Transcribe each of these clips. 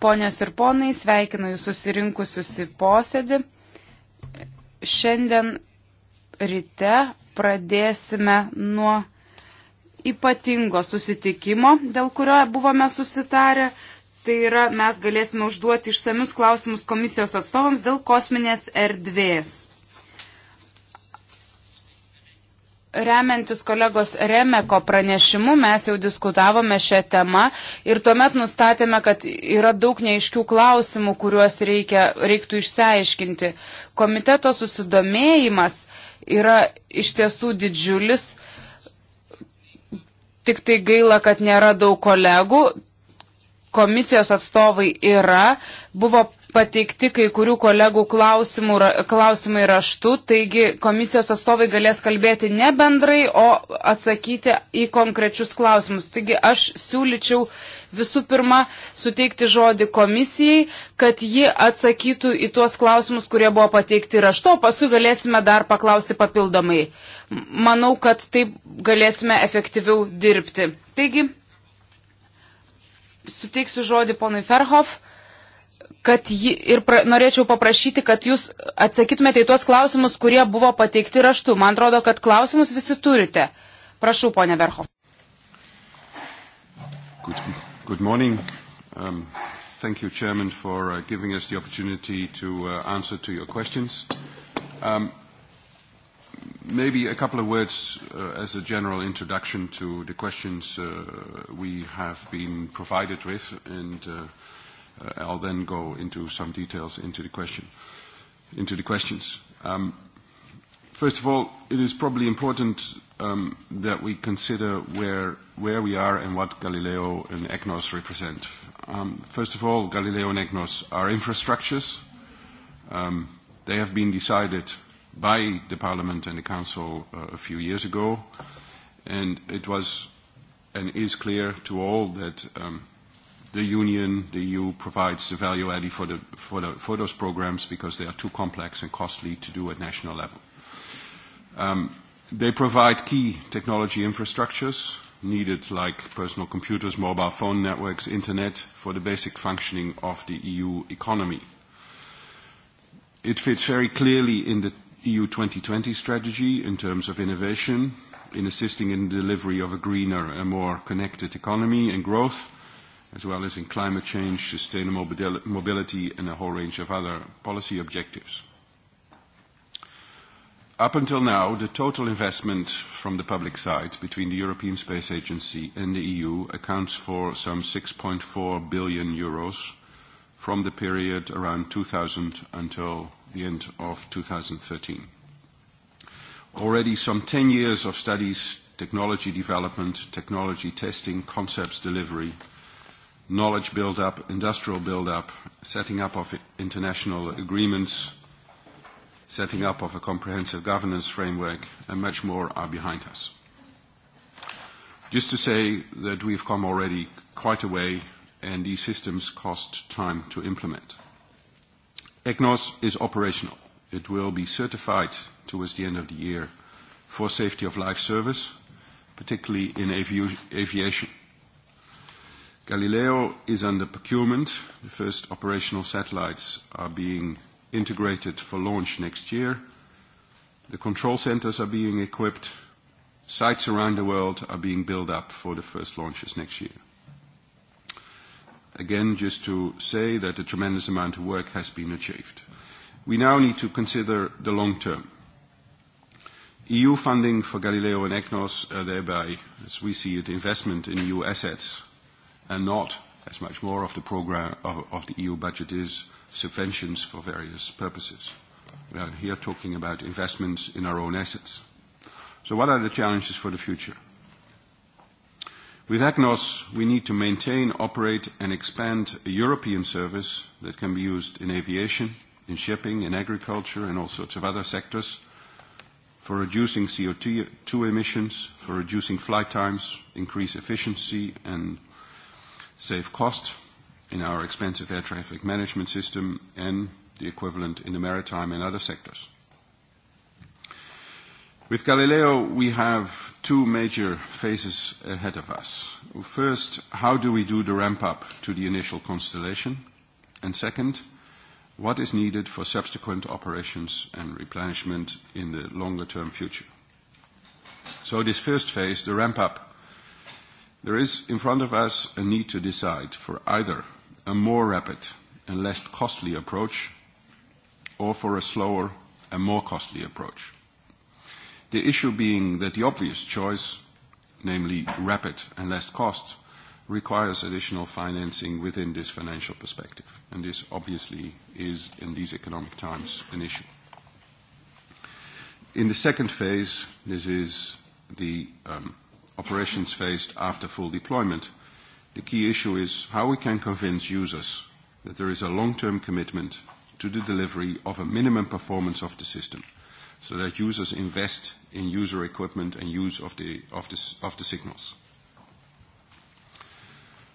Ponios ir ponai, sveikinu jūs susirinkusius į posėdį. Šiandien ryte pradėsime nuo ypatingo susitikimo, dėl kurio buvome susitarę. Tai yra, mes galėsime užduoti išsamius klausimus komisijos atstovams dėl kosminės erdvės. Remiantis kolegos Remeko pranešimu, mes jau diskutavome šią temą ir tuomet nustatėme, kad yra daug neiškių klausimų, kuriuos reikia, reiktų išsiaiškinti. Komiteto susidomėjimas yra iš tiesų didžiulis, tik tai gaila, kad nėra daug kolegų, komisijos atstovai yra, buvo pateikti kai kurių kolegų klausimų, klausimai raštu, taigi komisijos atstovai galės kalbėti ne bendrai, o atsakyti į konkrečius klausimus. Taigi aš siūlyčiau visų pirma suteikti žodį komisijai, kad ji atsakytų į tuos klausimus, kurie buvo pateikti raštu, o paskui galėsime dar paklausti papildomai. Manau, kad taip galėsime efektyviau dirbti. Taigi, suteiksiu žodį ponui Ferhoff kad ji, ir pra, norėčiau paprašyti, kad jūs atsakytumėte į tuos klausimus, kurie buvo pateikti raštu. Man atrodo, kad klausimus visi turite. Prašau, ponė Verho. Good, good morning. Um, thank you, Chairman, for uh, giving us the opportunity to uh, answer to your questions. Um, maybe a couple of words uh, as a general introduction to the questions uh, we have been provided with and uh, Uh, I'll then go into some details into the question, into the questions. Um, first of all, it is probably important um, that we consider where where we are and what Galileo and EGNOS represent. Um, first of all, Galileo and EGNOS are infrastructures. Um, they have been decided by the Parliament and the Council uh, a few years ago, and it was and is clear to all that um, the Union, the EU, provides the value added for, the, for, the, for those programs because they are too complex and costly to do at national level. Um, they provide key technology infrastructures needed like personal computers, mobile phone networks, internet for the basic functioning of the EU economy. It fits very clearly in the EU 2020 strategy in terms of innovation, in assisting in the delivery of a greener and more connected economy and growth, as well as in climate change, sustainable mobility, and a whole range of other policy objectives. Up until now, the total investment from the public side between the European Space Agency and the EU accounts for some 6.4 billion euros from the period around 2000 until the end of 2013. Already some 10 years of studies, technology development, technology testing, concepts delivery, knowledge build-up, industrial build-up, setting up of international agreements, setting up of a comprehensive governance framework, and much more are behind us. Just to say that we've come already quite a way, and these systems cost time to implement. EGNOS is operational. It will be certified towards the end of the year for safety of life service, particularly in aviation, Galileo is under procurement. The first operational satellites are being integrated for launch next year. The control centers are being equipped. Sites around the world are being built up for the first launches next year. Again, just to say that a tremendous amount of work has been achieved. We now need to consider the long term. EU funding for Galileo and EGNOS are thereby, as we see it, investment in new assets and not, as much more of the program of, of the EU budget is, subventions for various purposes. We are here talking about investments in our own assets. So what are the challenges for the future? With EGNOS, we need to maintain, operate, and expand a European service that can be used in aviation, in shipping, in agriculture, and all sorts of other sectors for reducing CO2 emissions, for reducing flight times, increase efficiency, and save cost in our expensive air traffic management system and the equivalent in the maritime and other sectors. With Galileo, we have two major phases ahead of us. First, how do we do the ramp-up to the initial constellation? And second, what is needed for subsequent operations and replenishment in the longer-term future? So this first phase, the ramp-up, There is in front of us a need to decide for either a more rapid and less costly approach or for a slower and more costly approach. The issue being that the obvious choice, namely rapid and less cost, requires additional financing within this financial perspective, and this obviously is, in these economic times, an issue. In the second phase, this is the um, operations phased after full deployment. The key issue is how we can convince users that there is a long-term commitment to the delivery of a minimum performance of the system, so that users invest in user equipment and use of the, of the, of the signals.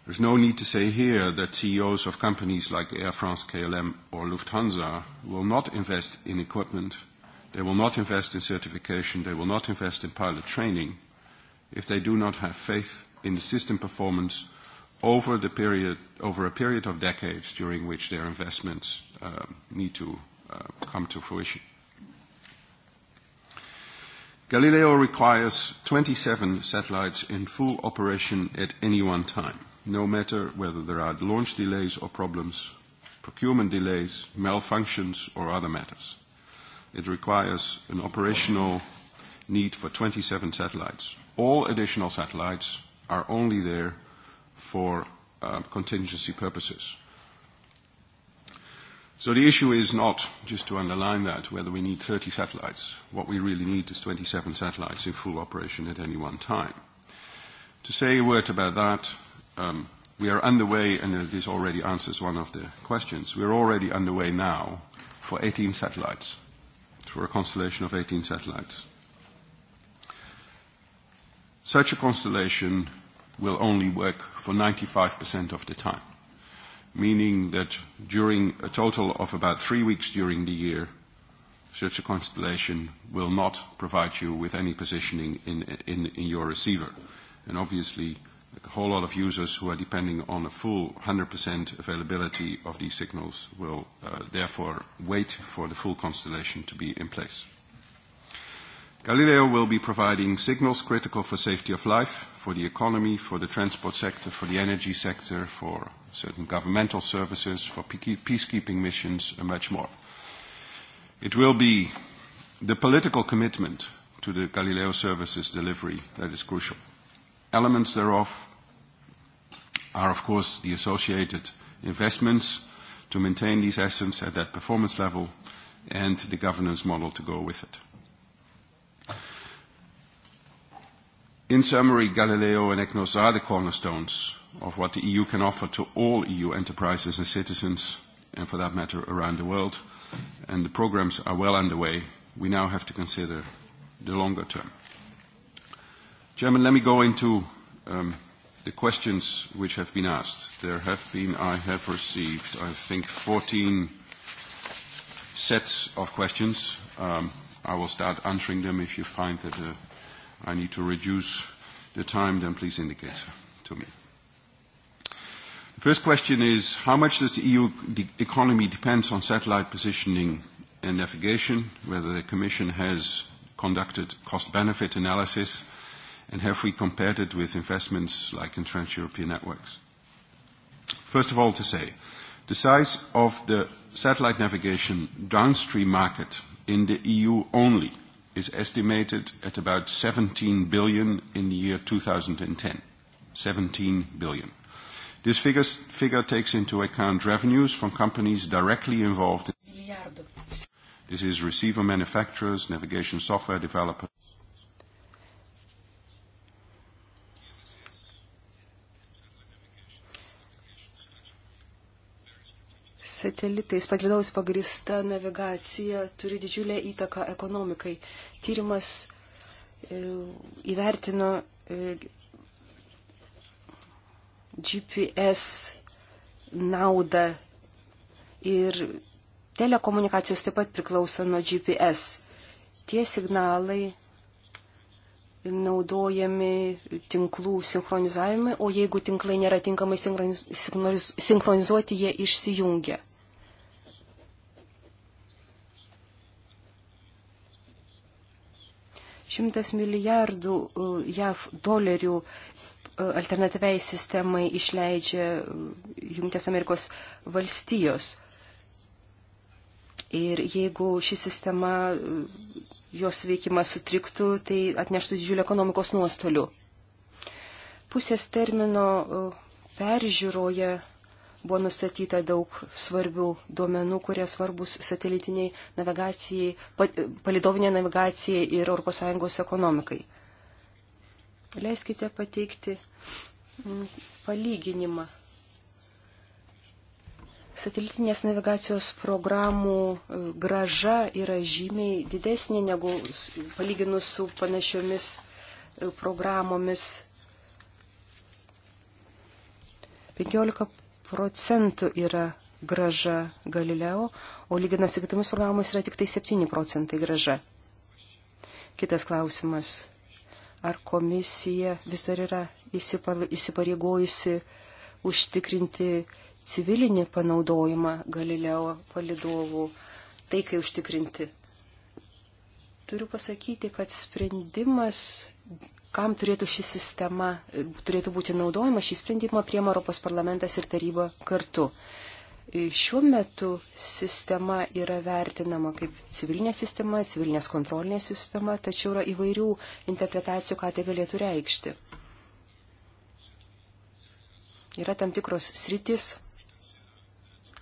There's no need to say here that CEOs of companies like Air France, KLM, or Lufthansa will not invest in equipment, they will not invest in certification, they will not invest in pilot training, if they do not have faith in the system performance over, the period, over a period of decades during which their investments uh, need to uh, come to fruition. Galileo requires 27 satellites in full operation at any one time, no matter whether there are launch delays or problems, procurement delays, malfunctions, or other matters. It requires an operational need for 27 satellites all additional satellites are only there for uh, contingency purposes. So the issue is not, just to underline that, whether we need 30 satellites. What we really need is 27 satellites in full operation at any one time. To say a word about that, um, we are underway, and this already answers one of the questions. We're already underway now for 18 satellites, for a constellation of 18 satellites. Such a constellation will only work for 95% of the time, meaning that during a total of about three weeks during the year, such a constellation will not provide you with any positioning in, in, in your receiver. And obviously, a whole lot of users who are depending on a full 100% availability of these signals will uh, therefore wait for the full constellation to be in place. Galileo will be providing signals critical for safety of life, for the economy, for the transport sector, for the energy sector, for certain governmental services, for peacekeeping missions, and much more. It will be the political commitment to the Galileo services delivery that is crucial. Elements thereof are, of course, the associated investments to maintain these assets at that performance level and the governance model to go with it. In summary, Galileo and EGNOS are the cornerstones of what the EU can offer to all EU enterprises and citizens, and for that matter, around the world, and the programs are well underway. We now have to consider the longer term. Chairman, let me go into um, the questions which have been asked. There have been, I have received, I think, 14 sets of questions. Um, I will start answering them if you find that a uh, I need to reduce the time, then please indicate to me. The first question is, how much does the EU economy depends on satellite positioning and navigation, whether the Commission has conducted cost-benefit analysis, and have we compared it with investments like in trans-European networks? First of all, to say, the size of the satellite navigation downstream market in the EU only – is estimated at about 17 billion in the year 2010. 17 billion. This figure, figure takes into account revenues from companies directly involved. In this is receiver manufacturers, navigation software developers. satelitais paglidaus pagrįsta navigacija turi didžiulę įtaką ekonomikai. Tyrimas e, įvertino e, GPS naudą ir telekomunikacijos taip pat priklauso nuo GPS. Tie signalai naudojami tinklų sinchronizavimui, o jeigu tinklai nėra tinkamai sinchronizuoti, jie išsijungia. Šimtas milijardų e, JAV dolerių e, alternatyviai sistemai išleidžia e, Junktinės Amerikos valstijos. Ir jeigu ši sistema, jos veikimas sutriktų, tai atneštų didžiulį ekonomikos nuostolių. Pusės termino peržiūroje Buvo nustatyta daug svarbių duomenų, kurie svarbus satelitiniai navigacijai, palidovinė navigacijai ir ES ekonomikai. Leiskite pateikti mm, palyginimą. Satelitinės navigacijos programų e, graža yra žymiai didesnė negu palyginus su panašiomis e, programomis 15 procentų yra graža Galileo, o lyginant su kitomis programomis yra tik tai 7 procentai graža. Kitas klausimas. Ar komisija vis dar yra įsipareigojusi užtikrinti civilinį panaudojimą Galileo palidovų taikai užtikrinti? Turiu pasakyti, kad sprendimas kam turėtų ši sistema, e, turėtų būti naudojama, šį sprendimą priema Europos parlamentas ir taryba kartu. E, šiuo metu sistema yra vertinama kaip civilinė sistema, civilinės kontrolinė sistema, tačiau yra įvairių interpretacijų, ką tai galėtų reikšti. Yra tam tikros sritis,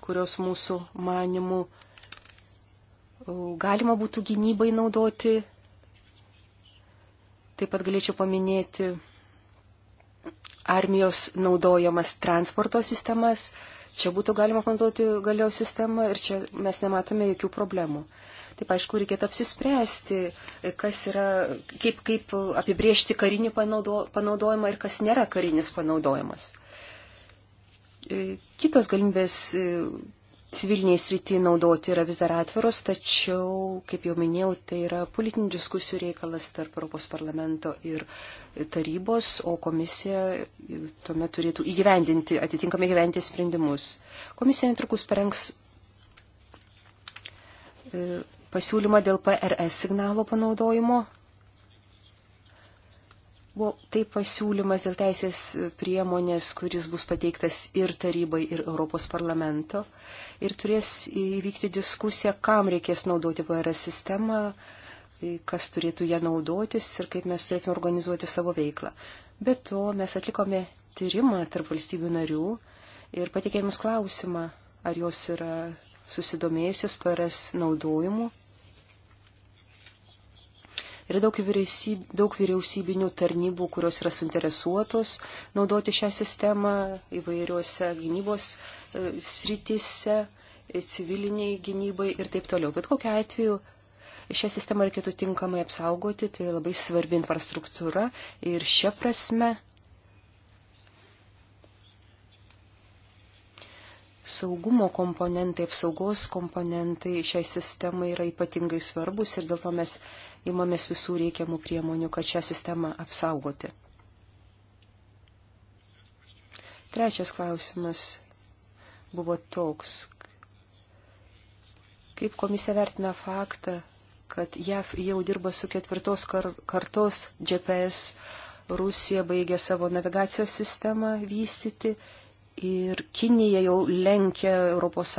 kurios mūsų manimų e, galima būtų gynybai naudoti Taip pat galėčiau paminėti armijos naudojamas transporto sistemas. Čia būtų galima panaudoti galio sistemą ir čia mes nematome jokių problemų. Taip, aišku, reikėtų apsispręsti, kas yra, kaip, kaip apibriežti karinį panaudo, panaudojimą ir kas nėra karinis panaudojimas. Kitos galimybės civiliniai srity naudoti yra vis dar atviros, tačiau, kaip jau minėjau, tai yra politinių diskusijų reikalas tarp Europos parlamento ir tarybos, o komisija tuomet turėtų įgyvendinti, atitinkamai įgyvendinti sprendimus. Komisija netrukus parengs e, pasiūlymą dėl PRS signalo panaudojimo Buvo tai pasiūlymas dėl teisės priemonės, kuris bus pateiktas ir tarybai, ir Europos parlamento. Ir turės įvykti diskusija, kam reikės naudoti PRS sistemą, kas turėtų ją naudotis ir kaip mes turėtume organizuoti savo veiklą. Be to, mes atlikome tyrimą tarp valstybių narių ir pateikėmus klausimą, ar jos yra susidomėjusios PRS naudojimu Yra daug, vyriausyb, daug vyriausybinių tarnybų, kurios yra suinteresuotos naudoti šią sistemą įvairiuose gynybos e, srityse, e, civiliniai gynybai ir taip toliau. Bet kokiu atveju šią sistemą reikėtų tinkamai apsaugoti, tai labai svarbi infrastruktūra ir šia prasme saugumo komponentai, apsaugos komponentai šiai sistemai yra ypatingai svarbus ir dėl to mes imamės visų reikiamų priemonių, kad šią sistemą apsaugoti. Trečias klausimas buvo toks, kaip komisija vertina faktą, kad JAV jau dirba su ketvirtos kar kartos GPS, Rusija baigė savo navigacijos sistemą vystyti ir Kinija jau lenkia ES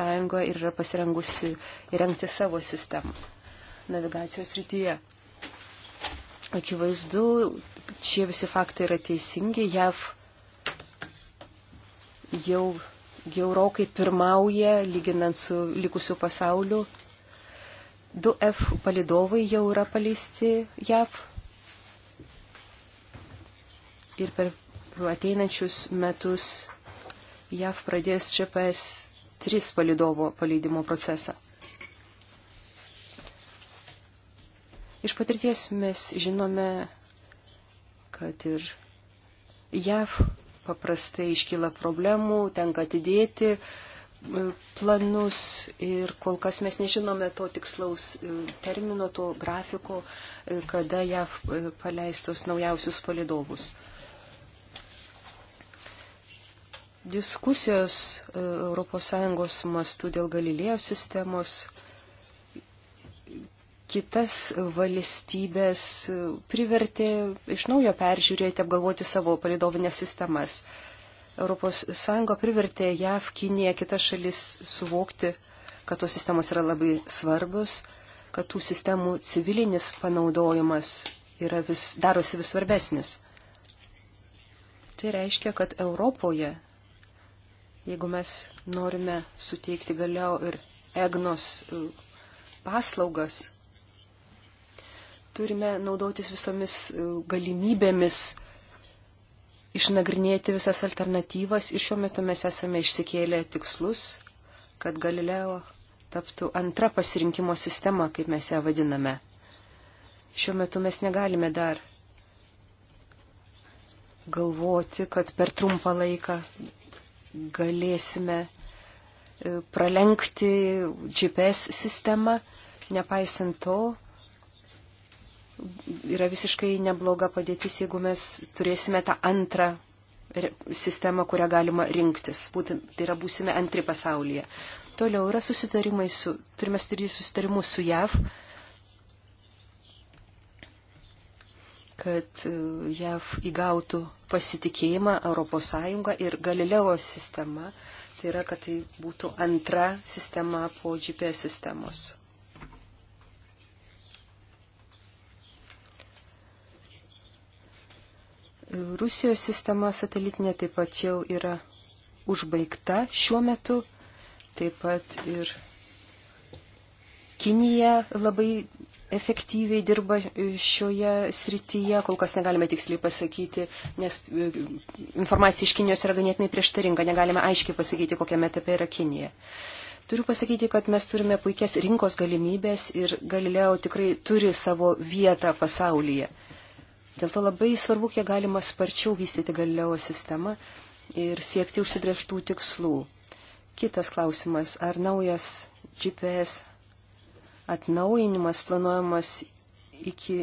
ir yra pasirengusi įrengti savo sistemą navigacijos rytyje. Akivaizdu, šie visi faktai yra teisingi. JAV jau gerokai pirmauja, lyginant su likusiu pasauliu. 2F palidovai jau yra paleisti JAV. Ir per ateinančius metus JAV pradės GPS 3 palidovo paleidimo procesą. Iš patirties mes žinome, kad ir JAV paprastai iškyla problemų, tenka atidėti e, planus ir kol kas mes nežinome to tikslaus e, termino, to grafiko, e, kada JAV paleistos naujausius palidovus. Diskusijos ES mastų dėl Galilėjo sistemos kitas valstybės privertė iš naujo peržiūrėti, apgalvoti savo palidovinės sistemas. ES privertė JAV, Kiniją, kitas šalis suvokti, kad tos sistemos yra labai svarbus, kad tų sistemų civilinis panaudojimas vis, darosi vis svarbesnis. Tai reiškia, kad Europoje, jeigu mes norime suteikti galiau ir EGNOS uh, paslaugas, turime naudotis visomis e, galimybėmis išnagrinėti visas alternatyvas ir šiuo metu mes esame išsikėlę tikslus, kad Galileo taptų antra pasirinkimo sistema, kaip mes ją vadiname. Šiuo metu mes negalime dar galvoti, kad per trumpą laiką galėsime e, pralenkti GPS sistemą, nepaisant to, yra visiškai nebloga padėtis, jeigu mes turėsime tą antrą sistemą, kurią galima rinktis. Būtent, tai yra būsime antri pasaulyje. Toliau yra susitarimai su, turime sudaryti susitarimus su JAV, kad e, JAV įgautų pasitikėjimą ES ir Galileo sistema. Tai yra, kad tai būtų antra sistema po GPS sistemos. Rusijos sistema satelitinė taip pat jau yra užbaigta šiuo metu, taip pat ir Kinija labai efektyviai dirba šioje srityje, kol kas negalime tiksliai pasakyti, nes e, informacija iš Kinijos yra ganėtinai prieštaringa, negalime aiškiai pasakyti, kokiame etape yra Kinija. Turiu pasakyti, kad mes turime puikias rinkos galimybės ir Galileo tikrai turi savo vietą pasaulyje. Dėl to labai svarbu, kiek galima sparčiau vystyti Galileo sistemą ir siekti užsibrieštų tikslų. Kitas klausimas, ar naujas GPS atnaujinimas planuojamas iki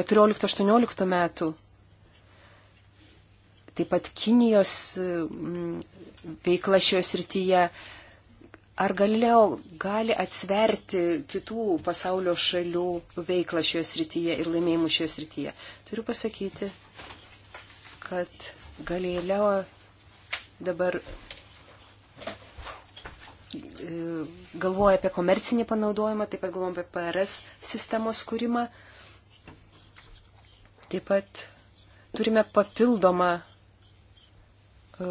14-18 metų. Taip pat Kinijos mm, veikla šioje srityje Ar Galileo gali atsverti kitų pasaulio šalių veiklą šioje srityje ir laimėjimus šioje srityje? Turiu pasakyti, kad Galileo dabar e, galvoja apie komercinį panaudojimą, taip pat galvojam apie PRS sistemos kūrimą. Taip pat turime papildomą E,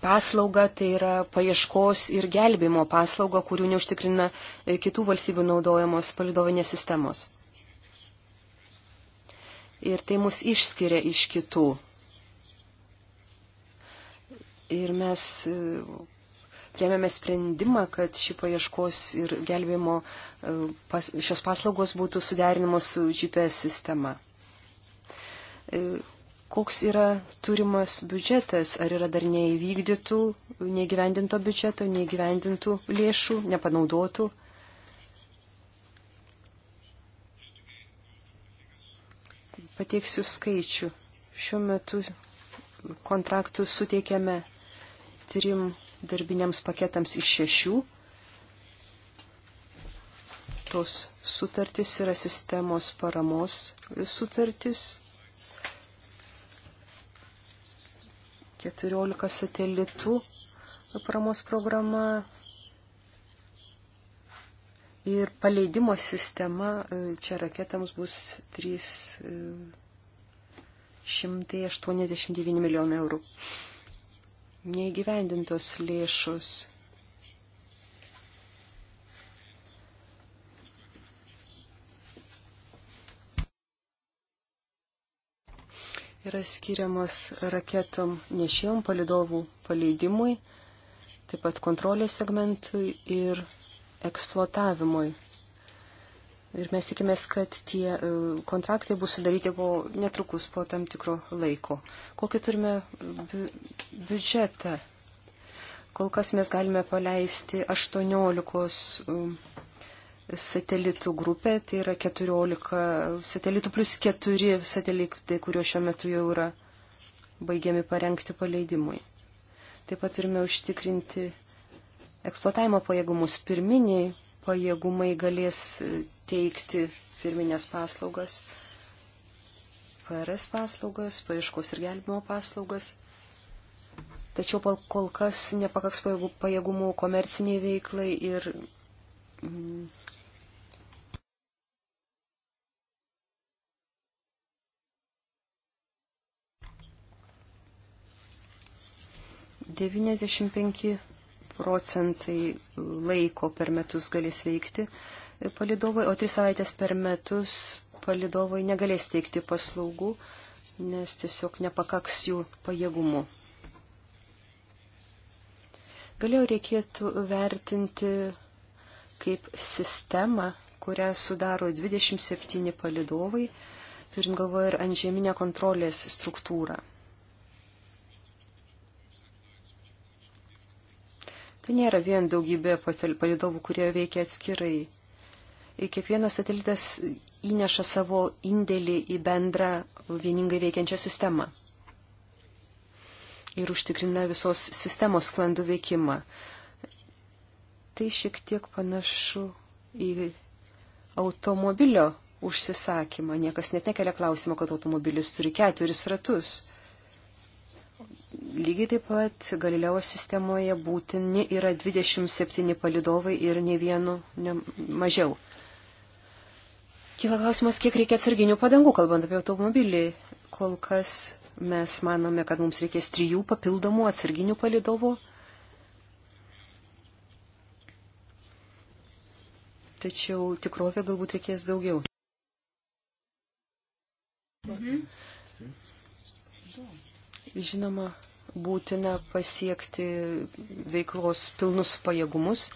paslaugą, tai yra paieškos ir gelbėjimo paslaugą, kurių neužtikrina e, kitų valstybių naudojamos palidovinės sistemos. Ir tai mus išskiria iš kitų. Ir mes e, priemėme sprendimą, kad ši paieškos ir gelbėjimo pas, šios paslaugos būtų suderinamos su GPS sistema koks yra turimas biudžetas, ar yra dar neįvykdytų, neįgyvendinto biudžeto, neįgyvendintų lėšų, nepanaudotų. Pateiksiu skaičių. Šiuo metu kontraktus suteikiame trim darbiniams paketams iš šešių. Tos sutartys yra sistemos paramos sutartys 14 satelitų paramos programa ir paleidimo sistema. E, čia raketams bus 389 e, milijonai eurų. Neįgyvendintos lėšos yra skiriamas raketom nešėjom palidovų paleidimui, taip pat kontrolės segmentui ir eksploatavimui. Ir mes tikimės, kad tie e, kontraktai bus sudaryti po, netrukus po tam tikro laiko. Kokį turime e, bi biudžetą? Kol kas mes galime paleisti 18 satelitų grupė, tai yra 14 satelitų plus 4 satelitai, kurio šiuo metu jau yra baigiami parengti paleidimui. Taip pat turime užtikrinti eksploatavimo pajėgumus. Pirminiai pajėgumai galės teikti pirminės paslaugas, PRS paslaugas, paieškos ir gelbimo paslaugas. Tačiau kol kas nepakaks pajėgumų komerciniai veiklai ir mm, Devyniasdešimt penki procentai laiko per metus galės veikti palidovai, o tris savaitės per metus palidovai negalės teikti paslaugų, nes tiesiog nepakaks jų pajėgumų. Galėjo reikėtų vertinti kaip sistemą, kurią sudaro 27 palidovai, turint galvoje ir antžeminę kontrolės struktūrą. Tai nėra vien daugybė palidovų, kurie veikia atskirai. Ir kiekvienas satelitas įneša savo indėlį į bendrą vieningai veikiančią sistemą. Ir užtikrina visos sistemos sklandų veikimą tai šiek tiek panašu į automobilio užsisakymą. Niekas net nekelia klausimo, kad automobilis turi keturis ratus. Lygiai taip pat Galileo sistemoje būtini yra 27 palidovai ir ne vienu ne, mažiau. Kila klausimas, kiek reikia atsarginių padangų, kalbant apie automobilį. Kol kas mes manome, kad mums reikės trijų papildomų atsarginių palidovų tačiau tikrovė galbūt reikės daugiau. Mhm. Žinoma, būtina pasiekti veiklos pilnus pajėgumus.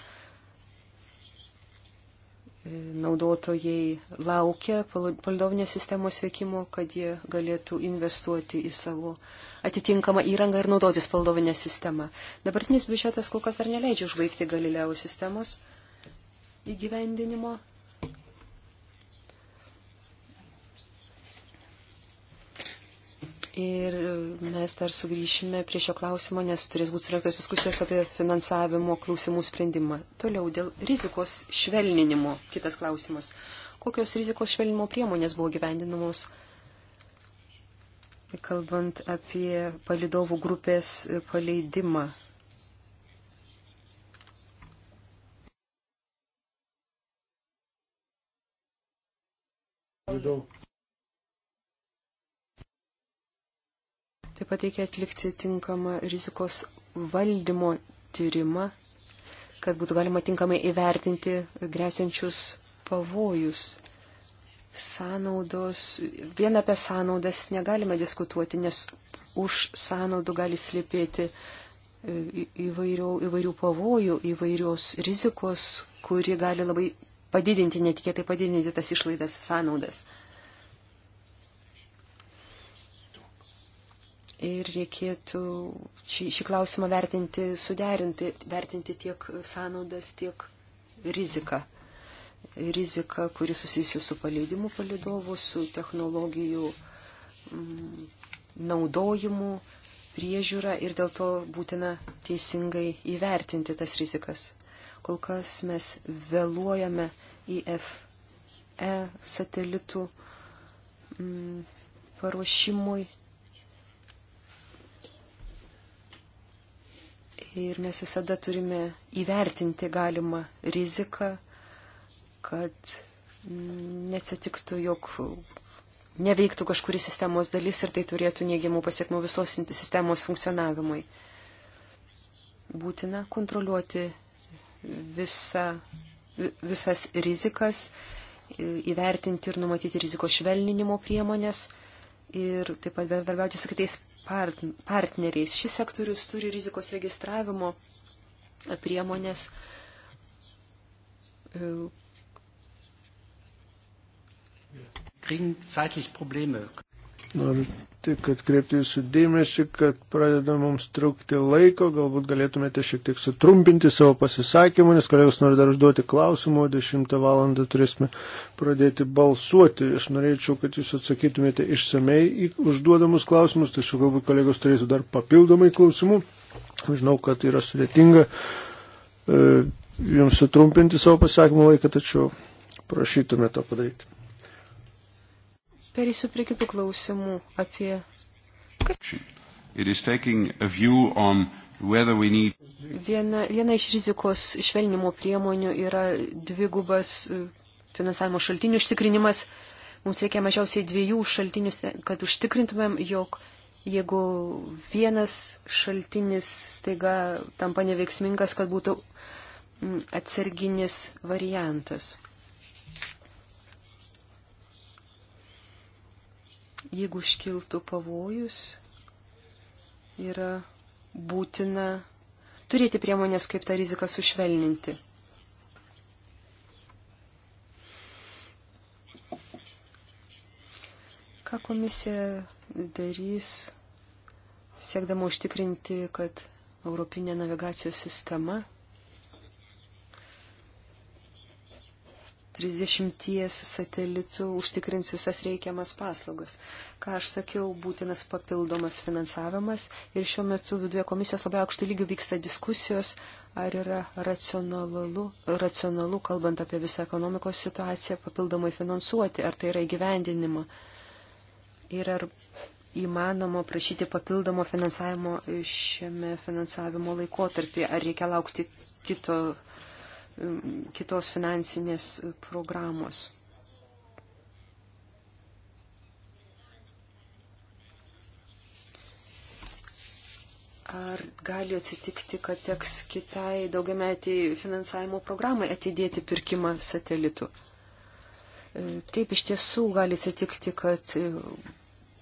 Naudotojai laukia palidovinės sistemos veikimo, kad jie galėtų investuoti į savo atitinkamą įrangą ir naudotis palidovinę sistemą. Dabartinis biudžetas kol kas dar neleidžia užbaigti Galileo sistemos įgyvendinimo. Ir mes dar sugrįšime prie šio klausimo, nes turės būti surinktos diskusijos apie finansavimo klausimų sprendimą. Toliau dėl rizikos švelninimo. Kitas klausimas. Kokios rizikos švelninimo priemonės buvo gyvendinamos, kalbant apie palidovų grupės paleidimą Taip pat reikia atlikti tinkamą rizikos valdymo tyrimą, kad būtų galima tinkamai įvertinti grėsiančius pavojus. Sąnaudos, vien apie sąnaudas negalime diskutuoti, nes už sąnaudų gali slėpėti e, įvairių, įvairių pavojų, įvairios rizikos, kuri gali labai padidinti, netikėtai padidinti tas išlaidas sąnaudas. Ir reikėtų šį, šį klausimą vertinti suderinti, vertinti tiek sąnaudas, tiek riziką. Rizika, kuri susijusi su paleidimu palidovų, su technologijų m, mm, naudojimu, priežiūra ir dėl to būtina teisingai įvertinti tas rizikas. Kol kas mes vėluojame IFE satelitų mm, paruošimui. Ir mes visada turime įvertinti galimą riziką, kad neatsitiktų, jog neveiktų kažkuri sistemos dalis ir tai turėtų neigiamų pasiekmių visos sistemos funkcionavimui. Būtina kontroliuoti visą visas rizikas, įvertinti ir numatyti rizikos švelninimo priemonės ir taip pat bendradarbiauti su kitais partneriais. Šis sektorius turi rizikos registravimo priemonės, e, kriegen zeitlich Probleme. Noriu tik atkreipti jūsų dėmesį, kad pradeda mums trukti laiko, galbūt galėtumėte šiek tiek sutrumpinti savo pasisakymą, nes kolegos nori dar užduoti klausimų, 10 val. turėsime pradėti balsuoti. Aš norėčiau, kad jūs atsakytumėte išsamei į užduodamus klausimus, tačiau galbūt kolegos turėtų dar papildomai klausimų. Žinau, kad yra sudėtinga e, jums sutrumpinti savo pasakymų laiką, tačiau prašytume to padaryti. Perėsiu prie kitų klausimų apie. Kas... Need... Viena, viena iš rizikos švelnimo priemonių yra dvigubas e, finansavimo šaltinių užtikrinimas. Mums reikia mažiausiai dviejų šaltinių, kad užtikrintumėm, jog jeigu vienas šaltinis staiga tampa neveiksmingas, kad būtų atsarginis variantas. jeigu iškiltų pavojus, yra būtina turėti priemonės, kaip tą riziką sušvelninti. Ką komisija darys, siekdama užtikrinti, kad Europinė navigacijos sistema 30 satelitų užtikrins visas reikiamas paslaugas. Ką aš sakiau, būtinas papildomas finansavimas ir šiuo metu viduje komisijos labai aukštų lygių vyksta diskusijos, ar yra racionalu, racionalu, kalbant apie visą ekonomikos situaciją, papildomai finansuoti, ar tai yra įgyvendinima. Ir ar įmanoma prašyti papildomo finansavimo šiame finansavimo laikotarpį, ar reikia laukti kito kitos finansinės programos. Ar gali atsitikti, kad teks kitai daugiametiai finansavimo programai atidėti pirkimą satelitų? E, taip iš tiesų gali atsitikti, kad e,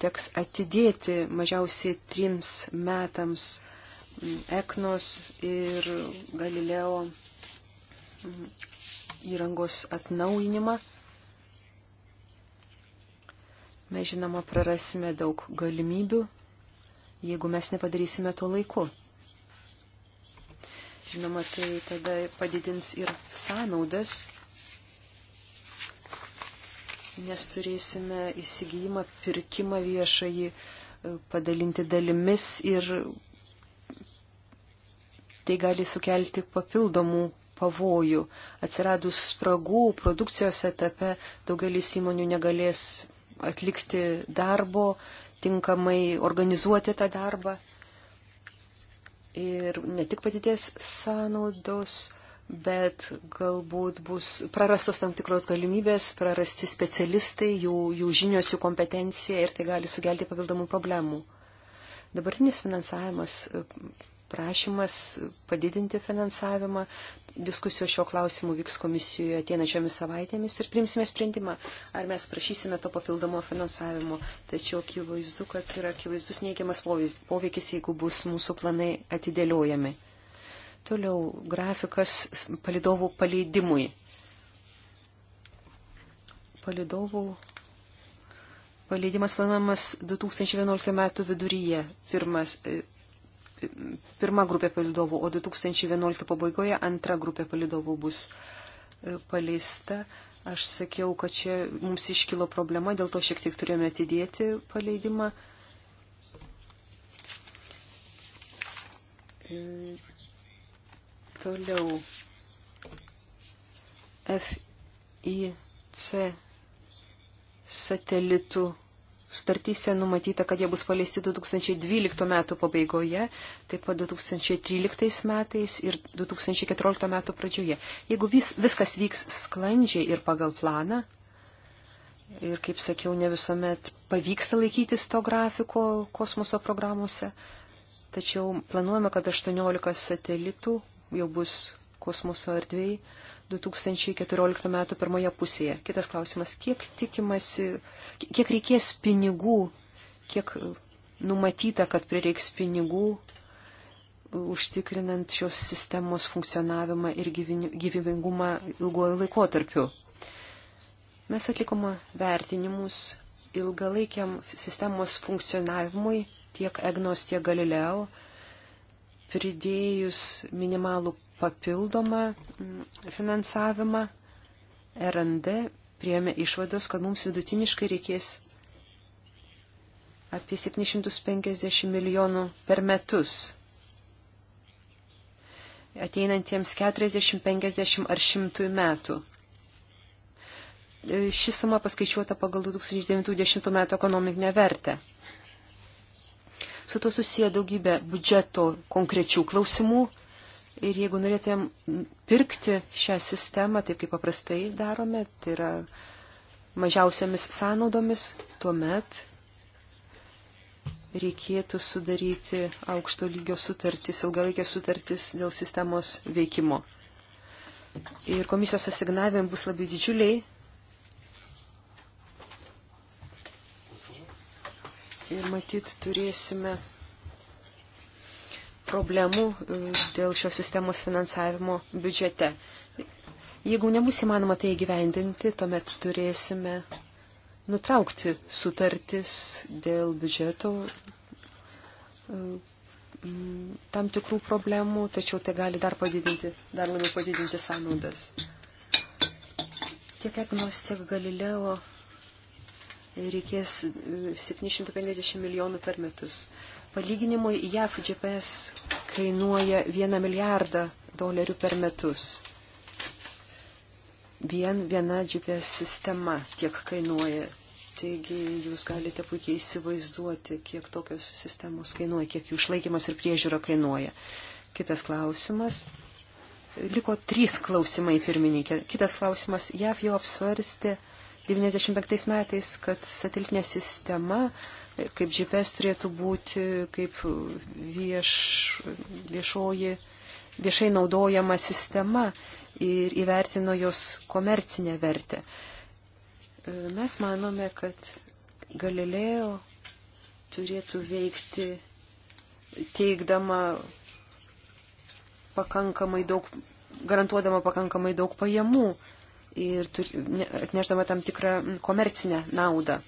teks atidėti mažiausiai trims metams Eknos ir Galileo įrangos atnaujinimą. Mes žinoma prarasime daug galimybių, jeigu mes nepadarysime to laiku. Žinoma, tai tada padidins ir sąnaudas, nes turėsime įsigijimą, pirkimą viešai e, padalinti dalimis ir tai gali sukelti papildomų pavojų. Atsiradus spragų produkcijos etape daugelis įmonių negalės atlikti darbo, tinkamai organizuoti tą darbą. Ir ne tik patidės sąnaudos, bet galbūt bus prarastos tam tikros galimybės, prarasti specialistai, jų, jų žinios, jų kompetencija ir tai gali sugelti papildomų problemų. Dabartinis finansavimas prašymas padidinti finansavimą diskusijos šio klausimu vyks komisijoje ateinančiomis savaitėmis ir primsime sprendimą, ar mes prašysime to papildomo finansavimo. Tačiau akivaizdu, kad yra akivaizdus neigiamas poveikis, jeigu bus mūsų planai atidėliojami. Toliau grafikas palidovų paleidimui. Palidovų paleidimas planamas 2011 metų viduryje. Pirmas e, pirma grupė palidovų, o 2011 pabaigoje antra grupė palidovų bus e, paleista. Aš sakiau, kad čia mums iškilo problema, dėl to šiek tiek turėjome atidėti paleidimą. E, toliau. FIC satelitų Startyse numatyta, kad jie bus paleisti 2012 metų pabaigoje, taip pat 2013 metais ir 2014 metų pradžioje. Jeigu vis, viskas vyks sklandžiai ir pagal planą, ir kaip sakiau, ne visuomet pavyksta laikytis to grafiko kosmoso programuose, tačiau planuojame, kad 18 satelitų jau bus kosmoso erdvėjai 2014 metų pirmoje pusėje. Kitas klausimas, kiek tikimasi, kiek reikės pinigų, kiek numatyta, kad prireiks pinigų užtikrinant šios sistemos funkcionavimą ir gyvybingumą ilguoju laikotarpiu. Mes atlikome vertinimus ilgalaikiam sistemos funkcionavimui tiek EGNOS, tiek Galileo, pridėjus minimalų papildomą mm, finansavimą, RND priemė išvados, kad mums vidutiniškai reikės apie 750 milijonų per metus ateinantiems 40, 50 ar 100 metų. Ši suma paskaičiuota pagal 2090 metų ekonominę vertę. Su to susiję daugybė biudžeto konkrečių klausimų Ir jeigu norėtum pirkti šią sistemą, taip kaip paprastai darome, tai yra mažiausiamis sąnaudomis, tuomet reikėtų sudaryti aukšto lygio sutartis, ilgalaikės sutartis dėl sistemos veikimo. Ir komisijos asignavimai bus labai didžiuliai. Ir matyt, turėsime problemų e, dėl šios sistemos finansavimo biudžete. Jeigu nebus įmanoma tai įgyvendinti, tuomet turėsime nutraukti sutartis dėl biudžeto e, tam tikrų problemų, tačiau tai gali dar padidinti, dar labiau padidinti sąnaudas. Tiek Egnos, tiek Galileo reikės 750 e, milijonų per metus. Palyginimui JAF GPS kainuoja 1 milijardą dolerių per metus. Vien viena GPS sistema tiek kainuoja. Taigi jūs galite puikiai įsivaizduoti, kiek tokios sistemos kainuoja, kiek jų išlaikymas ir priežiūra kainuoja. Kitas klausimas. Liko trys klausimai, pirmininkė. Kitas klausimas. JAV jau apsvarstė 95 metais, kad satelitinė sistema uh, kaip GPS turėtų būti, kaip vieš, viešoji, viešai naudojama sistema ir įvertino jos komercinę vertę. E, mes manome, kad Galileo turėtų veikti teikdama pakankamai daug, garantuodama pakankamai daug pajamų ir atneždama tam tikrą komercinę naudą.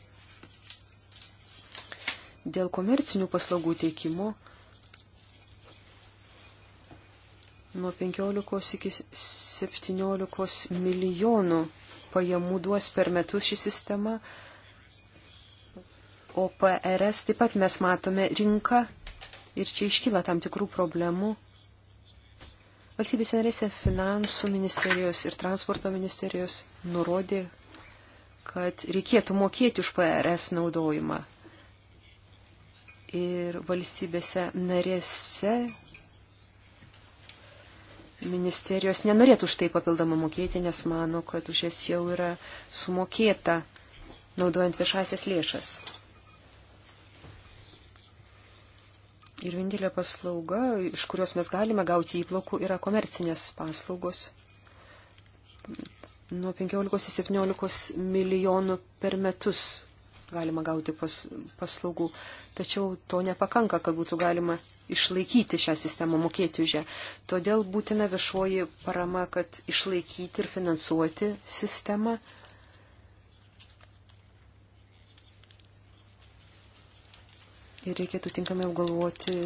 Dėl komercinių paslaugų teikimo nuo 15 iki 17 milijonų pajamų duos per metus ši sistema, o PRS taip pat mes matome rinką ir čia iškyla tam tikrų problemų. Valstybės narėse finansų ministerijos ir transporto ministerijos nurodė, kad reikėtų mokėti už PRS naudojimą ir valstybėse narėse ministerijos nenorėtų už tai papildomą mokėti, nes mano, kad už jas jau yra sumokėta, naudojant viešasias lėšas. Ir vienintelė paslauga, iš kurios mes galime gauti įplaukų, yra komercinės paslaugos. Nuo 15 iki 17 milijonų per metus galima gauti pas, paslaugų. Tačiau to nepakanka, kad būtų galima išlaikyti šią sistemą, mokėti už ją. Todėl būtina viešoji parama, kad išlaikyti ir finansuoti sistemą. Ir reikėtų tinkamai apgalvoti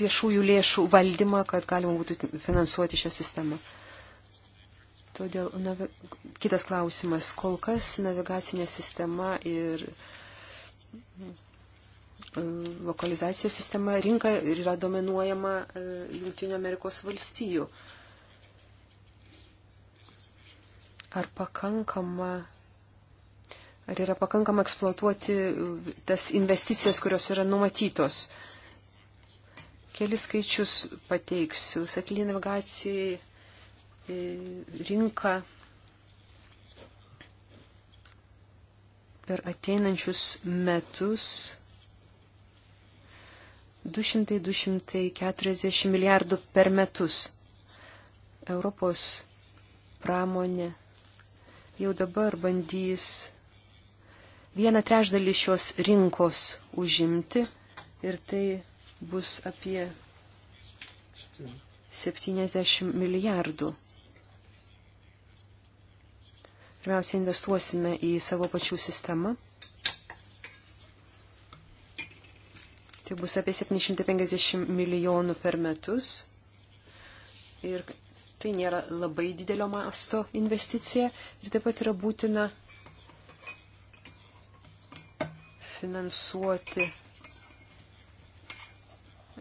viešųjų lėšų valdymą, kad galima būtų finansuoti šią sistemą. Todėl navi... kitas klausimas. Kol kas navigacinė sistema ir Mhm. lokalizacijos sistema rinka yra dominuojama e, Junktinio Amerikos valstijų. Ar pakankama, ar yra pakankama eksploatuoti e, tas investicijas, kurios yra numatytos? Kelis skaičius pateiksiu. Satelinė navigacijai e, rinka per ateinančius metus 200-240 milijardų per metus. Europos pramonė jau dabar bandys vieną trešdalį šios rinkos užimti ir tai bus apie 70 milijardų. Pirmiausia, investuosime į savo pačių sistemą. Tai bus apie 750 milijonų per metus. Ir tai nėra labai didelio masto investicija. Ir taip pat yra būtina finansuoti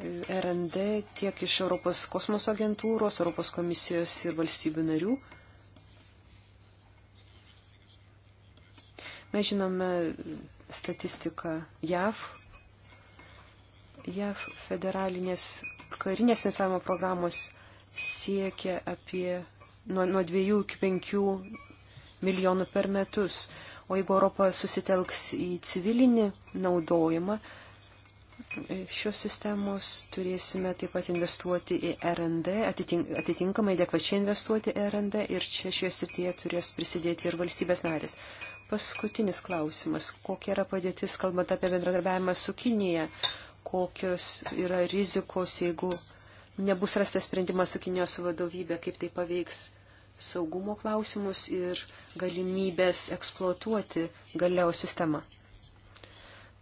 RND tiek iš Europos kosmoso agentūros, Europos komisijos ir valstybių narių. Mes žinome statistiką JAV. JAV federalinės karinės finansavimo programos siekia apie nuo, nuo 2 iki 5 milijonų per metus. O jeigu Europa susitelks į civilinį naudojimą, e, šios sistemos turėsime taip pat investuoti į RND, atitink, atitinkamai adekvačiai investuoti į RND ir čia šioje srityje turės prisidėti ir valstybės narės. Paskutinis klausimas. Kokia yra padėtis, kalbant apie bendradarbiavimą su Kinija? Kokios yra rizikos, jeigu nebus rastas sprendimas su Kinijos vadovybė, kaip tai paveiks saugumo klausimus ir galimybės eksploatuoti galiau sistemą?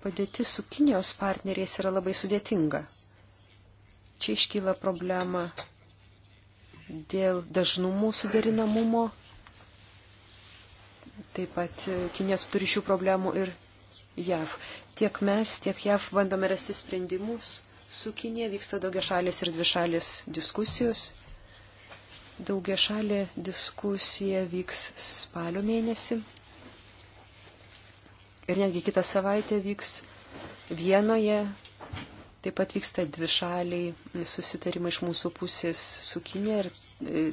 Padėtis su Kinijos partneriais yra labai sudėtinga. Čia iškyla problema dėl dažnumų suderinamumo Taip pat e, Kinės turi šių problemų ir JAV. Tiek mes, tiek JAV bandome rasti sprendimus. Su Kinė vyksta daugia šalės ir dvi šalės diskusijos. Daugia šalė diskusija vyks spalio mėnesį. Ir netgi kitą savaitę vyks Vienoje Taip pat vyksta dvi šaliai susitarimai iš mūsų pusės su Kinė ir e,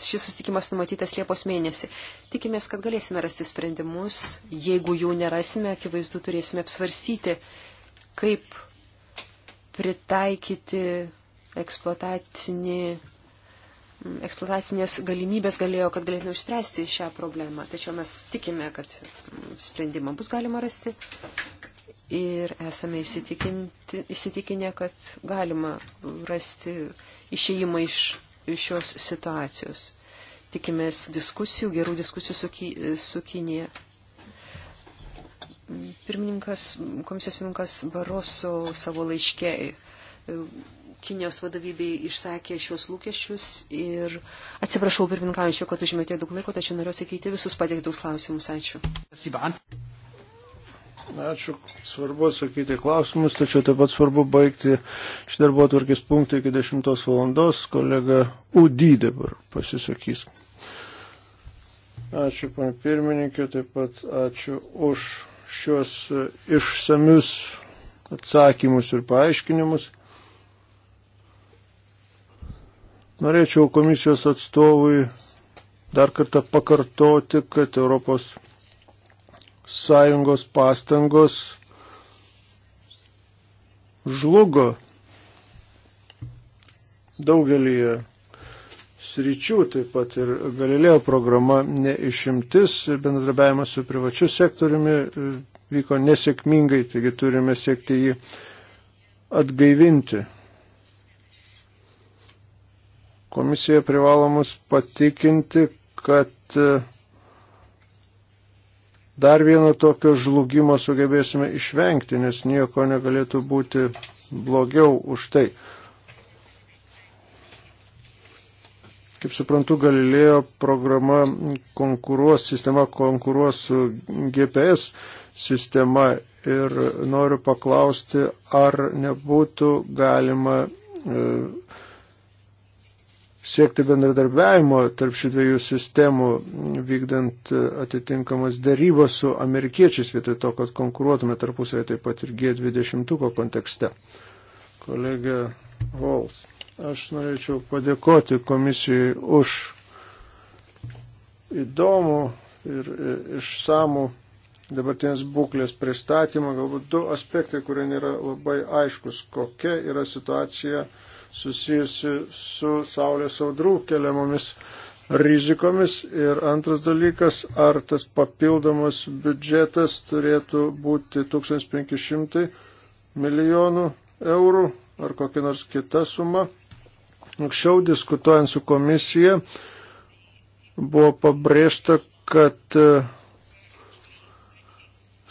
šis susitikimas numatytas Liepos mėnesį. Tikimės, kad galėsime rasti sprendimus. Jeigu jų nerasime, akivaizdu turėsime apsvarstyti, kaip pritaikyti eksploatacinį eksploatacinės galimybės galėjo, kad galėtume išspręsti šią problemą. Tačiau mes tikime, kad sprendimą bus galima rasti ir esame įsitikinę, kad galima rasti išėjimą iš, iš šios situacijos. Tikimės diskusijų, gerų diskusijų su, ki, su Kinėje. Pirmininkas, komisijos pirmininkas Baroso savo laiškė e, Kinijos vadovybei išsakė šios lūkesčius ir atsiprašau pirmininkaujančio, kad užmėtė daug laiko, tačiau noriu atsakyti visus pateiktus klausimus. Ačiū. Ačiū. Svarbu atsakyti klausimus, tačiau taip pat svarbu baigti šį darbo atvarkės punktą iki 10 valandos. Kolega Udy dabar pasisakys. Ačiū, pan pirmininkė, taip pat ačiū už šios išsamius atsakymus ir paaiškinimus. Norėčiau komisijos atstovui dar kartą pakartoti, kad Europos sąjungos pastangos žlugo daugelį sričių, taip pat ir Galilėjo programa neišimtis, bendradarbiavimas su privačiu sektoriumi e, vyko nesėkmingai, taigi turime siekti jį atgaivinti. Komisija privalomus patikinti, kad e, dar vieno tokio žlugimo sugebėsime išvengti, nes nieko negalėtų būti blogiau už tai. Kaip suprantu, Galilėjo programa konkuruos, sistema konkuruos su GPS sistema ir noriu paklausti, ar nebūtų galima e, siekti bendradarbiavimo tarp šių dviejų sistemų, vykdant atitinkamas darybas su amerikiečiais, vietoj to, kad konkuruotume tarpusavėje taip pat ir G20 kontekste. Kolegė Vols, aš norėčiau padėkoti komisijai už įdomų ir išsamų dabartinės būklės pristatymą. Galbūt du aspektai, kurie nėra labai aiškus, kokia yra situacija susijusi su Saulės audrų keliamomis rizikomis. Ir antras dalykas, ar tas papildomas biudžetas turėtų būti 1500 milijonų eurų ar kokia nors kita suma. Anksčiau diskutuojant su komisija buvo pabrėžta, kad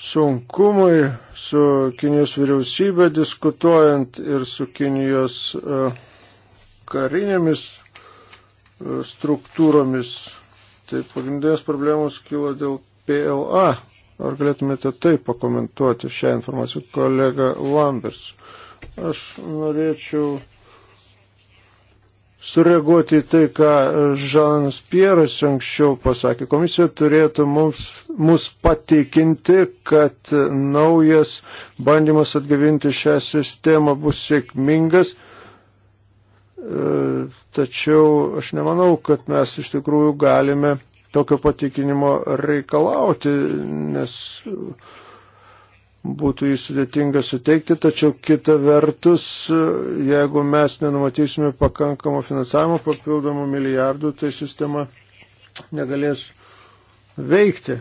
sunkumai su Kinijos vyriausybė diskutuojant ir su Kinijos e, karinėmis e, struktūromis. Tai pagrindinės problemos kilo dėl PLA. Ar galėtumėte tai pakomentuoti šią informaciją, kolega Lambers? Aš norėčiau sureaguoti į tai, ką Žanas Pieras anksčiau pasakė. Komisija turėtų mums, mus patikinti, kad naujas bandymas atgavinti šią sistemą bus sėkmingas. E, tačiau aš nemanau, kad mes iš tikrųjų galime tokio patikinimo reikalauti, nes būtų jį sudėtinga suteikti, tačiau kita vertus, jeigu mes nenumatysime pakankamo finansavimo papildomų milijardų, tai sistema negalės veikti.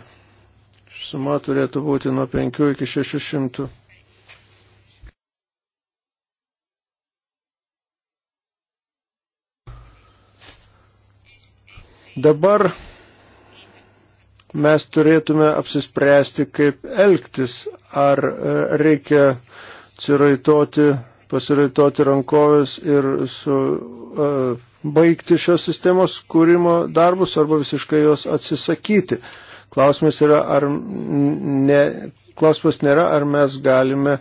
Suma turėtų būti nuo 5 iki 600. Dabar mes turėtume apsispręsti, kaip elgtis, ar e, reikia atsiraitoti, pasiraitoti rankovės ir su, a, e, baigti šios sistemos kūrimo darbus arba visiškai jos atsisakyti. Klausimas, yra, ar ne, klausimas nėra, ar mes galime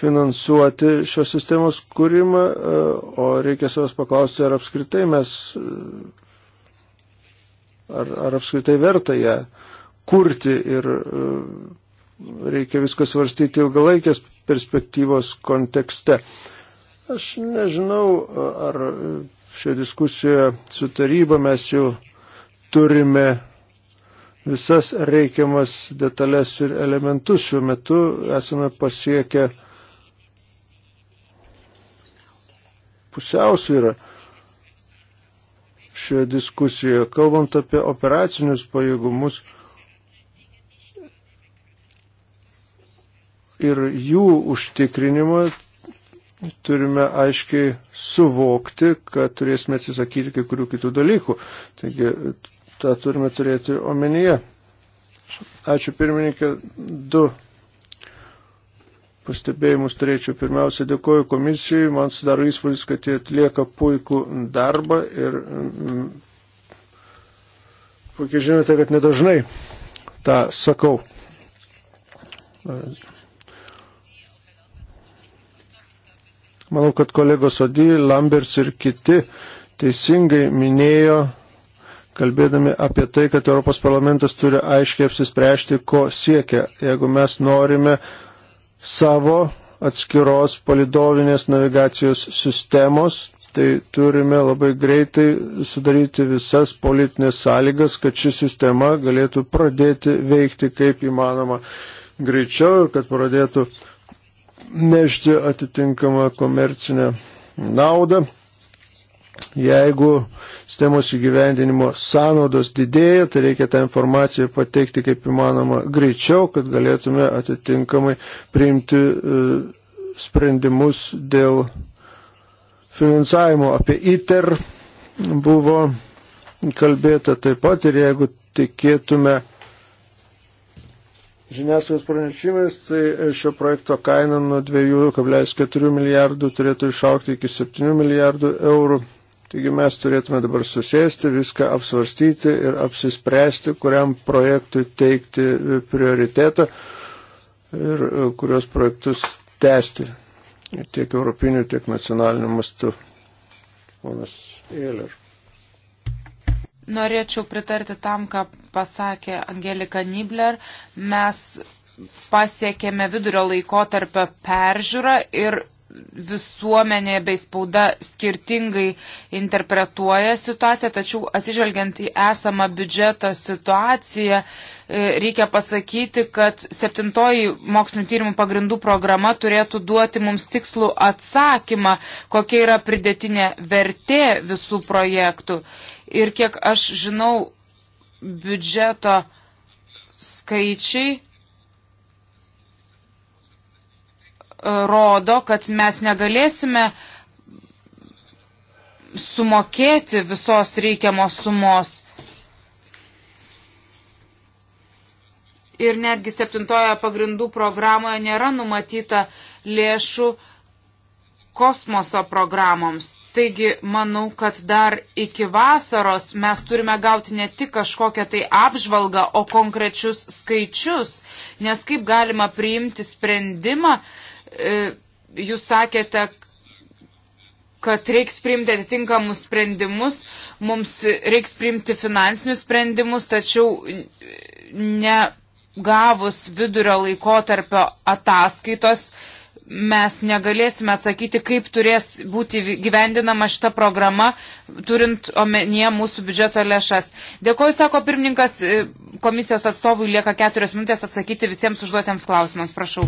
finansuoti šios sistemos kūrimą, e, o reikia savęs paklausti, ar apskritai mes ar, ar apskritai verta ją kurti ir e, reikia viskas svarstyti ilgalaikės perspektyvos kontekste. Aš nežinau, e, ar šioje diskusijoje su taryba mes jau turime visas reikiamas detalės ir elementus. Šiuo metu esame pasiekę pusiausvyrą šioje diskusijoje. Kalbant apie operacinius pajėgumus ir jų užtikrinimą, turime aiškiai suvokti, kad turėsime atsisakyti kai kurių kitų dalykų. Taigi, tą turime turėti omenyje. Ačiū pirmininkė. Du pastebėjimus turėčiau. Pirmiausia, dėkoju komisijai, man sudaro įspūdis, kad jie atlieka puikų darbą ir mm, puikiai žinote, kad nedažnai tą sakau. Manau, kad kolegos Odi, Lambers ir kiti teisingai minėjo, kalbėdami apie tai, kad Europos parlamentas turi aiškiai apsispręsti, ko siekia. Jeigu mes norime uh, savo atskiros palidovinės navigacijos sistemos, tai turime labai greitai sudaryti visas politinės sąlygas, kad ši sistema galėtų pradėti veikti kaip įmanoma greičiau ir kad pradėtų nešti atitinkamą komercinę naudą. Jeigu sistemos įgyvendinimo sąnaudos didėja, tai reikia tą informaciją pateikti kaip įmanoma greičiau, kad galėtume atitinkamai priimti e, sprendimus dėl finansavimo. Apie ITER buvo kalbėta taip pat ir jeigu tikėtume žiniasklaidos pranešimais, tai šio projekto kaina nuo 2,4 milijardų turėtų išaukti iki 7 milijardų eurų. Taigi mes turėtume dabar susėsti, viską apsvarstyti ir apsispręsti, kuriam projektui teikti prioritetą ir e, kurios projektus tęsti tiek europiniu, tiek nacionaliniu mastu. Ponas Eiler. Norėčiau pritarti tam, ką pasakė Angelika Nibler. Mes pasiekėme vidurio laiko tarp peržiūrą ir visuomenė bei spauda skirtingai interpretuoja situaciją, tačiau atsižvelgiant į esamą biudžeto situaciją, e, reikia pasakyti, kad septintoji mokslinio tyrimų pagrindų programa turėtų duoti mums tikslų atsakymą, kokia yra pridėtinė vertė visų projektų. Ir kiek aš žinau, biudžeto skaičiai E, rodo, kad mes negalėsime sumokėti visos reikiamos sumos. Ir netgi septintoje pagrindų programoje nėra numatyta lėšų kosmoso programoms. Taigi, manau, kad dar iki vasaros mes turime gauti ne tik kažkokią tai apžvalgą, o konkrečius skaičius, nes kaip galima priimti sprendimą, uh, E, jūs sakėte, kad reiks priimti atitinkamus sprendimus, mums reiks priimti finansinius sprendimus, tačiau negavus vidurio laiko tarpio ataskaitos, mes negalėsime atsakyti, kaip turės būti gyvendinama šita programa, turint omenyje mūsų biudžeto lėšas. Dėkoju, sako pirmininkas, e, komisijos atstovui lieka keturios minutės atsakyti visiems užduotiems klausimams. Prašau.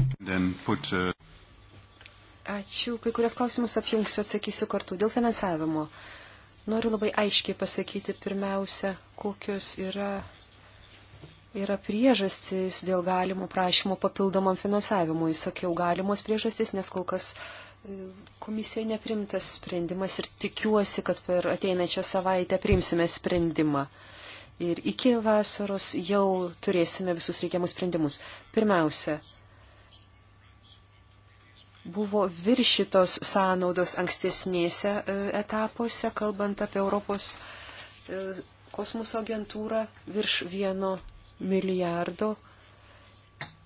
Put, uh... Ačiū. Kai kurias klausimus apjungsiu, atsakysiu kartu. Dėl finansavimo. Noriu labai aiškiai pasakyti pirmiausia, kokios yra yra priežastys dėl galimų prašymų papildomam finansavimui. Sakiau, galimos priežastys, nes kol kas e, komisijoje neprimtas sprendimas ir tikiuosi, kad per ateinančią savaitę primsime sprendimą. Ir iki vasaros jau turėsime visus reikiamus sprendimus. Pirmiausia, buvo viršytos sąnaudos ankstesnėse e, etapuose, kalbant apie Europos e, kosmoso agentūrą virš vieno milijardo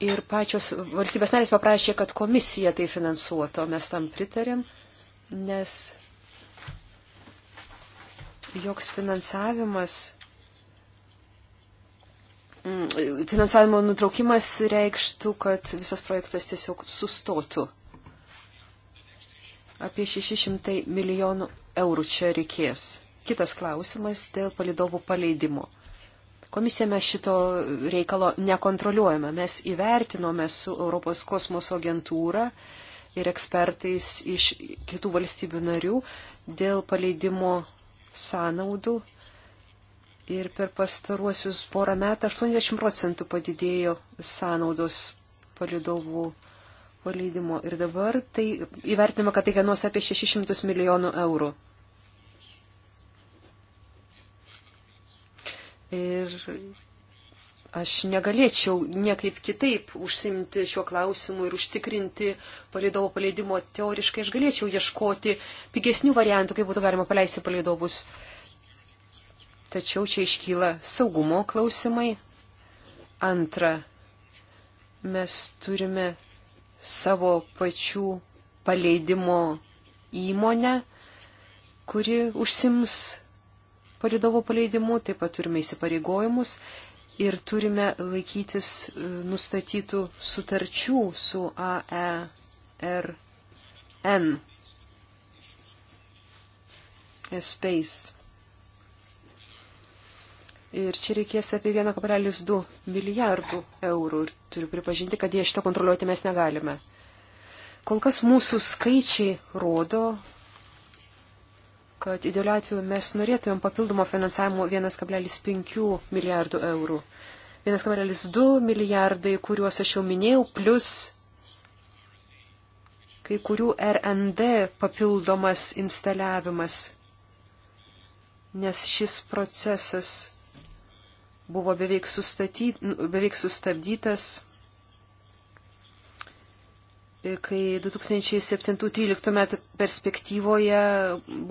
ir pačios valstybės narės paprašė, kad komisija tai finansuotų, o mes tam pritarėm, nes joks finansavimas, mm, finansavimo nutraukimas reikštų, kad visas projektas tiesiog sustotų. Apie 600 milijonų eurų čia reikės. Kitas klausimas dėl palidovų paleidimo. Komisija mes šito reikalo nekontroliuojame. Mes įvertinome su Europos kosmoso agentūra ir ekspertais iš kitų valstybių narių dėl paleidimo sąnaudų. Ir per pastaruosius porą metų 80 procentų padidėjo sąnaudos palidovų paleidimo. Ir dabar tai įvertinama, kad tai kainuos apie 600 milijonų eurų. Ir aš negalėčiau niekaip kitaip užsimti šiuo klausimu ir užtikrinti palaidovo paleidimo teoriškai. Aš galėčiau ieškoti pigesnių variantų, kaip būtų galima paleisti palaidovus. Tačiau čia iškyla saugumo klausimai. Antra, mes turime savo pačių paleidimo įmonę, kuri užsims palidovo paleidimu, taip pat turime įsipareigojimus ir turime laikytis e, nustatytų sutarčių su AERN. Space. Ir čia reikės apie 1,2 milijardų eurų ir turiu pripažinti, kad jie šitą kontroliuoti mes negalime. Kol kas mūsų skaičiai rodo, kad idealiu atveju mes norėtumėm papildomo finansavimo 1,5 milijardų eurų. 1,2 milijardai, kuriuos aš jau minėjau, plus kai kurių RND papildomas instaliavimas, nes šis procesas buvo beveik, beveik sustabdytas kai 2007-2013 metų perspektyvoje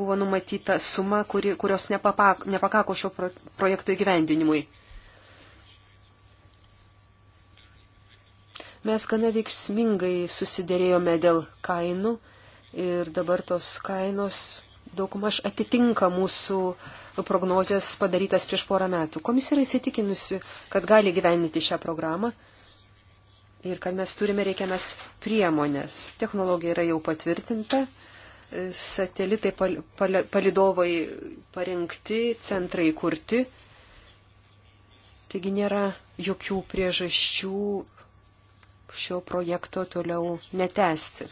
buvo numatyta suma, kuri, kurios nepapako, nepakako šio pro, projekto įgyvendinimui. Mes gana veiksmingai susidėrėjome dėl kainų ir dabar tos kainos daugmaž atitinka mūsų prognozės padarytas prieš porą metų. Komisija yra įsitikinusi, kad gali gyveninti šią programą ir kad mes turime reikiamas priemonės. Technologija yra jau patvirtinta, satelitai pal, pal, palidovai parengti, centrai kurti. Taigi nėra jokių priežasčių šio projekto toliau netesti.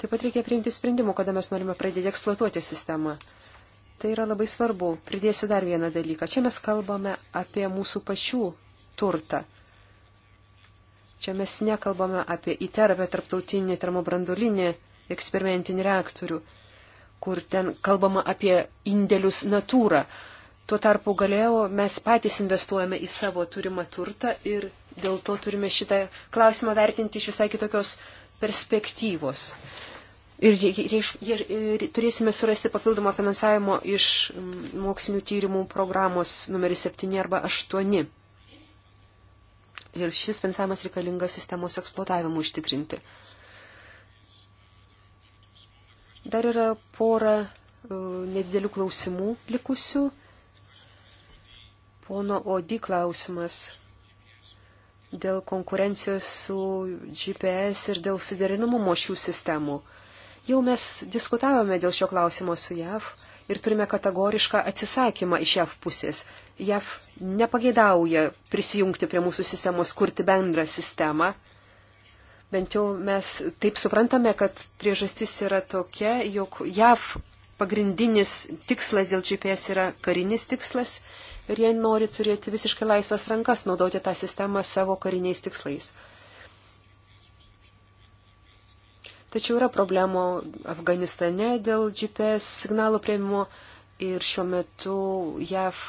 Taip pat reikia priimti sprendimų, kada mes norime pradėti eksploatuoti sistemą. Tai yra labai svarbu. Pridėsiu dar vieną dalyką. Čia mes kalbame apie mūsų pačių turtą. Čia mes nekalbame apie ITER, bet tarptautinį termobrandulinį eksperimentinį reaktorių, kur ten kalbama apie indėlius natūrą. Tuo tarpu galėjau, mes patys investuojame į savo turimą turtą ir dėl to turime šitą klausimą vertinti iš visai kitokios perspektyvos. Ir, ir, ir, ir turėsime surasti papildomą finansavimo iš mm, mokslinių tyrimų programos numeris 7 arba 8. Ir šis finansavimas reikalingas sistemos eksploatavimui užtikrinti. Dar yra pora e, nedidelių klausimų likusių. Pono Odi klausimas dėl konkurencijos su GPS ir dėl suderinamumo šių sistemų. Jau mes diskutavome dėl šio klausimo su JAV ir turime kategorišką atsisakymą iš JAV pusės. JAV nepageidauja prisijungti prie mūsų sistemos, kurti bendrą sistemą. Bent jau mes taip suprantame, kad priežastis yra tokia, jog JAV pagrindinis tikslas dėl GPS yra karinis tikslas ir jie nori turėti visiškai laisvas rankas naudoti tą sistemą savo kariniais tikslais. Tačiau yra problemų Afganistane dėl GPS signalų prieimimo ir šiuo metu JAV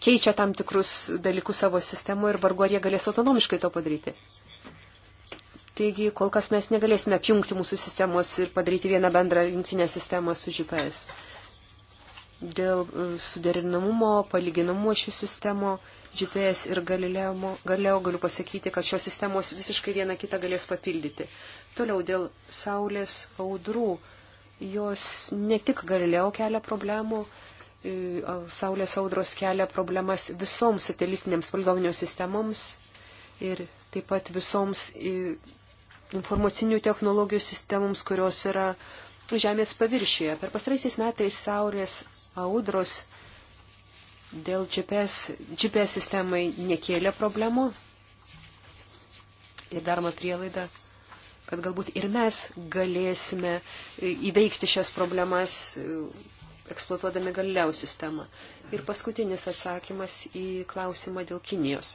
keičia tam tikrus dalykus savo sistemoje ir vargu ar jie galės autonomiškai to padaryti. Taigi kol kas mes negalėsime apjungti mūsų sistemos ir padaryti vieną bendrą jungtinę sistemą su GPS. Dėl e, suderinamumo, palyginamumo šių sistemų GPS ir Galileo, Galileo galiu pasakyti, kad šios sistemos visiškai viena kitą galės papildyti. Toliau dėl Saulės audrų. Jos ne tik Galileo kelia problemų, Saulės audros kelia problemas visoms satelistinėms valdovinio sistemoms ir taip pat visoms informacinių technologijų sistemoms, kurios yra Žemės paviršyje. Per pastaraisiais metais Saulės audros dėl GPS, GPS sistemai nekėlė problemų ir daroma prielaida, kad galbūt ir mes galėsime e, įveikti šias problemas eksploatuodami galiliau sistemą. Ir paskutinis atsakymas į klausimą dėl Kinijos.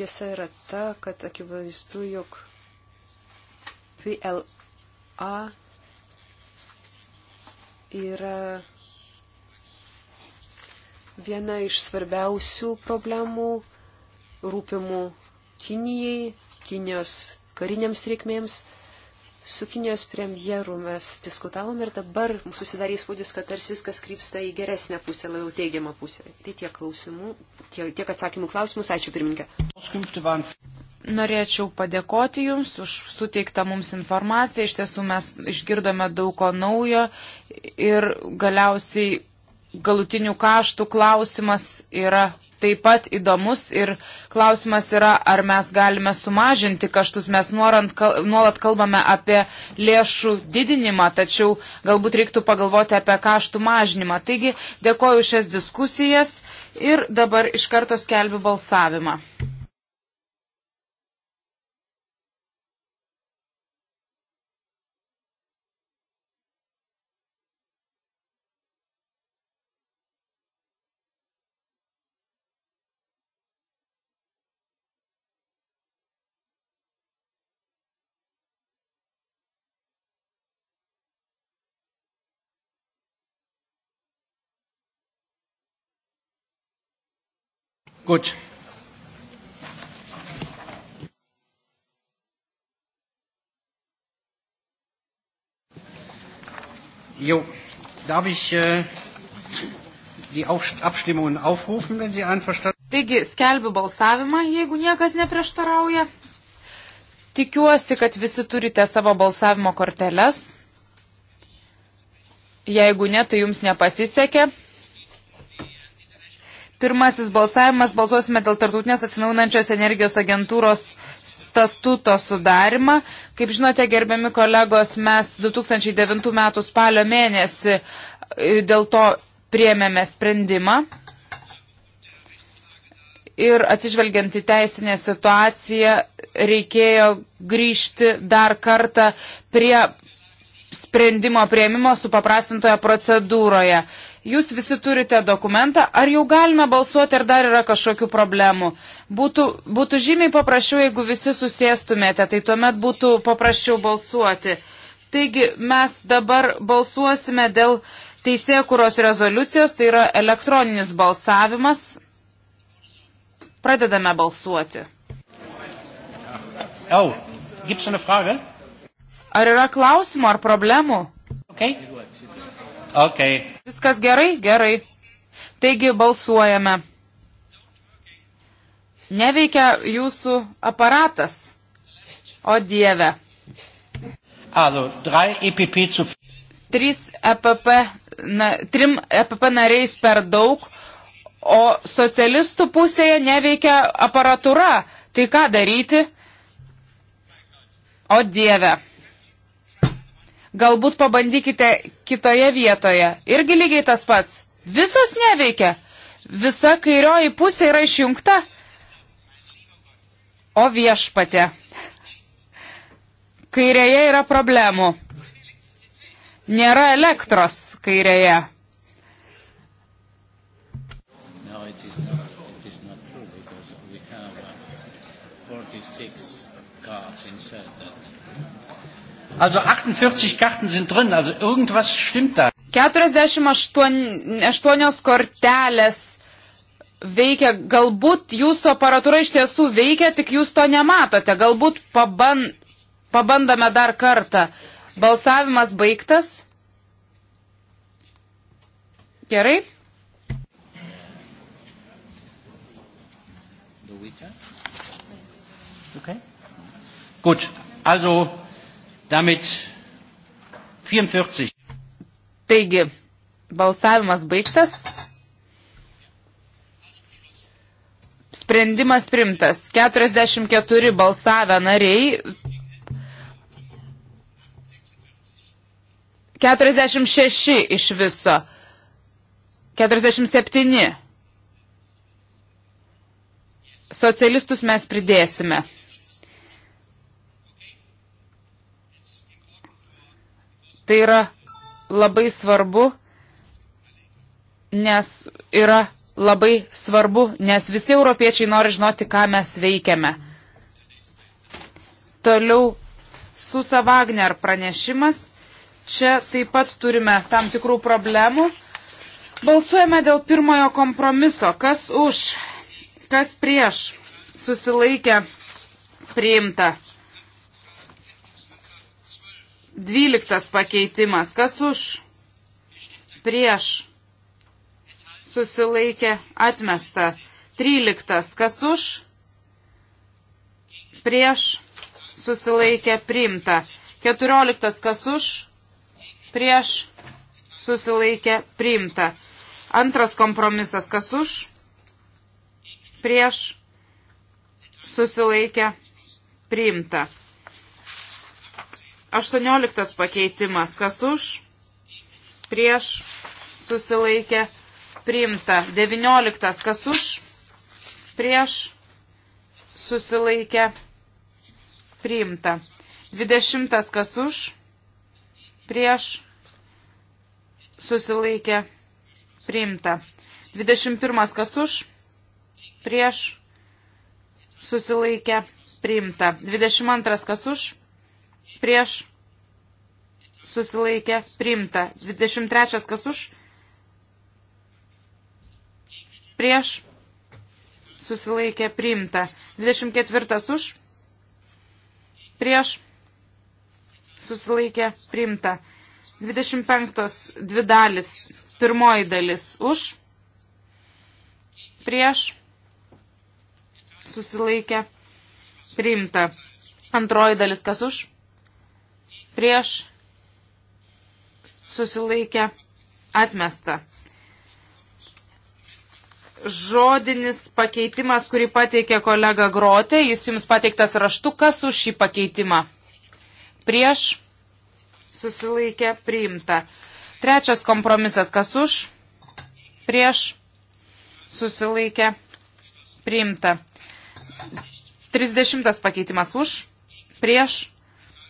Tiesa yra ta, kad akivaizdu, jog PLA yra viena iš svarbiausių problemų rūpimų Kinijai, Kinijos kariniams reikmėms Su Kinijos premjeru mes diskutavom ir dabar susidarė įspūdis, kad tarsi viskas krypsta į geresnę pusę, labiau teigiamą pusę. Tai tiek klausimų, tiek, tiek atsakymų klausimus. Ačiū pirmininkė. Norėčiau padėkoti Jums už suteiktą mums informaciją. Iš tiesų mes išgirdome daug ko naujo ir galiausiai galutinių kaštų klausimas yra taip pat įdomus ir klausimas yra, ar mes galime sumažinti kaštus. Mes nuorant, kal, nuolat kalbame apie lėšų didinimą, tačiau galbūt reiktų pagalvoti apie kaštų mažinimą. Taigi dėkoju šias diskusijas ir dabar iš karto skelbiu balsavimą. Gut. Jo, darf ich äh, die Auf Abstimmungen aufrufen, wenn Sie einverstanden sind? Taigi, skelbiu balsavimą, jeigu niekas neprieštarauja. Tikiuosi, kad visi turite savo balsavimo korteles. Jeigu ne, tai jums nepasisekė. Pirmasis balsavimas balsuosime dėl tartutinės atsinaunančios energijos agentūros statuto sudarimą. Kaip žinote, gerbiami kolegos, mes 2009 m. spalio mėnesį e, dėl to priemėme sprendimą. Ir atsižvelgiant į teisinę situaciją, reikėjo grįžti dar kartą prie sprendimo prieimimo supaprastintoje procedūroje. Jūs visi turite dokumentą, ar jau galime balsuoti, ar dar yra kažkokių problemų. Būtų, būtų žymiai paprasčiau, jeigu visi susėstumėte, tai tuomet būtų paprasčiau balsuoti. Taigi mes dabar balsuosime dėl teisėkuros rezoliucijos, tai yra elektroninis balsavimas. Pradedame balsuoti. Oh, gibt's eine Frage? Ar yra klausimų ar problemų? Okay. Okay. Viskas gerai? Gerai. Taigi balsuojame. Neveikia jūsų aparatas. O dieve. Also, drei EPP zu... Trys EPP, na, trim EPP nariais per daug, o socialistų pusėje neveikia aparatūra. Tai ką daryti? O dieve. Galbūt pabandykite kitoje vietoje. Irgi lygiai tas pats. Visos neveikia. Visa kairioji pusė yra išjungta. O viešpatė. Kairėje yra problemų. Nėra elektros kairėje. Also 48 Karten sind drin, also irgendwas stimmt da. 48 kortelės veikia, galbūt jūsų aparatūra iš tiesų veikia, tik jūs to nematote. Galbūt paban, pabandome dar kartą. Balsavimas baigtas. Gerai. Gut, also Damit 44. Taigi, balsavimas baigtas. Sprendimas primtas. 44 balsavę nariai. 46 iš viso. 47. Socialistus mes pridėsime. Tai yra labai svarbu, nes yra labai svarbu, nes visi europiečiai nori žinoti, ką mes veikiame. Toliau Susa Wagner pranešimas. Čia taip pat turime tam tikrų problemų. Balsuojame dėl pirmojo kompromiso. Kas už, kas prieš susilaikė priimta. Dvyliktas pakeitimas. Kas už? Prieš. Susilaikė. Atmesta. Tryliktas. Kas už? Prieš. Susilaikė. Priimta. Keturioliktas. Kas už? Prieš. Susilaikė. Priimta. Antras kompromisas. Kas už? Prieš. Susilaikė. Priimta. 18 pakeitimas. Kas už? Prieš susilaikė priimta. 19. Kas už? Prieš susilaikė priimta. 20. Kas už? Prieš susilaikė priimta. 21. Kas už? Prieš susilaikė priimta. 22. Kas už? prieš susilaikė priimta. 23 kas už prieš susilaikė priimta. 24 už prieš susilaikė priimta. 25 dvi dalis. Pirmoji dalis už prieš susilaikė priimta. Antroji dalis kas už prieš susilaikę atmesta. Žodinis pakeitimas, kurį pateikė kolega Grotė, jis jums pateiktas raštu, kas už šį pakeitimą. Prieš susilaikė priimta. Trečias kompromisas, kas už, prieš susilaikė priimta. 30 pakeitimas už, prieš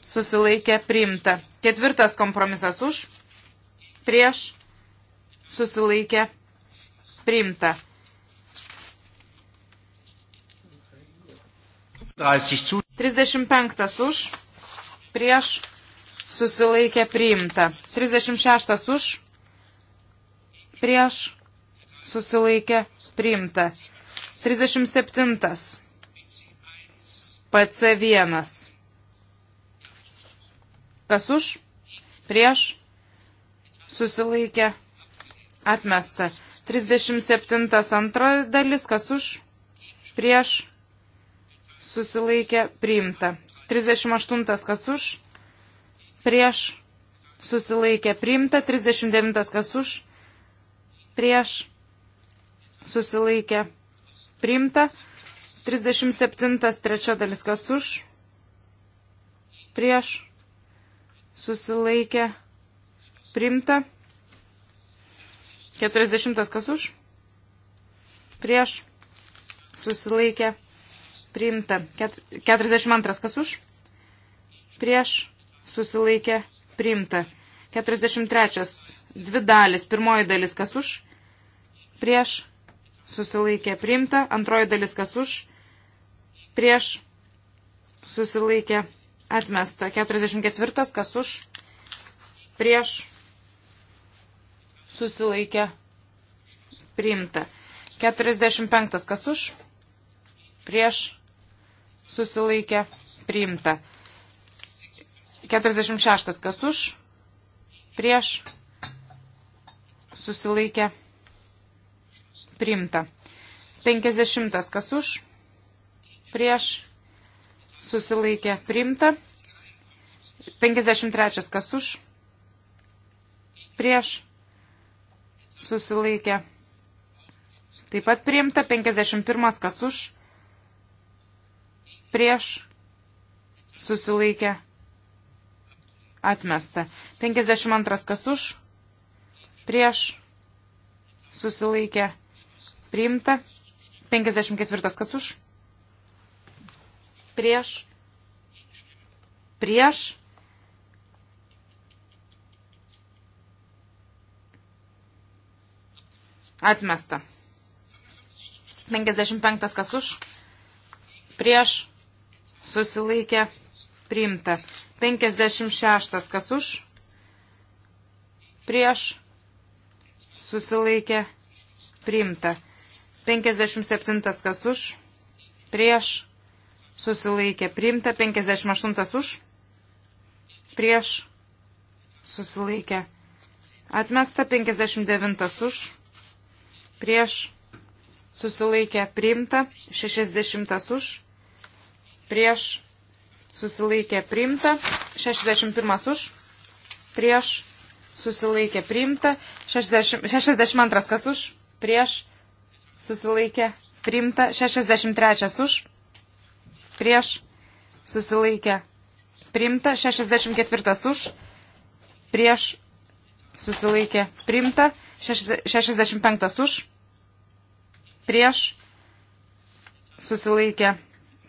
susilaikė priimta. Ketvirtas kompromisas už, prieš, susilaikė priimta. 35 už, prieš, susilaikė priimta. 36 už, prieš, susilaikė priimta. 37 PC1 Kas už, prieš, susilaikė, atmesta. 37 antra dalis, kas už, prieš, susilaikė, priimta. 38 kas už, prieš, susilaikė, priimta. 39 kas už, prieš, susilaikė, priimta. 37 trečia dalis, kas už, prieš, susilaikė, primta. 40 kas už, prieš, susilaikė, primta. 42 kas už, prieš, susilaikė, primta. 43 dvi dalis, pirmoji dalis kas už, prieš, susilaikė, primta. Antroji dalis kas už, prieš, susilaikė, primta Atmesta. 44. Kas už? Prieš. Susilaikė. Priimta. 45. Kas už? Prieš. Susilaikė. Priimta. 46. Kas už? Prieš. Susilaikė. Priimta. 50. Kas už? Prieš susilaikė priimta. 53 kas už, prieš susilaikė. Taip pat priimta 51 kas už, prieš susilaikė. Atmesta. 52 kas už, prieš susilaikė. Priimta. 54 kas už prieš, prieš. Atmesta. 55 kas už, prieš, susilaikė, priimta. 56 kas už, prieš, susilaikė, priimta. 57 kas už, prieš, susilaikė priimta, 58 už, prieš susilaikė atmesta, 59 už, prieš susilaikė priimta, 60 už, prieš susilaikė priimta, 61 už, prieš susilaikė priimta, 60, 62 kas už, prieš susilaikė priimta, 63 už prieš, susilaikė, primta, 64 už, prieš, susilaikė, primta, 65 už, prieš, susilaikė,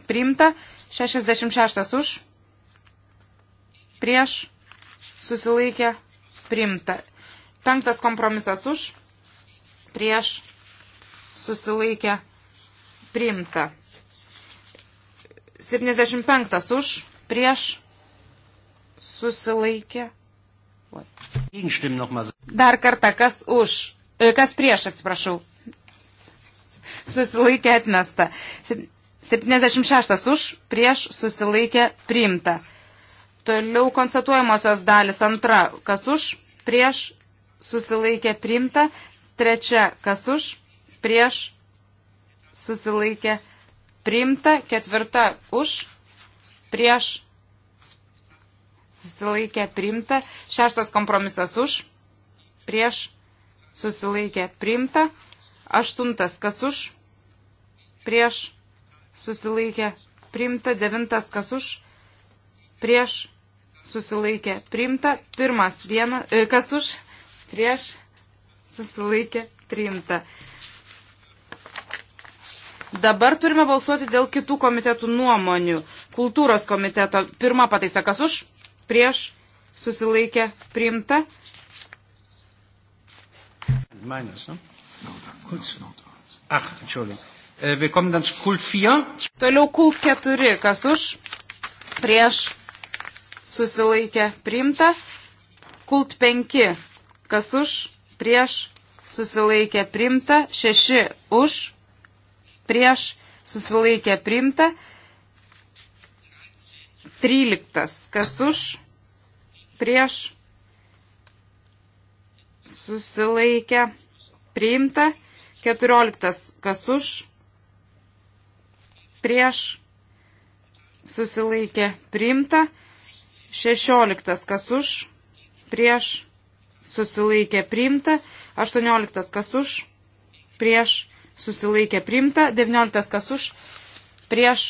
primta, 66 už, prieš, susilaikė, primta. Penktas kompromisas už, prieš, susilaikė, primta. 75 už, prieš, susilaikė. Dar kartą, kas už, e, kas prieš, atsiprašau. Susilaikė atmesta. 76 už, prieš, susilaikė priimta. Toliau konstatuojamosios dalis antra, kas už, prieš, susilaikė priimta. Trečia, kas už, prieš, susilaikė priimta susilaikė priimta, ketvirta už, prieš, susilaikė priimta, šeštas kompromisas už, prieš, susilaikė priimta, aštuntas kas už, prieš, susilaikė priimta, devintas kas už, prieš, susilaikė priimta, pirmas viena, e, kas už, prieš, susilaikė priimta. Dabar turime balsuoti dėl kitų komitetų nuomonių. Kultūros komiteto pirma pataisa, kas už, prieš, susilaikė, priimta. Minus, ne? Ach, atsiprašau. Äh, wir kommen dann zu Kult 4. Toliau Kult 4, kas už, prieš, susilaikė, priimta. Kult 5, kas už, prieš, susilaikė, priimta. 6 už, prieš susilaikė primta. 13. Kas už, prieš susilaikė priimta. 14. Kas už, prieš susilaikė priimta. 16. Kas už, prieš susilaikė priimta. 18. Kas už, prieš susilaikė primta, 19 kas už, prieš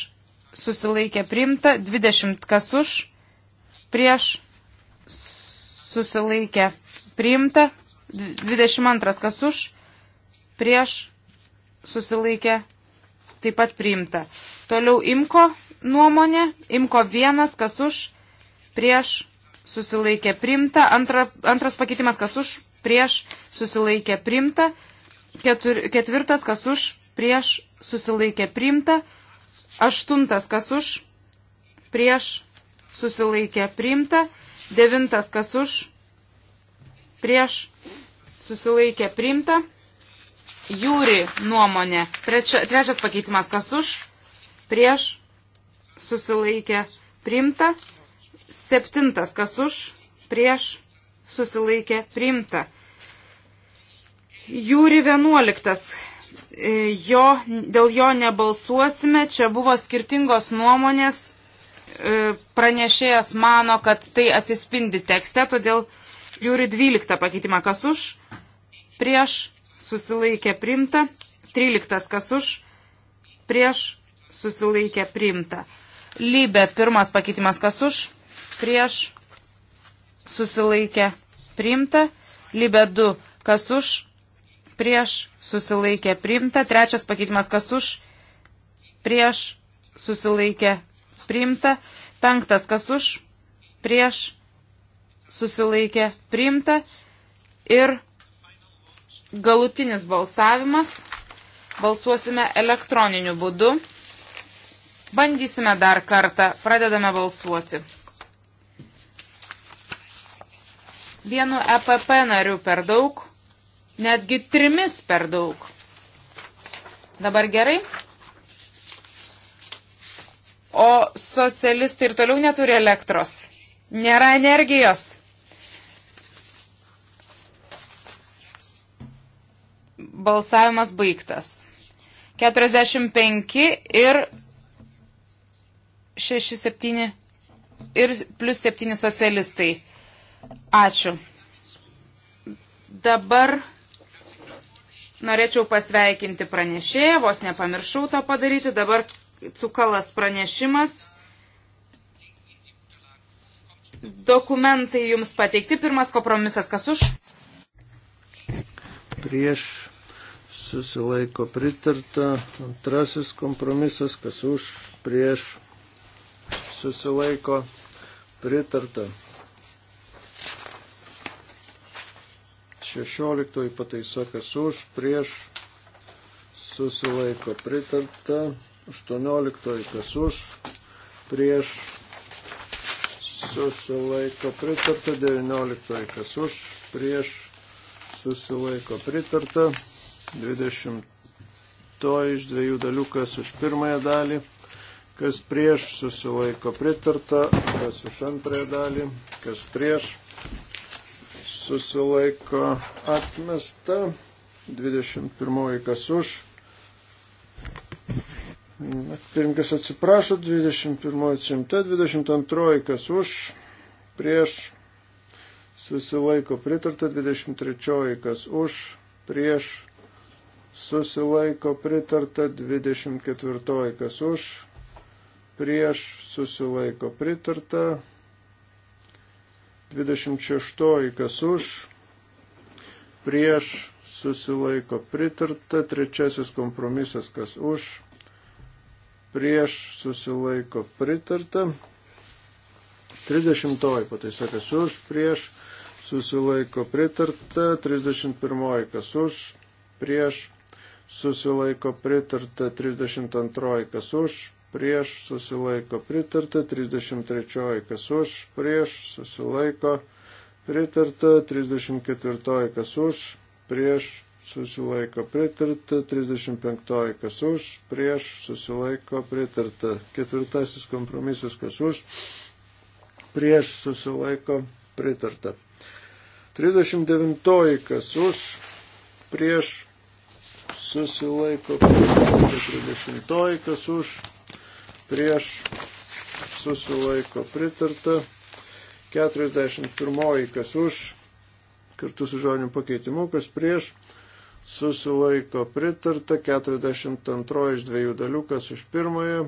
susilaikė primta, 20 kas už, prieš susilaikė primta, 22 kas už, prieš susilaikė taip pat primta. Toliau imko nuomonė, imko vienas kas už, prieš susilaikė primta, Antra, antras pakeitimas kas už, prieš susilaikė primta. Ketur, ketvirtas, kas už, prieš, susilaikė priimta. Aštuntas, kas už, prieš, susilaikė priimta. Devintas, kas už, prieš, susilaikė priimta. Jūri nuomonė. Trečia, trečias pakeitimas, kas už, prieš, susilaikė priimta. Septintas, kas už, prieš, susilaikė priimta. Jūri 11. E, jo, dėl jo nebalsuosime. Čia buvo skirtingos nuomonės. E, pranešėjas mano, kad tai atsispindi tekste, todėl žiūri 12 pakeitimą, kas už, prieš, susilaikė primta, 13 kas už, prieš, susilaikė primta. Lybė pirmas pakeitimas, kas už, prieš, susilaikė primta, lybė 2 kas už, prieš susilaikė priimta, trečias pakeitimas kas už, prieš susilaikė priimta, penktas kas už, prieš susilaikė priimta ir galutinis balsavimas. Balsuosime elektroniniu būdu. Bandysime dar kartą. Pradedame balsuoti. Vienu EPP nariu per daug netgi trimis per daug. Dabar gerai? O socialistai ir toliau neturi elektros. Nėra energijos. Balsavimas baigtas. 45 ir 6, 7 ir plus 7 socialistai. Ačiū. Dabar Norėčiau pasveikinti pranešėją, vos nepamiršau to padaryti. Dabar cukalas pranešimas. Dokumentai jums pateikti. Pirmas kompromisas, kas už? Prieš susilaiko pritarta. Antrasis kompromisas, kas už? Prieš susilaiko pritarta. 16 pataisa, kas už, prieš, susilaiko pritarta, 18 kas už, prieš, susilaiko pritarta, 19 kas už, prieš, susilaiko pritarta, 20 iš dviejų dalių, kas už pirmąją dalį, kas prieš, susilaiko pritarta, kas už antrąją dalį, kas prieš susilaiko atmesta. 21 kas už. Pirmkas atsiprašo, 21 atsimta, 22 kas už, prieš, susilaiko pritarta, 23 kas už, prieš, susilaiko pritarta, 24 kas už, prieš, susilaiko pritarta, 26 kas už, prieš susilaiko pritarta, trečiasis kompromisas kas už, prieš susilaiko pritarta, 30 pataisa kas už, prieš susilaiko pritarta, 31 kas už, prieš susilaiko pritarta, 32 kas už, prieš susilaiko pritarta, 33 kas už, prieš susilaiko pritarta, 34 kas už, prieš susilaiko pritarta, 35 kas už, prieš susilaiko pritarta, ketvirtasis kompromisas kas už, prieš susilaiko pritarta. 39 kas už, prieš susilaiko pritarta, 30 kas už, prieš susilaiko pritarta. 41 kas už, kartu su žodiniu pakeitimu, kas prieš susilaiko pritarta. 42 iš dviejų dalių, kas už pirmąją,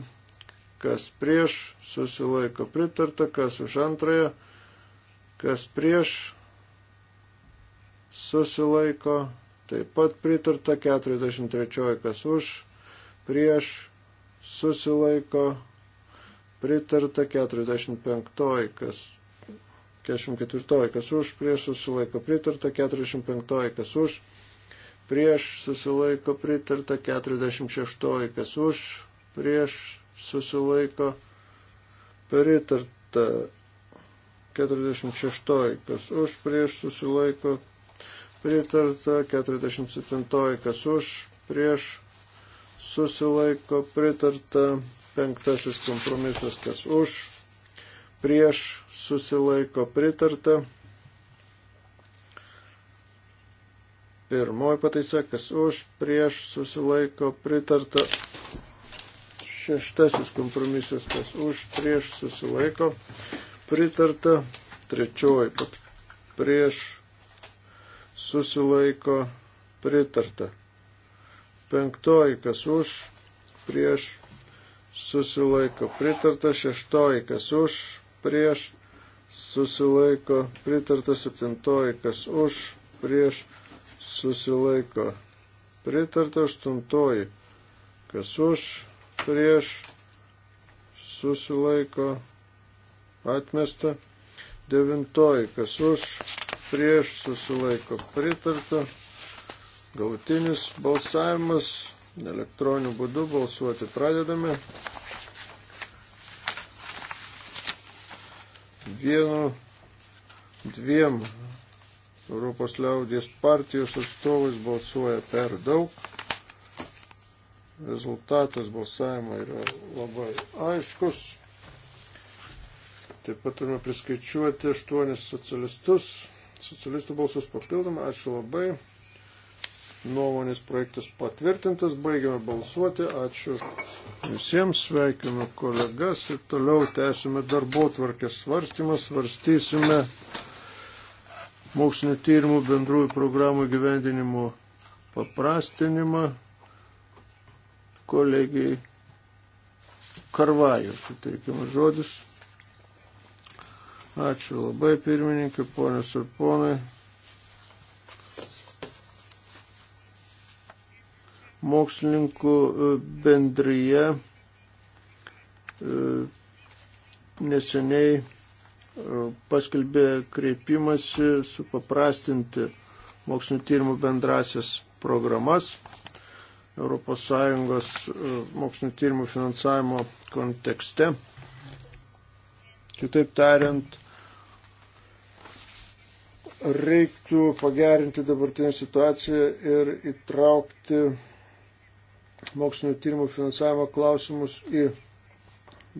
kas prieš susilaiko pritarta, kas už antrąją, kas prieš susilaiko. Taip pat pritarta 43 kas už, prieš susilaiko pritarta 45, kas 44, kas už, prieš susilaiko pritarta 45, kas už, prieš susilaiko pritarta 46, kas už, prieš susilaiko pritarta 46, kas už, prieš susilaiko pritarta 47, kas už, prieš susilaiko pritarta. Penktasis kompromisas, kas už, prieš susilaiko pritarta. Pirmoji pataisa, kas už, prieš susilaiko pritarta. Šeštasis kompromisas, kas už, prieš susilaiko pritarta. Trečioji pat prieš susilaiko pritarta. Penktoji, kas už, prieš, susilaiko pritarta. Šeštoji, kas už, prieš, susilaiko pritarta. Septintoji, kas už, prieš, susilaiko pritarta. Aštuntoji, kas už, prieš, susilaiko atmesta. Devintoji, kas už, prieš, susilaiko pritarta. Galutinis balsavimas elektroniniu būdu balsuoti pradedame. Vienu, dviem Europos liaudės partijos atstovais balsuoja per daug. Rezultatas balsavimo yra labai aiškus. Taip pat turime priskaičiuoti aštuonis socialistus. Socialistų balsus papildomą. Ačiū labai nuomonės projektas patvirtintas, baigiame balsuoti, ačiū visiems, sveikinu kolegas ir toliau tęsime darbo tvarkės svarstymą, svarstysime mokslinio tyrimų bendrųjų programų gyvendinimo paprastinimą kolegijai Karvajų suteikimas žodis. Ačiū labai pirmininkai, ponios ir ponai. mokslininkų e, bendryje e, neseniai e, paskelbė kreipimasi supaprastinti mokslinio tyrimų bendrasias programas ES mokslinio tyrimų finansavimo kontekste. Kitaip tariant, reiktų pagerinti dabartinę situaciją ir įtraukti mokslinio tyrimų finansavimo klausimus į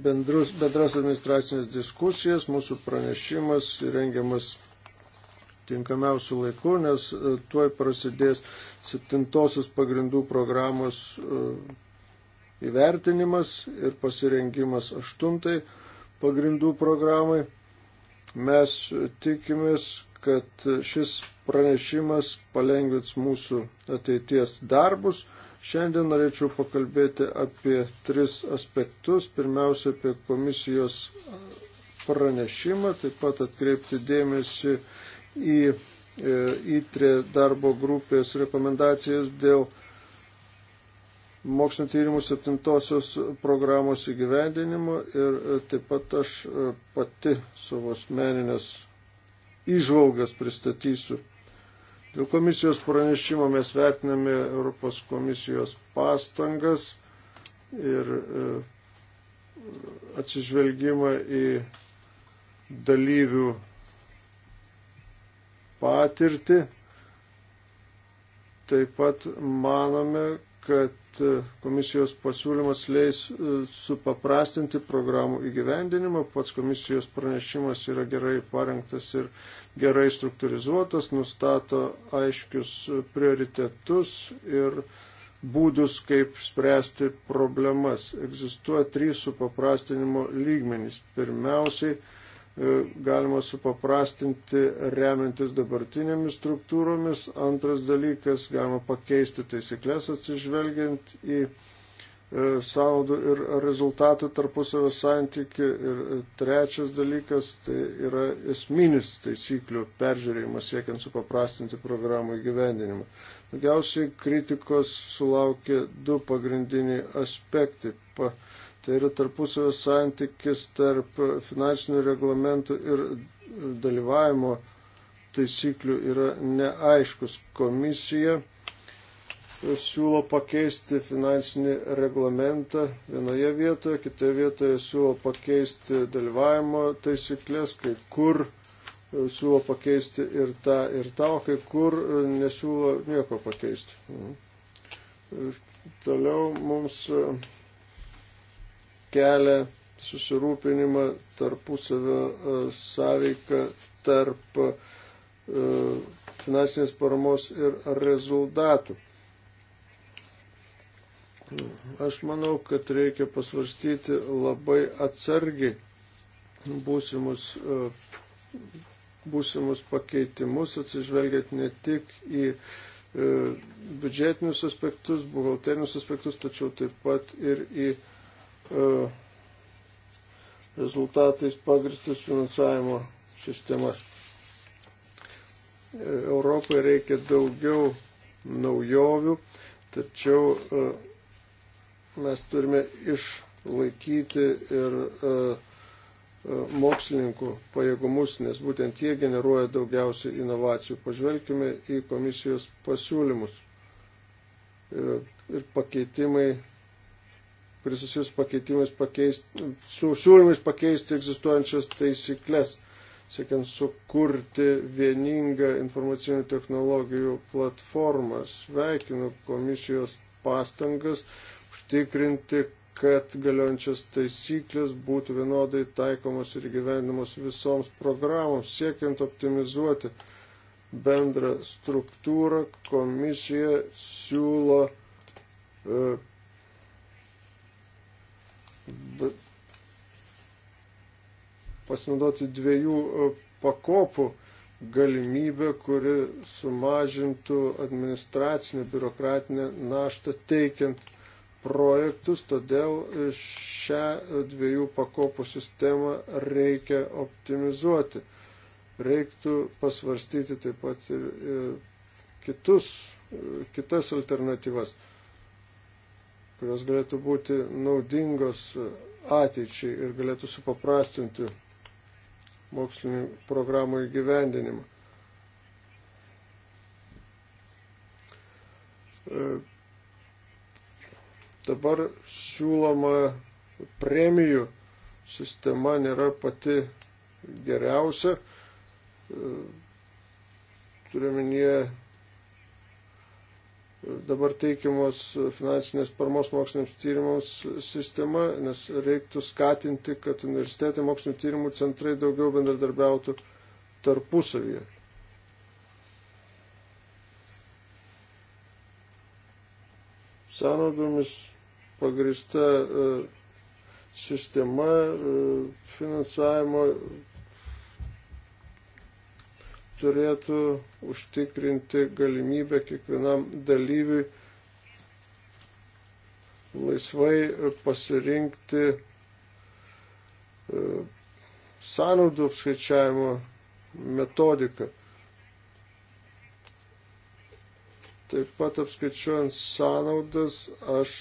bendrus, bendras administracinės diskusijas. Mūsų pranešimas rengiamas tinkamiausių laikų, nes e, tuoj prasidės septintosios pagrindų programos e, įvertinimas ir pasirengimas aštuntai pagrindų programai. Mes tikimės, kad šis pranešimas palengvins mūsų ateities darbus Šiandien norėčiau pakalbėti apie tris aspektus. Pirmiausia, apie komisijos pranešimą, taip pat atkreipti dėmesį į e, įtrė darbo grupės rekomendacijas dėl mokslinio tyrimų septintosios programos įgyvendinimo ir e, taip pat aš e, pati savo asmeninės išvalgas pristatysiu Dėl komisijos pranešimo mes vertiname Europos komisijos pastangas ir e, atsižvelgimą į dalyvių patirtį. Taip pat manome, kad e, komisijos pasiūlymas leis e, supaprastinti programų įgyvendinimą. Pats komisijos pranešimas yra gerai parengtas ir gerai struktūrizuotas, nustato aiškius e, prioritetus ir būdus, kaip spręsti problemas. Egzistuoja trys supaprastinimo lygmenys. Pirmiausiai, E, galima supaprastinti remiantis dabartinėmis struktūromis. Antras dalykas, galima pakeisti taisyklės atsižvelgiant į e, sąnaudų ir rezultatų tarpusavio santykių. Ir trečias dalykas, tai yra esminis taisyklių peržiūrėjimas siekiant supaprastinti programų įgyvendinimą. Daugiausiai kritikos sulaukė du pagrindiniai aspektai. Pa, Tai yra tarpusavio santykis tarp finansinių reglamentų ir dalyvavimo taisyklių yra neaiškus. Komisija siūlo pakeisti finansinį reglamentą vienoje vietoje, kitoje vietoje siūlo pakeisti dalyvavimo taisyklės, kai kur siūlo pakeisti ir tą, ir tą, o kai kur nesiūlo nieko pakeisti. Mhm. Toliau mums kelia susirūpinimą tarpusavio e, sąveiką tarp e, finansinės paramos ir rezultatų. Aš manau, kad reikia pasvarstyti labai atsargiai būsimus, e, būsimus pakeitimus, atsižvelgiant ne tik į biudžetinius aspektus, buhalterinius aspektus, tačiau taip pat ir į E, rezultatais pagristas finansavimo sistemas. E, Europai reikia daugiau naujovių, tačiau e, mes turime išlaikyti ir mokslininkų pajėgumus, nes būtent jie generuoja daugiausiai inovacijų. Pažvelkime į komisijos pasiūlymus ir pakeitimai kuris susijus pakeitimais pakeisti, su siūlymais pakeisti egzistuojančias taisyklės, siekiant sukurti vieningą informacinių technologijų platformą. Sveikinu komisijos pastangas užtikrinti, kad galiojančias taisyklės būtų vienodai taikomos ir gyvenimos visoms programoms, siekiant optimizuoti bendrą struktūrą, komisija siūlo e, pasinaudoti dviejų e, pakopų galimybę, kuri sumažintų administracinę biurokratinę naštą teikiant projektus, todėl šią dviejų pakopų sistemą reikia optimizuoti. Reiktų pasvarstyti taip pat ir, ir kitus, kitas alternatyvas kurios galėtų būti naudingos ateičiai ir galėtų supaprastinti mokslinių programų įgyvendinimą. E, dabar siūloma premijų sistema nėra pati geriausia. E, Turiuomenyje dabar teikiamos finansinės paramos moksliniams tyrimams sistema, nes reiktų skatinti, kad universitetai mokslinio tyrimų centrai daugiau bendradarbiautų tarpusavyje. Sąnaudomis pagrista e, sistema e, finansavimo turėtų užtikrinti galimybę kiekvienam dalyviui laisvai pasirinkti e, sąnaudų apskaičiavimo metodiką. Taip pat apskaičiuojant sąnaudas, aš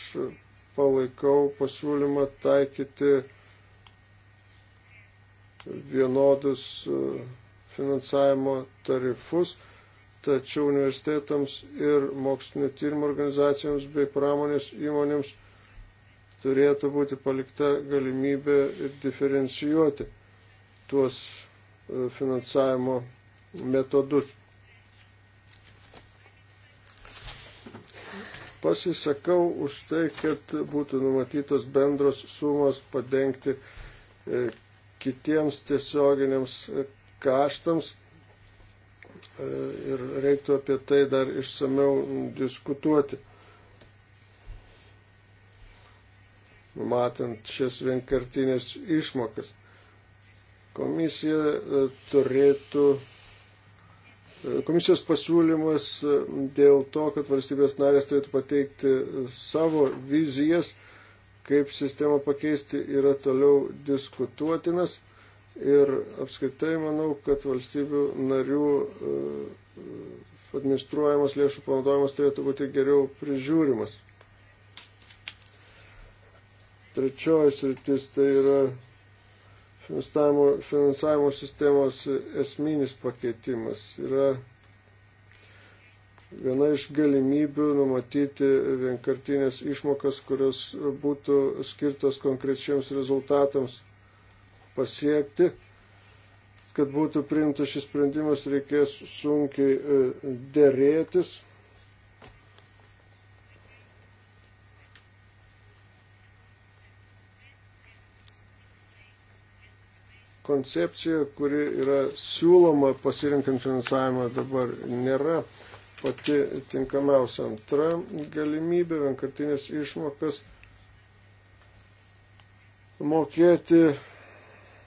palaikau pasiūlymą taikyti vienodus uh, finansavimo tarifus, tačiau universitetams ir mokslinio tyrimo organizacijoms bei pramonės įmonėms turėtų būti palikta galimybė diferencijuoti tuos e, finansavimo metodus. Pasisakau už tai, kad būtų numatytos bendros sumos padengti e, kitiems tiesioginiams kaštams e, ir reiktų apie tai dar išsameu diskutuoti. Matant šias vienkartinės išmokas, komisija e, turėtų e, Komisijos pasiūlymas dėl to, kad valstybės narės turėtų pateikti savo vizijas, kaip sistemą pakeisti, yra toliau diskutuotinas. Ir apskritai manau, kad valstybių narių e, e, administruojamas lėšų panaudojimas turėtų būti geriau prižiūrimas. Trečioji sritis tai yra finansavimo, finansavimo sistemos esminis pakeitimas. Yra viena iš galimybių numatyti vienkartinės išmokas, kurios būtų skirtos konkrečiems rezultatams pasiekti. Kad būtų priimtas šis sprendimas, reikės sunkiai e, dėrėtis. Koncepcija, kuri yra siūloma pasirinkant finansavimą dabar, nėra pati tinkamiausia antra galimybė vienkartinės išmokas mokėti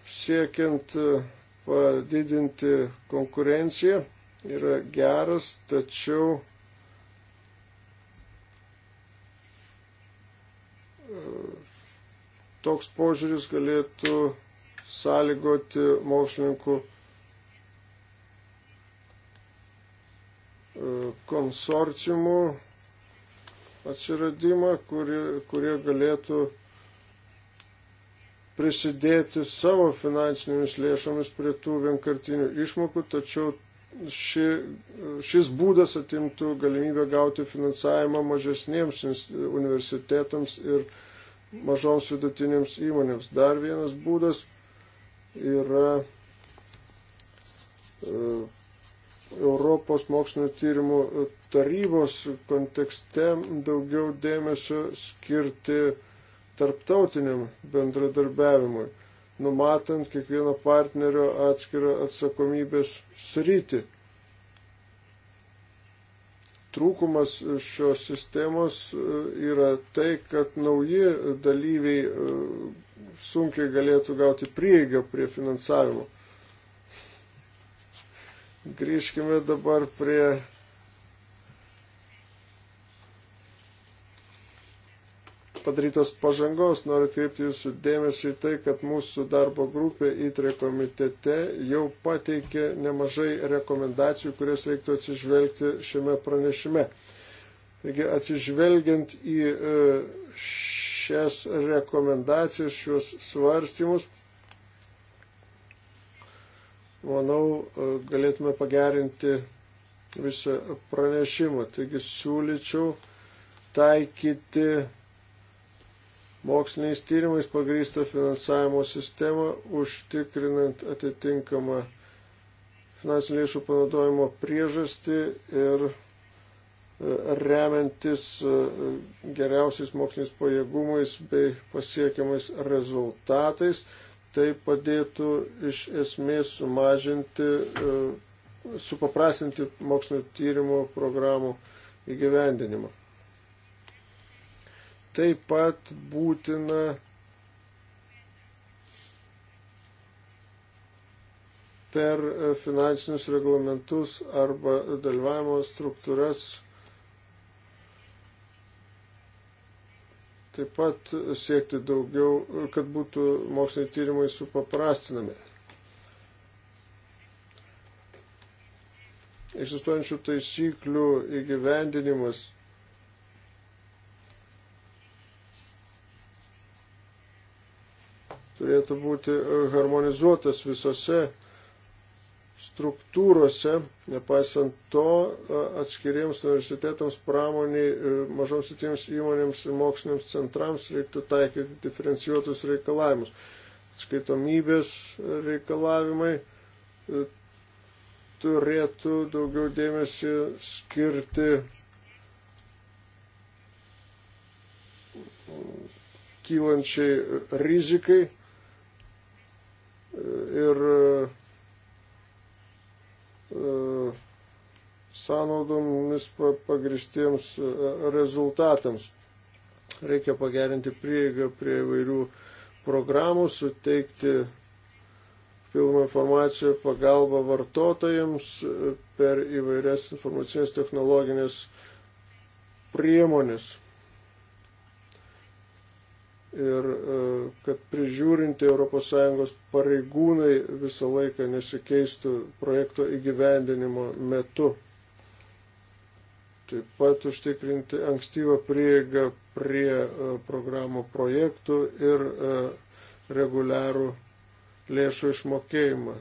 siekiant e, padidinti konkurenciją yra geras, tačiau e, toks požiūris galėtų sąlygoti mokslininkų e, konsorciumų atsiradimą, kurie, kurie galėtų prisidėti savo finansinėmis lėšomis prie tų vienkartinių išmokų, tačiau ši, šis būdas atimtų galimybę gauti finansavimą mažesniems universitetams ir mažoms vidutinėms įmonėms. Dar vienas būdas yra e, Europos mokslinio tyrimų tarybos kontekste daugiau dėmesio skirti tarptautiniam bendradarbiavimui, numatant kiekvieno partnerio atskirą atsakomybės sritį. Trūkumas šios sistemos e, yra tai, kad nauji dalyviai e, sunkiai galėtų gauti prieigą prie finansavimo. Grįžkime dabar prie padarytos pažangos. Noriu atkreipti jūsų dėmesį į tai, kad mūsų darbo grupė įtrė komitete jau pateikė nemažai rekomendacijų, kurias reiktų atsižvelgti šiame pranešime. Taigi atsižvelgiant į e, šias rekomendacijas, šiuos svarstymus, manau, e, galėtume pagerinti visą pranešimą. Taigi siūlyčiau taikyti moksliniais tyrimais pagrįstą finansavimo sistemą, užtikrinant atitinkamą finansinių lėšų panaudojimo priežastį ir e, remiantis e, geriausiais moksliniais pajėgumais bei pasiekiamais rezultatais, tai padėtų iš esmės sumažinti, e, supaprasinti mokslinio tyrimo programų įgyvendinimą. Taip pat būtina per finansinius reglamentus arba dalyvavimo struktūras taip pat siekti daugiau, kad būtų moksliniai tyrimai supaprastinami. Egzistuojančių taisyklių įgyvendinimas turėtų būti e, harmonizuotas visose struktūrose, nepaisant to e, atskiriems universitetams, pramoniai, e, mažoms sitiems įmonėms ir moksliniams centrams reiktų taikyti diferencijuotus reikalavimus. Skaitomybės reikalavimai turėtų daugiau dėmesį skirti kylančiai rizikai ir e, sąnaudomis pagristiems e, rezultatams. Reikia pagerinti prieigą prie įvairių programų, suteikti pilną informaciją pagalbą vartotojams e, per įvairias informacinės technologinės priemonės ir e, kad prižiūrinti ES pareigūnai visą laiką nesikeistų projekto įgyvendinimo metu. Taip pat užtikrinti ankstyvą prieigą prie e, programų projektų ir e, reguliarų lėšų išmokėjimą.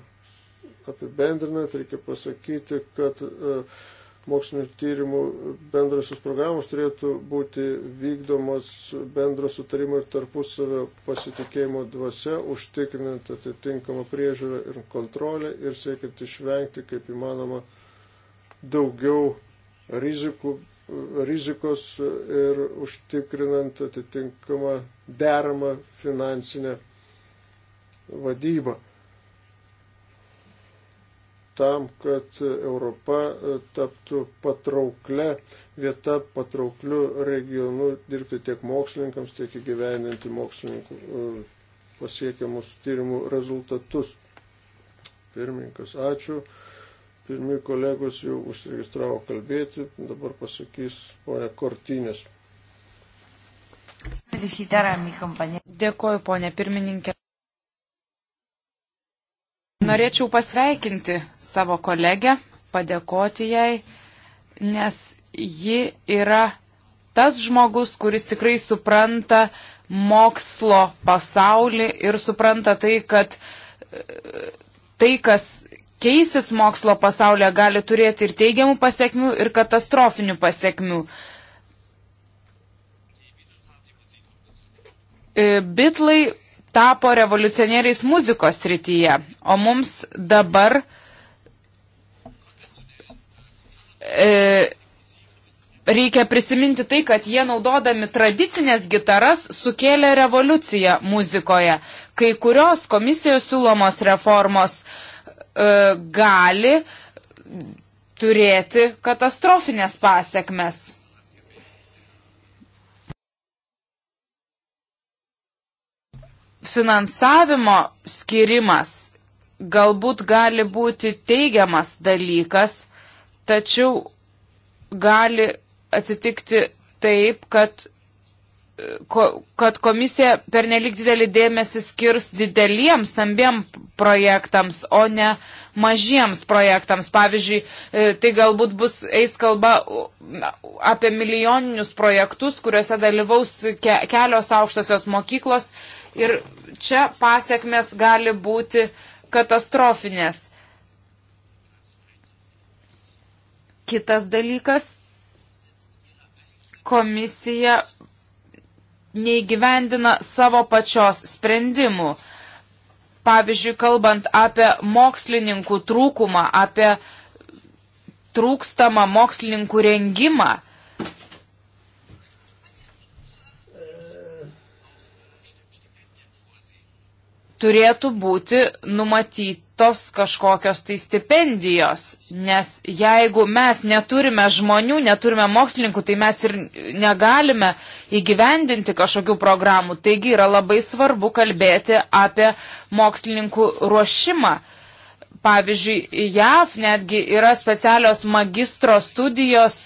Apibendrinant, reikia pasakyti, kad uh, mokslinio tyrimų bendrasios programos turėtų būti vykdomos bendro sutarimo ir tarpusavio pasitikėjimo dvasia, užtikrinant atitinkamą priežiūrą ir kontrolę ir siekiant išvengti kaip įmanoma daugiau rizikų, rizikos ir užtikrinant atitinkamą deramą finansinę vadybą tam, kad Europa e, taptų patrauklę vieta, patraukliu regionu dirbti tiek mokslininkams, tiek įgyveninti mokslininkų e, pasiekiamus tyrimų rezultatus. Pirmininkas, ačiū. Pirmi kolegos jau užsiregistravo kalbėti, dabar pasakys ponia Kortinės. Dėkoju, ponė pirmininkė. Norėčiau pasveikinti savo kolegę, padėkoti jai, nes ji yra tas žmogus, kuris tikrai supranta mokslo pasaulį ir supranta tai, kad e, tai, kas keisis mokslo pasaulyje, gali turėti ir teigiamų pasiekmių, ir katastrofinių pasiekmių. E, bitlai tapo revoliucionieriais muzikos srityje, o mums dabar e, reikia prisiminti tai, kad jie naudodami tradicinės gitaras sukėlė revoliuciją muzikoje. Kai kurios komisijos siūlomos reformos e, gali turėti katastrofinės pasiekmes. finansavimo skirimas galbūt gali būti teigiamas dalykas, tačiau gali atsitikti taip, kad, ko, kad komisija per nelik didelį dėmesį skirs dideliems, stambiem projektams, o ne mažiems projektams. Pavyzdžiui, e, tai galbūt bus eis kalba apie milijoninius projektus, kuriuose dalyvaus ke, kelios aukštosios mokyklos ir čia pasiekmes gali būti katastrofinės. Kitas dalykas, komisija neįgyvendina savo pačios sprendimų. Pavyzdžiui, kalbant apie mokslininkų trūkumą, apie trūkstamą mokslininkų rengimą, turėtų būti numatytos kažkokios tai stipendijos, nes jeigu mes neturime žmonių, neturime mokslininkų, tai mes ir negalime įgyvendinti kažkokių programų. Taigi yra labai svarbu kalbėti apie mokslininkų ruošimą. Pavyzdžiui, JAV netgi yra specialios magistro studijos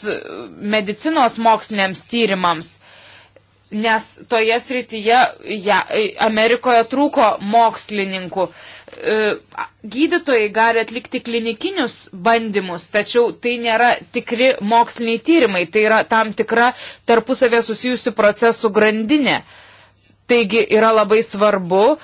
medicinos moksliniams tyrimams nes toje srityje ja, Amerikoje trūko mokslininkų. E, gydytojai gali atlikti klinikinius bandymus, tačiau tai nėra tikri moksliniai tyrimai, tai yra tam tikra tarpusavė susijusių procesų grandinė. Taigi yra labai svarbu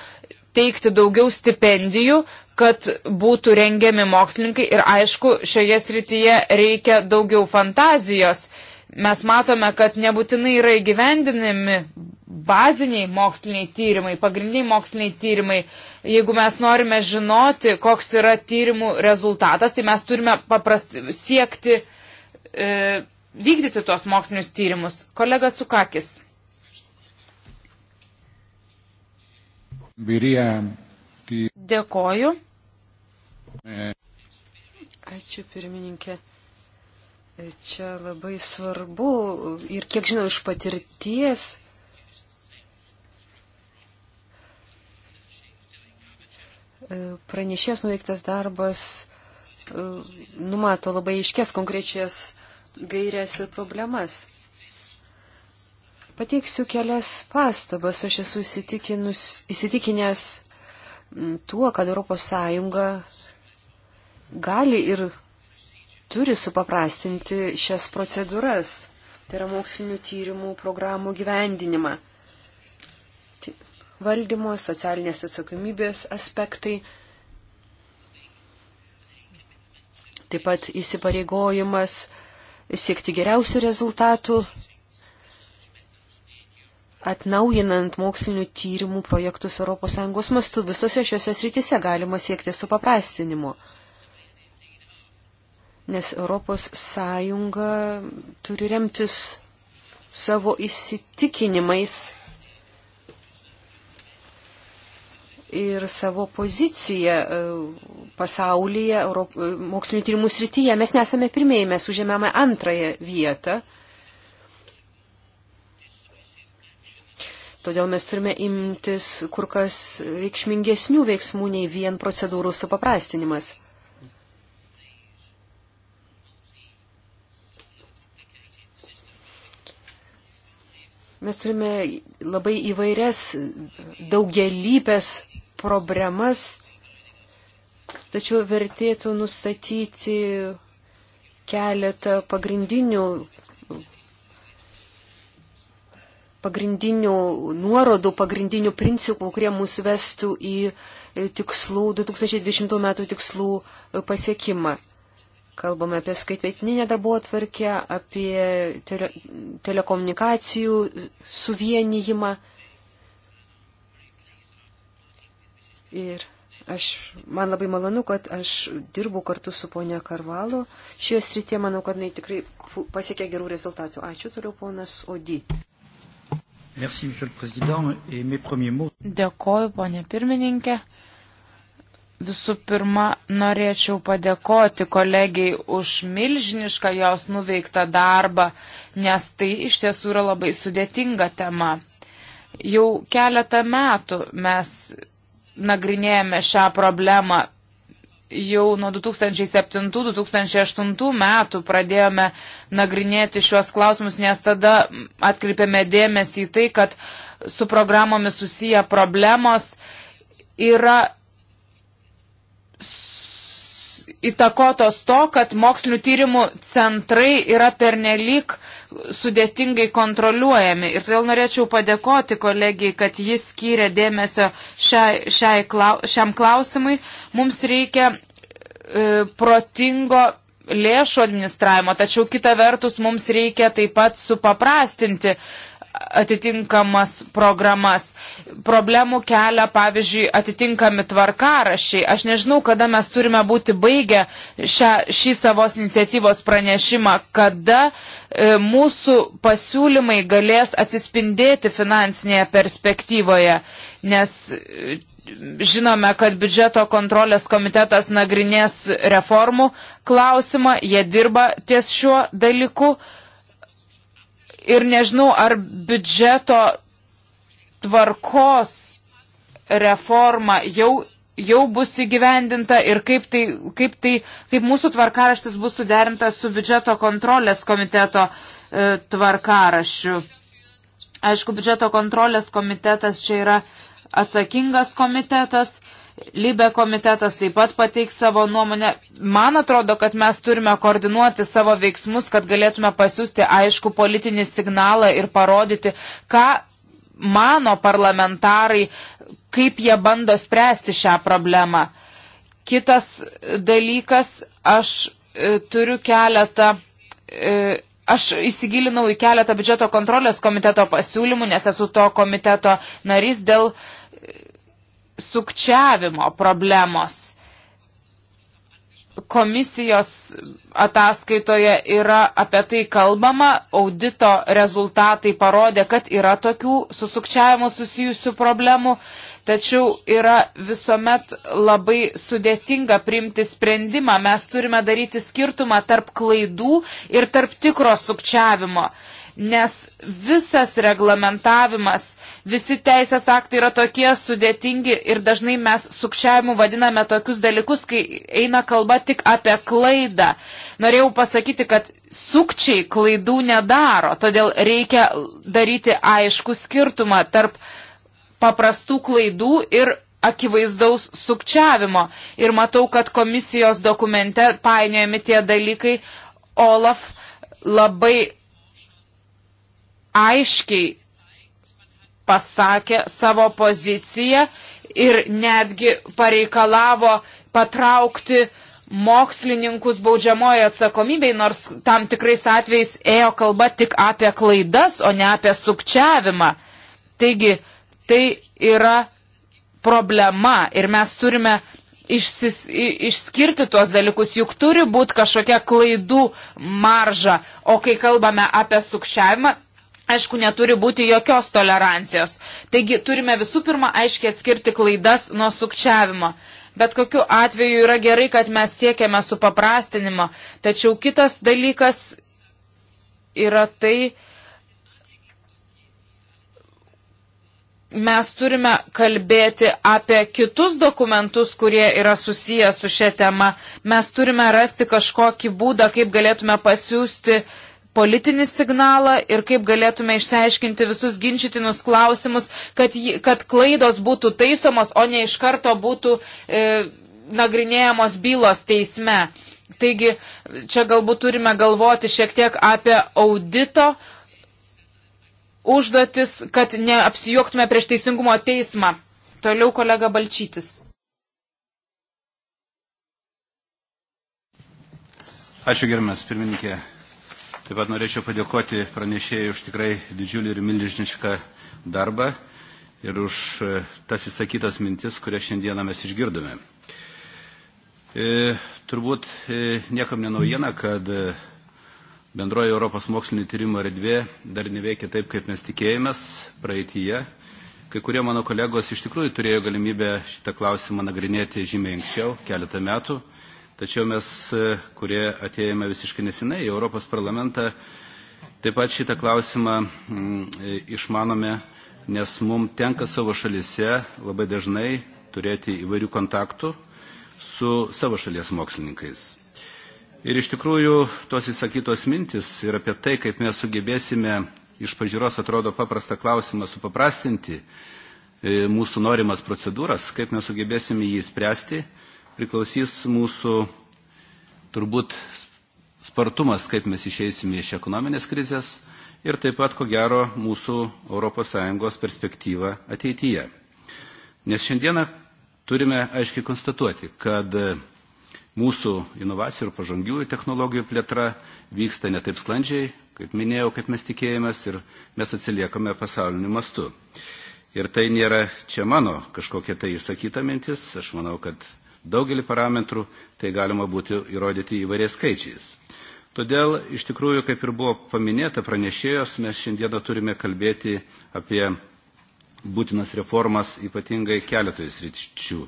teikti daugiau stipendijų, kad būtų rengiami mokslininkai ir aišku, šioje srityje reikia daugiau fantazijos. Uh, mes matome, kad nebūtinai yra įgyvendinami baziniai moksliniai tyrimai, pagrindiniai moksliniai tyrimai. Jeigu mes norime žinoti, koks yra tyrimų rezultatas, tai mes turime paprast, siekti e, vykdyti tuos mokslinius tyrimus. Kolega Cukakis. Dėkoju. E. Ačiū pirmininkė. Čia labai svarbu ir kiek žinau iš patirties, e, pranešės nuveiktas darbas e, numato labai iškės konkrečias gairias ir problemas. Pateiksiu kelias pastabas. Aš esu įsitikinęs tuo, kad ES gali ir turi supaprastinti šias procedūras, tai yra mokslinių tyrimų programų gyvendinimą. Valdymo, socialinės atsakomybės aspektai, taip pat įsipareigojimas siekti geriausių rezultatų, atnaujinant mokslinių tyrimų projektus ES mastu, visose šiose srityse galima siekti supaprastinimo. paprastinimu nes ES turi remtis savo įsitikinimais ir savo poziciją e, pasaulyje, e, mokslinio tyrimų srityje. Mes nesame pirmieji, mes užėmėme antrąją vietą. Todėl mes turime imtis kur kas reikšmingesnių veiksmų nei vien procedūrų supaprastinimas. Mes turime labai įvairias daugelypės problemas, tačiau vertėtų nustatyti keletą pagrindinių, pagrindinių nuorodų, pagrindinių principų, kurie mus vestų į tikslų, 2020 metų tikslų pasiekimą. Kalbame apie skaitmetinę darbo atvarkę, apie tele, telekomunikacijų suvienijimą. Ir aš, man labai malonu, kad aš dirbu kartu su ponia Karvalo. Šioje srityje manau, kad jinai tikrai pasiekė gerų rezultatų. Ačiū toliau, ponas Odi. Merci, Dėkoju, ponė pirmininkė. Visų pirma, norėčiau padėkoti kolegiai už milžinišką jos nuveiktą darbą, nes tai iš tiesų yra labai sudėtinga tema. Jau keletą metų mes nagrinėjame šią problemą. Jau nuo 2007-2008 metų pradėjome nagrinėti šiuos klausimus, nes tada atkreipėme dėmesį į tai, kad su programomis susiję problemos yra įtakotos to, kad mokslinių tyrimų centrai yra pernelyg sudėtingai kontroliuojami. Ir todėl norėčiau padėkoti kolegijai, kad jis skyrė dėmesio šiai, šiai, šiam klausimui. Mums reikia e, protingo lėšų administravimo, tačiau kita vertus mums reikia taip pat supaprastinti atitinkamas programas. Problemų kelia, pavyzdžiui, atitinkami tvarkarašiai. Aš nežinau, kada mes turime būti baigę šią, šį savos iniciatyvos pranešimą, kada e, mūsų pasiūlymai galės atsispindėti finansinėje perspektyvoje, nes e, žinome, kad biudžeto kontrolės komitetas nagrinės reformų klausimą, jie dirba ties šiuo dalyku. E, ir nežinau, ar biudžeto tvarkos reforma jau, jau bus įgyvendinta ir kaip, tai, kaip, tai, kaip mūsų tvarkaraštis bus suderintas su biudžeto kontrolės komiteto e, tvarkarašiu. Aišku, biudžeto kontrolės komitetas čia yra atsakingas komitetas. E, Libe komitetas taip pat pateiks savo nuomonę. Man atrodo, kad mes turime koordinuoti savo veiksmus, kad galėtume pasiūsti aišku politinį signalą ir parodyti, ką mano parlamentarai, kaip jie bando spręsti šią problemą. Kitas dalykas, aš e, turiu keletą. E, aš įsigilinau į keletą biudžeto kontrolės komiteto pasiūlymų, nes esu to komiteto narys dėl uh, sukčiavimo problemos. Komisijos ataskaitoje yra apie tai kalbama, audito rezultatai parodė, kad yra tokių susukčiavimo susijusių problemų, tačiau yra visuomet labai sudėtinga priimti sprendimą. Mes turime daryti skirtumą tarp klaidų ir tarp tikro sukčiavimo, nes visas reglamentavimas visi teisės aktai yra tokie sudėtingi ir dažnai mes sukčiavimu vadiname tokius dalykus, kai eina kalba tik apie klaidą. Norėjau pasakyti, kad sukčiai klaidų nedaro, todėl reikia daryti aišku skirtumą tarp paprastų klaidų ir akivaizdaus sukčiavimo. Ir matau, kad komisijos dokumente painiojami tie dalykai. Olaf labai aiškiai pasakė savo poziciją ir netgi pareikalavo patraukti mokslininkus baudžiamoje atsakomybei, nors tam tikrais atvejais ėjo kalba tik apie klaidas, o ne apie sukčiavimą. Taigi, tai yra problema ir mes turime išsis, išskirti tuos dalykus, juk turi būti kažkokia klaidų marža, o kai kalbame apie sukčiavimą, aišku, neturi būti jokios tolerancijos. Taigi turime visų pirma aiškiai atskirti klaidas nuo sukčiavimo. Bet kokiu atveju yra gerai, kad mes siekiame supaprastinimo. Tačiau kitas dalykas yra tai, mes turime kalbėti apie kitus dokumentus, kurie yra susiję su šia tema. Mes turime rasti kažkokį būdą, kaip galėtume pasiūsti uh, politinį signalą ir kaip galėtume išsiaiškinti visus ginčytinus klausimus, kad, kad klaidos būtų taisomos, o ne iš karto būtų e, nagrinėjamos bylos teisme. Taigi čia galbūt turime galvoti šiek tiek apie audito užduotis, kad neapsijoktume prieš teisingumo teismą. Toliau kolega Balčytis. Ačiū gerbiamas pirmininkė. Taip pat norėčiau padėkoti pranešėjai už tikrai didžiulį ir milžinišką darbą ir už e, tas įsakytas mintis, kurias šiandieną mes išgirdome. E, turbūt e, niekam nenaujiena, kad e, bendroji Europos mokslinio tyrimo erdvė dar neveikia taip, kaip mes tikėjomės praeitįje. Kai kurie mano kolegos iš tikrųjų turėjo galimybę šitą klausimą nagrinėti žymiai anksčiau, keletą metų. Tačiau mes, e, kurie atėjome visiškai nesinai į Europos parlamentą, taip pat šitą klausimą mm, e, išmanome, nes mums tenka savo šalise labai dažnai turėti įvairių kontaktų su savo šalies mokslininkais. Ir iš tikrųjų tos įsakytos mintis ir apie tai, kaip mes sugebėsime iš pažiūros atrodo paprastą klausimą supaprastinti e, mūsų norimas procedūras, kaip mes sugebėsime jį spręsti, priklausys mūsų turbūt spartumas, kaip mes išeisime iš ekonominės krizės ir taip pat, ko gero, mūsų ES perspektyva ateityje. Nes šiandieną turime aiškiai konstatuoti, kad mūsų inovacijų ir pažangiųjų technologijų plėtra vyksta netaip sklandžiai, kaip minėjau, kaip mes tikėjomės ir mes atsiliekame pasauliniu mastu. Ir tai nėra čia mano kažkokia tai išsakyta mintis, aš manau, kad daugelį parametrų, tai galima būtų įrodyti įvairiais skaičiais. Todėl, iš tikrųjų, kaip ir buvo paminėta pranešėjos, mes šiandieną turime kalbėti apie būtinas reformas ypatingai keletoje sričių.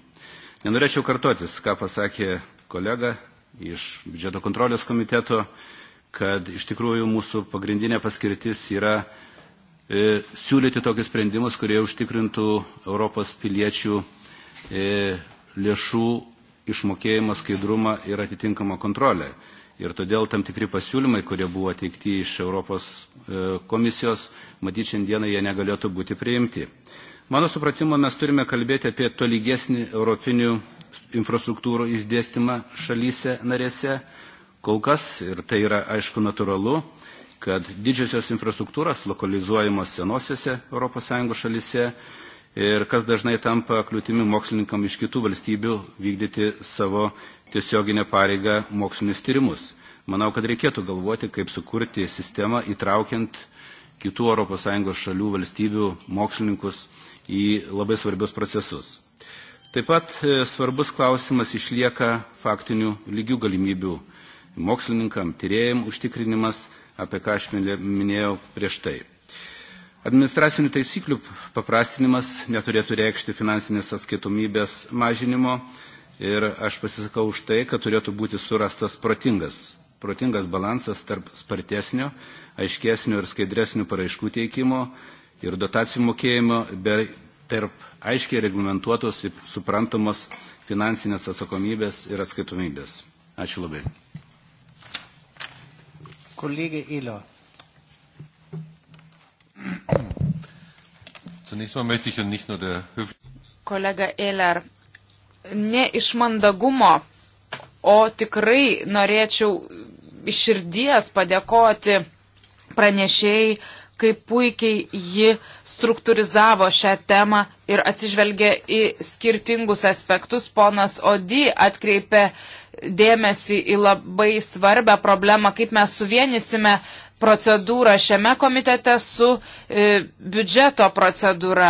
Nenorėčiau kartotis, ką pasakė kolega iš biudžeto kontrolės komiteto, kad iš tikrųjų mūsų pagrindinė paskirtis yra e, siūlyti tokius sprendimus, kurie užtikrintų Europos piliečių e, lėšų išmokėjimą skaidrumą ir atitinkamą kontrolę. Ir todėl tam tikri pasiūlymai, kurie buvo teikti iš Europos e, komisijos, matyt, šiandieną jie negalėtų būti priimti. Mano supratimo, mes turime kalbėti apie tolygesnį europinių infrastruktūrų išdėstymą šalyse narėse. Kol kas, ir tai yra aišku natūralu, kad didžiosios infrastruktūros lokalizuojamos senosiose ES šalyse ir kas dažnai tampa kliūtimi mokslininkam iš kitų valstybių vykdyti savo tiesioginę pareigą mokslinius tyrimus. Manau, kad reikėtų galvoti, kaip sukurti sistemą įtraukiant kitų ES šalių valstybių mokslininkus į labai svarbius procesus. Taip pat e, svarbus klausimas išlieka faktinių lygių galimybių mokslininkam, tyrėjim užtikrinimas, apie ką aš minėjau prieš tai. Administracinių taisyklių paprastinimas neturėtų reikšti finansinės atskaitomybės mažinimo ir aš pasisakau už tai, kad turėtų būti surastas protingas, protingas balansas tarp spartesnio, aiškesnio ir skaidresnio paraiškų teikimo ir dotacijų mokėjimo, bei tarp aiškiai reglamentuotos ir suprantamos finansinės atsakomybės ir atskaitomybės. Ačiū labai. Kolegė Ilo. Kolega Eiler, ne iš mandagumo, o tikrai norėčiau iš širdies padėkoti pranešėjai, kaip puikiai ji struktūrizavo šią temą ir atsižvelgė į skirtingus aspektus. Ponas Odi atkreipė dėmesį į labai svarbę problemą, kaip mes suvienysime procedūrą šiame komitete su e, biudžeto procedūra.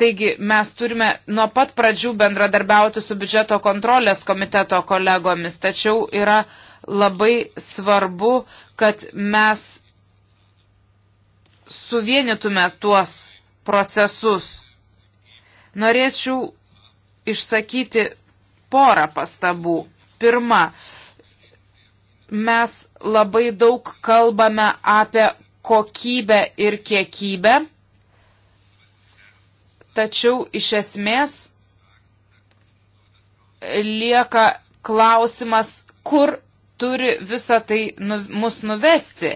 Taigi mes turime nuo pat pradžių bendradarbiauti su biudžeto kontrolės komiteto kolegomis, tačiau yra labai svarbu, kad mes suvienytume tuos procesus. Norėčiau išsakyti porą pastabų. Pirma, mes labai daug kalbame apie kokybę ir kiekybę, tačiau iš esmės lieka klausimas, kur turi visą tai nu, mus nuvesti.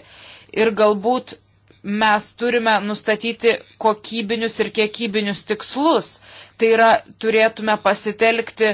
Ir galbūt mes turime nustatyti kokybinius ir kiekybinius tikslus. Tai yra, turėtume pasitelkti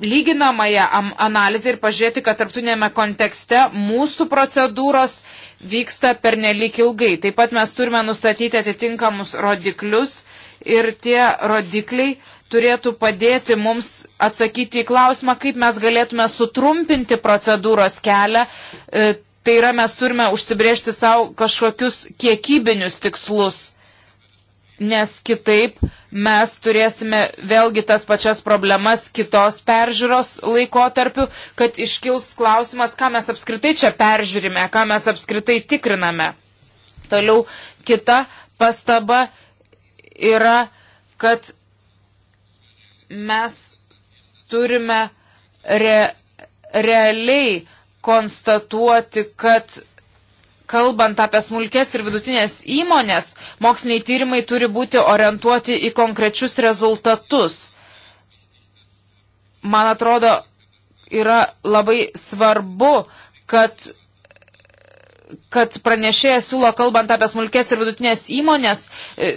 lyginamąją analizę ir pažiūrėti, kad tarptautinėme kontekste mūsų procedūros vyksta per nelik ilgai. Taip pat mes turime nustatyti atitinkamus rodiklius ir tie rodikliai turėtų padėti mums atsakyti į klausimą, kaip mes galėtume sutrumpinti procedūros kelią. E, tai yra, mes turime užsibriežti savo kažkokius kiekybinius tikslus nes kitaip mes turėsime vėlgi tas pačias problemas kitos peržiūros laikotarpiu, kad iškils klausimas, ką mes apskritai čia peržiūrime, ką mes apskritai tikriname. Toliau kita pastaba yra, kad mes turime re, realiai konstatuoti, kad kalbant apie smulkės ir vidutinės įmonės, moksliniai tyrimai turi būti orientuoti į konkrečius rezultatus. Man atrodo, yra labai svarbu, kad, kad pranešėjas siūlo, kalbant apie smulkės ir vidutinės įmonės, e,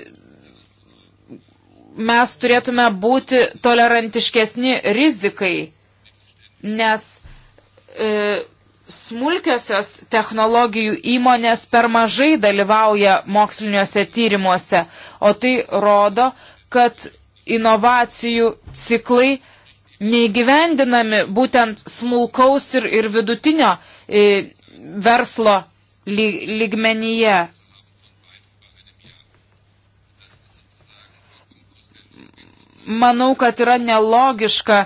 mes turėtume būti tolerantiškesni rizikai, nes e, smulkiosios technologijų įmonės per mažai dalyvauja moksliniuose tyrimuose, o tai rodo, kad inovacijų ciklai neįgyvendinami būtent smulkaus ir, ir vidutinio e, verslo lyg, lygmenyje. Manau, kad yra nelogiška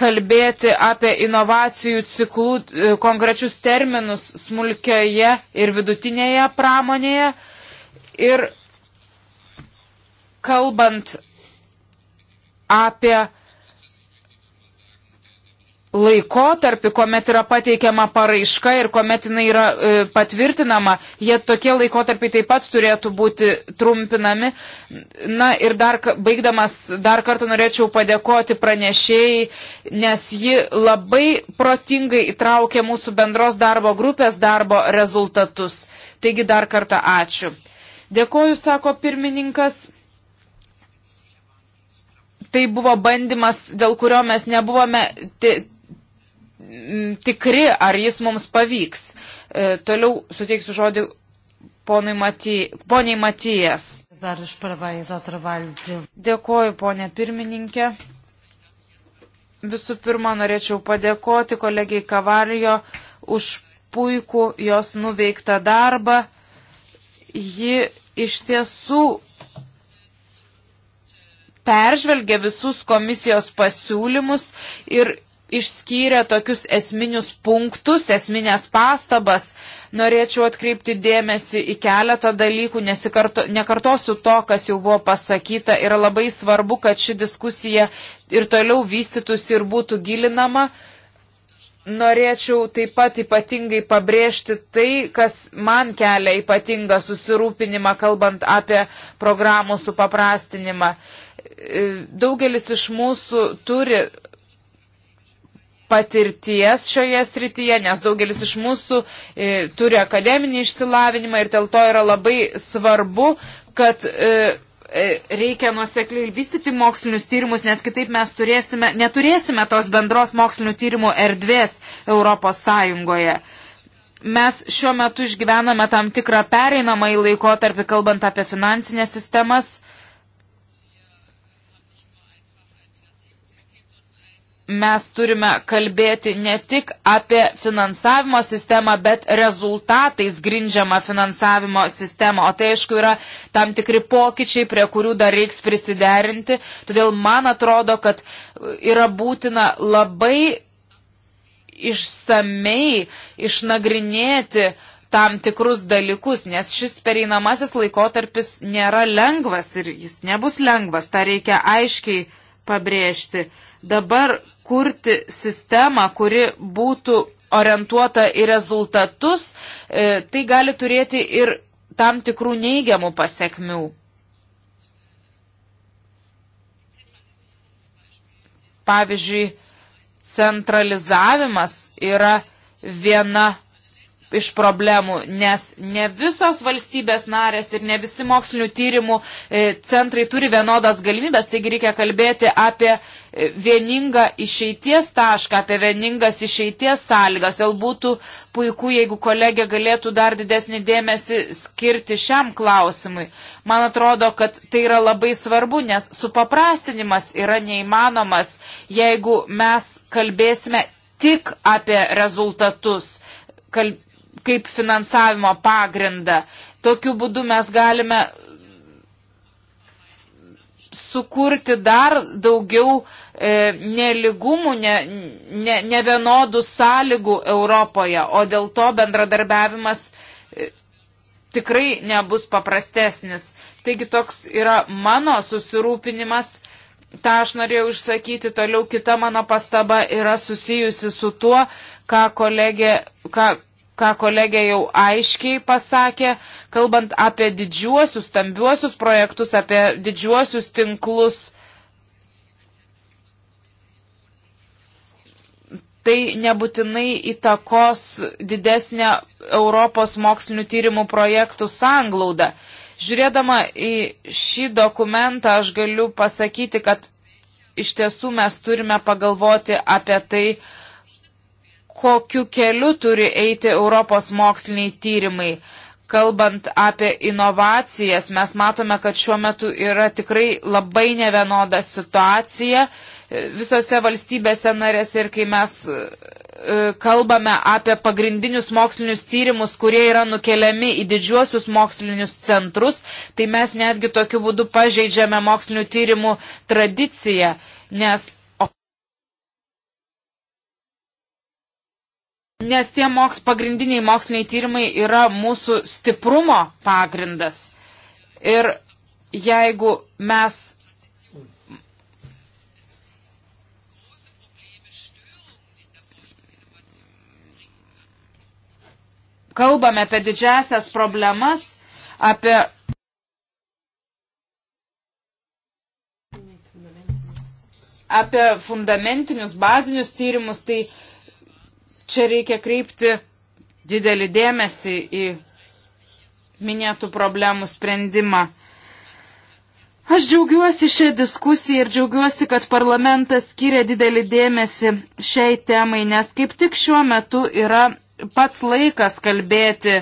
kalbėti apie inovacijų ciklų e, konkrečius terminus smulkioje ir vidutinėje pramonėje. Ir kalbant apie laikotarpį, kuomet yra pateikiama paraiška ir kuomet jinai yra e, patvirtinama, jie tokie laikotarpiai taip pat turėtų būti trumpinami. Na ir dar baigdamas, dar kartą norėčiau padėkoti pranešėjai, nes ji labai protingai įtraukė mūsų bendros darbo grupės darbo rezultatus. Taigi dar kartą ačiū. Dėkoju, sako pirmininkas tai buvo bandymas, dėl kurio mes nebuvome tikri, ar jis mums pavyks. E, toliau suteiksiu žodį Mati, poniai Matijas. Dėkoju, ponė pirmininkė. Visų pirma, norėčiau padėkoti kolegiai Kavarijo už puikų jos nuveiktą darbą. Ji iš tiesų peržvelgė visus komisijos pasiūlymus ir išskyrė tokius esminius punktus, esminės pastabas. Norėčiau atkreipti dėmesį į keletą dalykų, nes nekartosiu to, kas jau buvo pasakyta. Yra labai svarbu, kad ši diskusija ir toliau vystytųsi ir būtų gilinama. Norėčiau taip pat ypatingai pabrėžti tai, kas man kelia ypatingą susirūpinimą, kalbant apie programų supaprastinimą. Daugelis iš mūsų turi patirties šioje srityje, nes daugelis iš mūsų e, turi akademinį išsilavinimą ir dėl to yra labai svarbu, kad e, e reikia nusekliai vystyti mokslinius tyrimus, nes kitaip mes turėsime, neturėsime tos bendros mokslinių tyrimų erdvės Europos Sąjungoje. Mes šiuo metu išgyvename tam tikrą pereinamą į laikotarpį, kalbant apie finansinės sistemas mes turime kalbėti ne tik apie finansavimo sistemą, bet rezultatais grindžiamą finansavimo sistemą. O tai aišku yra tam tikri pokyčiai, prie kurių dar reiks prisiderinti. Todėl man atrodo, kad yra būtina labai išsamei išnagrinėti tam tikrus dalykus, nes šis pereinamasis laikotarpis nėra lengvas ir jis nebus lengvas, tą reikia aiškiai pabrėžti. Dabar kurti sistemą, kuri būtų orientuota į rezultatus, e, tai gali turėti ir tam tikrų neigiamų pasiekmių. Pavyzdžiui, centralizavimas yra viena iš problemų, nes ne visos valstybės narės ir ne visi mokslinių tyrimų e, centrai turi vienodas galimybės, taigi reikia kalbėti apie e, vieningą išeities tašką, apie vieningas išeities sąlygas. Jau būtų puiku, jeigu kolegė galėtų dar didesnį dėmesį skirti šiam klausimui. Man atrodo, kad tai yra labai svarbu, nes supaprastinimas yra neįmanomas, jeigu mes kalbėsime tik apie rezultatus. Kalb kaip finansavimo pagrindą. Tokiu būdu mes galime sukurti dar daugiau e, neligumų, ne, ne, nevienodų sąlygų Europoje, o dėl to bendradarbiavimas e, tikrai nebus paprastesnis. Taigi toks yra mano susirūpinimas, tą aš norėjau išsakyti, toliau kita mano pastaba yra susijusi su tuo, ką kolegė, ką ką kolegė jau aiškiai pasakė, kalbant apie didžiuosius, stambiuosius projektus, apie didžiuosius tinklus. Tai nebūtinai įtakos didesnę Europos mokslinių tyrimų projektų sanglaudą. Žiūrėdama į šį dokumentą, aš galiu pasakyti, kad iš tiesų mes turime pagalvoti apie tai, uh, kokiu keliu turi eiti Europos moksliniai tyrimai. Kalbant apie inovacijas, mes matome, kad šiuo metu yra tikrai labai nevienoda situacija visose valstybėse narėse ir kai mes e, kalbame apie pagrindinius mokslinius tyrimus, kurie yra nukeliami į didžiuosius mokslinius centrus, tai mes netgi tokiu būdu pažeidžiame mokslinių tyrimų tradiciją, nes Nes tie moks, pagrindiniai moksliniai tyrimai yra mūsų stiprumo pagrindas. Ir jeigu mes kalbame apie didžiasias problemas, apie. apie fundamentinius, bazinius tyrimus, tai uh, čia reikia kreipti didelį dėmesį į minėtų problemų sprendimą. Aš džiaugiuosi šią diskusiją ir džiaugiuosi, kad parlamentas skiria didelį dėmesį šiai temai, nes kaip tik šiuo metu yra pats laikas kalbėti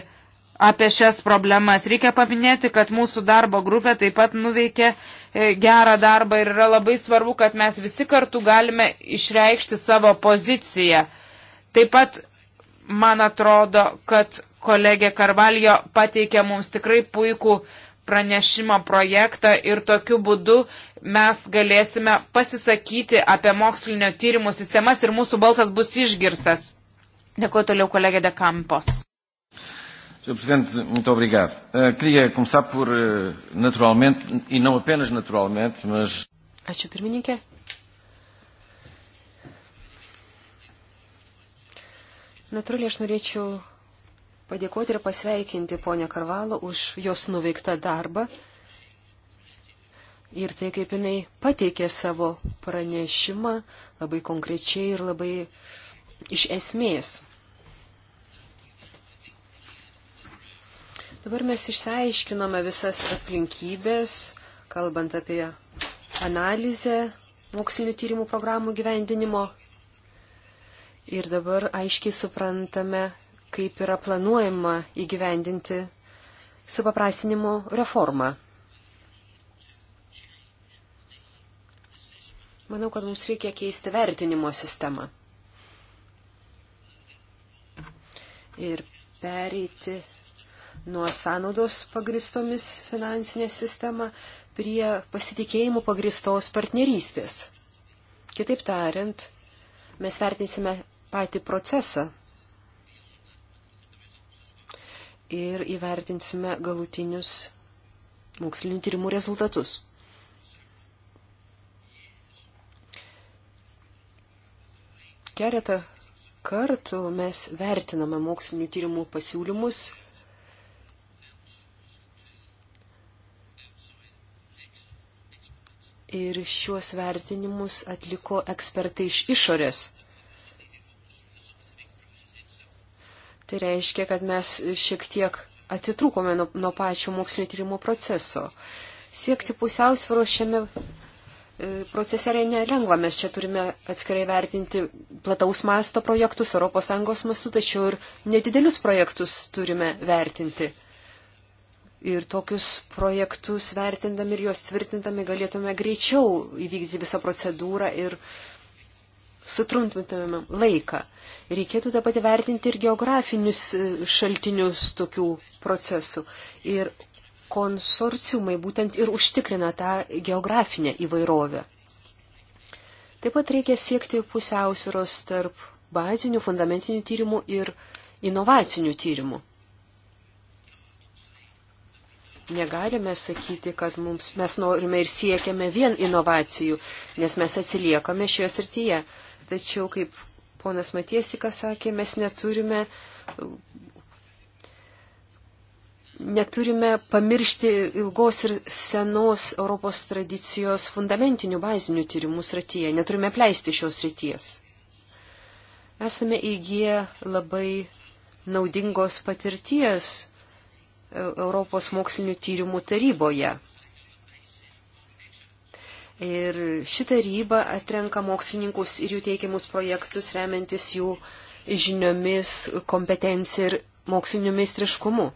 apie šias problemas. Reikia paminėti, kad mūsų darbo grupė taip pat nuveikė e, gerą darbą ir yra labai svarbu, kad mes visi kartu galime išreikšti savo poziciją. Taip pat man atrodo, kad kolegė Karvaljo pateikė mums tikrai puikų pranešimo projektą ir tokiu būdu mes galėsime pasisakyti apie mokslinio tyrimų sistemas ir mūsų balsas bus išgirstas. Dėkuoju toliau kolegė De Campos. Sr. Presidente, muito obrigado. Uh, queria começar por, uh, naturalmente, e não apenas naturalmente, mas. Ačiū pirmininkė. Natūraliai aš norėčiau padėkoti ir pasveikinti ponę Karvalą už jos nuveiktą darbą ir tai, kaip jinai pateikė savo pranešimą labai konkrečiai ir labai iš esmės. Dabar mes išsiaiškinome visas aplinkybės, kalbant apie analizę mokslinio tyrimų programų gyvendinimo Ir dabar aiškiai suprantame, kaip yra planuojama įgyvendinti supaprastinimo reformą. Manau, kad mums reikia keisti vertinimo sistemą. Ir pereiti nuo sąnaudos pagristomis finansinė sistema prie pasitikėjimų pagristos partnerystės. Kitaip tariant, mes vertinsime patį procesą ir įvertinsime galutinius mokslinių tyrimų rezultatus. Keletą kartų mes vertiname mokslinių tyrimų pasiūlymus ir šiuos vertinimus atliko ekspertai iš išorės. Tai reiškia, kad mes šiek tiek atitrūkome nuo, nuo pačio mokslinio tyrimo proceso. Siekti pusiausvėros šiame e, procese yra nelengva, mes čia turime atskirai vertinti plataus masto projektus ES mastu, tačiau ir nedidelius projektus turime vertinti. Ir tokius projektus vertindami ir juos tvirtindami galėtume greičiau įvykdyti visą procedūrą ir sutrumpintumėm laiką. Reikėtų taip pat vertinti ir geografinius e, šaltinius tokių procesų. Ir konsorciumai būtent ir užtikrina tą geografinę įvairovę. Taip pat reikia siekti pusiausviros tarp bazinių, fundamentinių tyrimų ir inovacinių tyrimų. Negalime sakyti, kad mums, mes norime ir siekiame vien inovacijų, nes mes atsiliekame šioje srityje. Tačiau, kaip ponas Matiesikas sakė, mes neturime, neturime pamiršti ilgos ir senos Europos tradicijos fundamentinių bazinių tyrimų srityje, neturime pleisti šios srities. Esame įgyję labai naudingos patirties Europos mokslinių tyrimų taryboje. Ir ši taryba atrenka mokslininkus ir jų teikiamus projektus remiantis jų žiniomis, kompetencija ir moksliniu meistriškumu.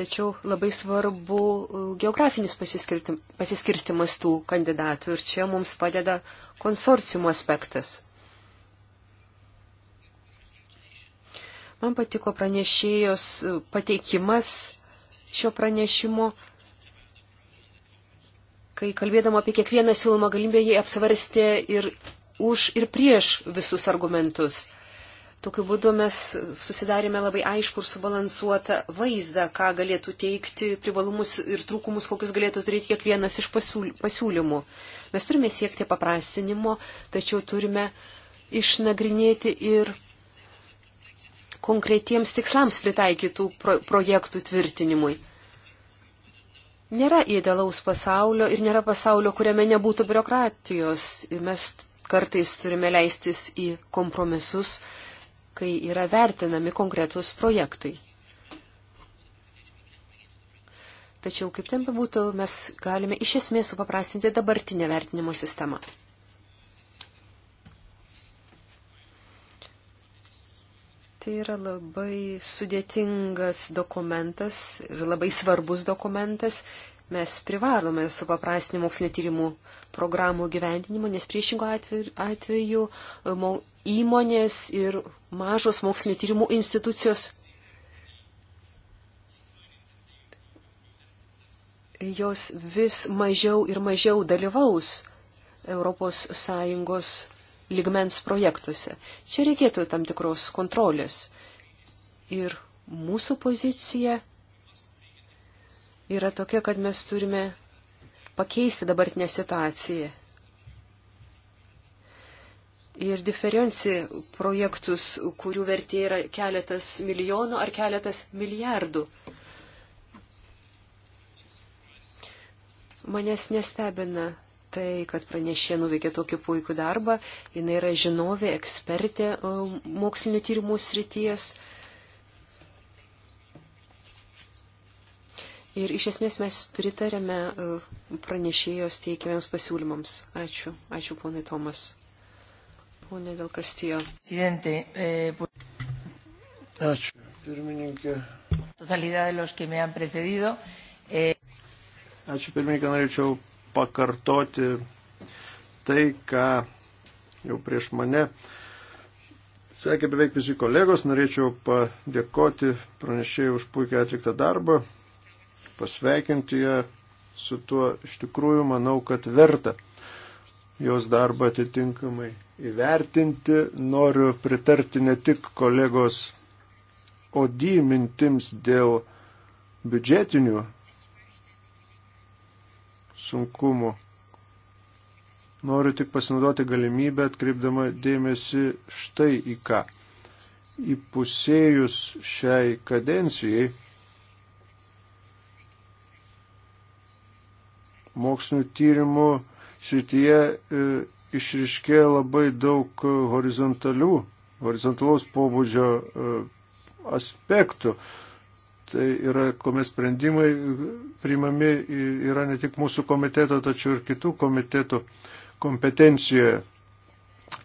Tačiau labai svarbu uh, geografinis pasiskirstimas tų kandidatų ir čia mums padeda konsorciumo aspektas. Man patiko pranešėjos uh, pateikimas šio pranešimo, kai kalbėdama apie kiekvieną siūlomą galimybę, jie apsvarstė ir už ir prieš visus argumentus. Tokiu būdu mes susidarėme labai aišku ir subalansuotą vaizdą, ką galėtų teikti, privalumus ir trūkumus, kokius galėtų turėti kiekvienas iš pasiūlymų. Mes turime siekti paprastinimo, tačiau turime išnagrinėti ir konkretiems tikslams pritaikytų pro projektų tvirtinimui. Nėra idealaus pasaulio ir nėra pasaulio, kuriame nebūtų biurokratijos. Ir mes kartais turime leistis į kompromisus, kai yra vertinami konkretus projektai. Tačiau, kaip ten bebūtų, mes galime iš esmės supaprastinti dabartinę vertinimo sistemą. Tai yra labai sudėtingas dokumentas ir labai svarbus dokumentas. Mes privalome supaprastinti mokslinio tyrimų programų gyvendinimą, nes priešingo atveju, atveju e, įmonės ir mažos mokslinio tyrimų institucijos jos vis mažiau ir mažiau dalyvaus ES ligmens projektuose. Čia reikėtų tam tikros kontrolės. Ir mūsų pozicija yra tokia, kad mes turime pakeisti dabartinę situaciją. Ir diferenci projektus, kurių vertė yra keletas milijonų ar keletas milijardų. Manęs nestebina tai, kad pranešė nuveikė tokį puikų darbą. Jis yra žinovė, ekspertė e, mokslinio tyrimų srities. Ir iš esmės mes pritarėme e, pranešėjos teikiamiems pasiūlymams. Ačiū. Ačiū, ponai Tomas. Pone Del Kastijo. Eh, Ačiū, pirmininkė. Eh, Ačiū, pirmininkė, norėčiau pakartoti tai, ką jau prieš mane Sekė beveik visi kolegos, norėčiau padėkoti pranešėjai už puikiai atliktą darbą, pasveikinti ją su tuo iš tikrųjų manau, kad verta jos darbą atitinkamai įvertinti. Noriu pritarti ne tik kolegos Odį mintims dėl biudžetinių sunkumų. Noriu tik pasinaudoti galimybę atkreipdama dėmesį štai į ką. Įpusėjus šiai kadencijai mokslinių tyrimų srityje e, išriškėjo labai daug horizontalių, horizontalaus pobūdžio e, aspektų. E, Tai yra, kuomet sprendimai priimami yra ne tik mūsų komiteto, tačiau ir kitų komitetų kompetencijoje.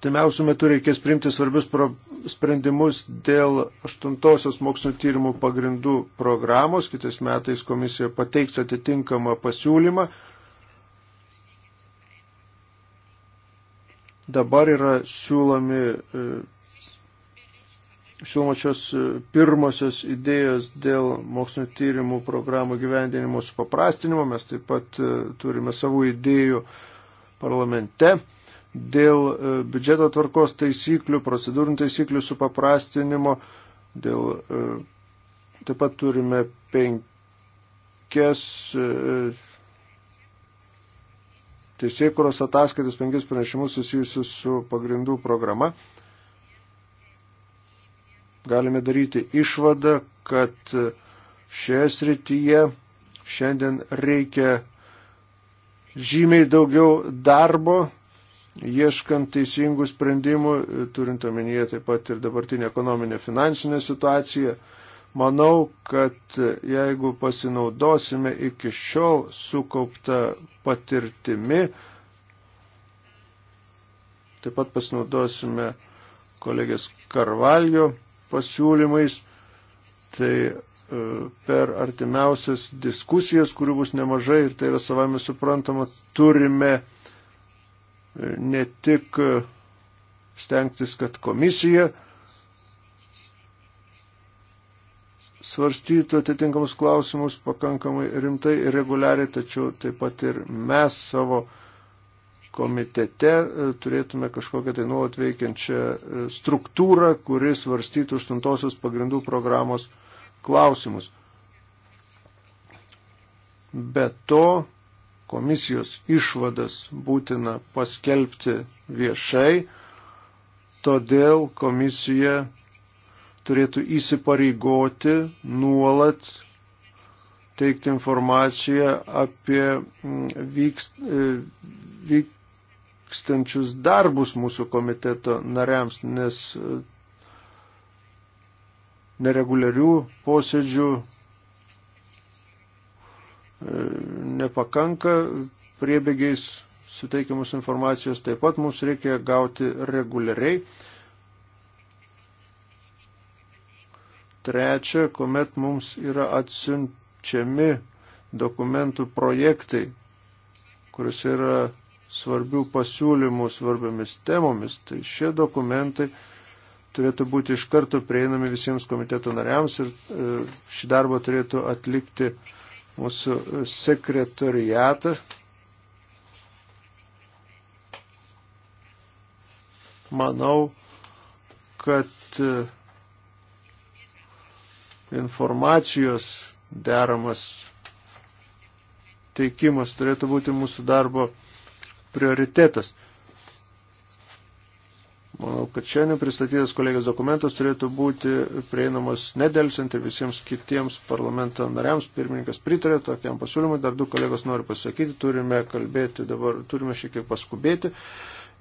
Timiausių metų reikės priimti svarbius sprendimus dėl aštuntosios mokslinio tyrimų pagrindų programos. Kitais metais komisija pateiks atitinkamą pasiūlymą. Dabar yra siūlomi e, siūlomačios e, pirmosios idėjos dėl mokslinio tyrimų programų gyvendinimo supaprastinimo. Mes taip pat e, turime savų idėjų parlamente dėl e, biudžeto tvarkos taisyklių, procedūrinių taisyklių supaprastinimo. Dėl, taip pat turime penkias teisėkuros ataskaitas, penkis pranešimus susijusius su pagrindų programa galime daryti išvadą, kad šioje srityje šiandien reikia žymiai daugiau darbo, ieškant teisingų sprendimų, turint omenyje taip pat ir dabartinę ekonominę finansinę situaciją. Manau, kad jeigu pasinaudosime iki šiol sukauptą patirtimi, taip pat pasinaudosime kolegės Karvaljo pasiūlymais, tai e, per artimiausias diskusijas, kurių bus nemažai ir tai yra savame suprantama, turime e, ne tik e, stengtis, kad komisija svarstytų atitinkamus klausimus pakankamai rimtai ir reguliariai, tačiau taip pat ir mes savo komitete e, turėtume kažkokią tai nuolat veikiančią e, struktūrą, kuris varstytų aštuntosios pagrindų programos klausimus. Be to, komisijos išvadas būtina paskelbti viešai, todėl komisija turėtų įsipareigoti nuolat teikti informaciją apie mm, vykst, e, vyk, vykstančius darbus mūsų komiteto nariams, nes e, nereguliarių posėdžių e, nepakanka priebėgiais suteikiamus informacijos, taip pat mums reikia gauti reguliariai. Trečia, kuomet mums yra atsiunčiami dokumentų projektai, kuris yra svarbių pasiūlymų svarbiamis temomis, tai šie dokumentai turėtų būti iš karto prieinami visiems komiteto nariams ir e, šį darbą turėtų atlikti mūsų sekretoriatą. Manau, kad e, informacijos deramas teikimas turėtų būti mūsų darbo prioritetas. Manau, kad šiandien pristatytas kolegijos dokumentas turėtų būti prieinamas nedelsiant ir visiems kitiems parlamento nariams. Pirmininkas pritarė tokiam pasiūlymui, dar du kolegos nori pasakyti, turime kalbėti dabar, turime šiek tiek paskubėti.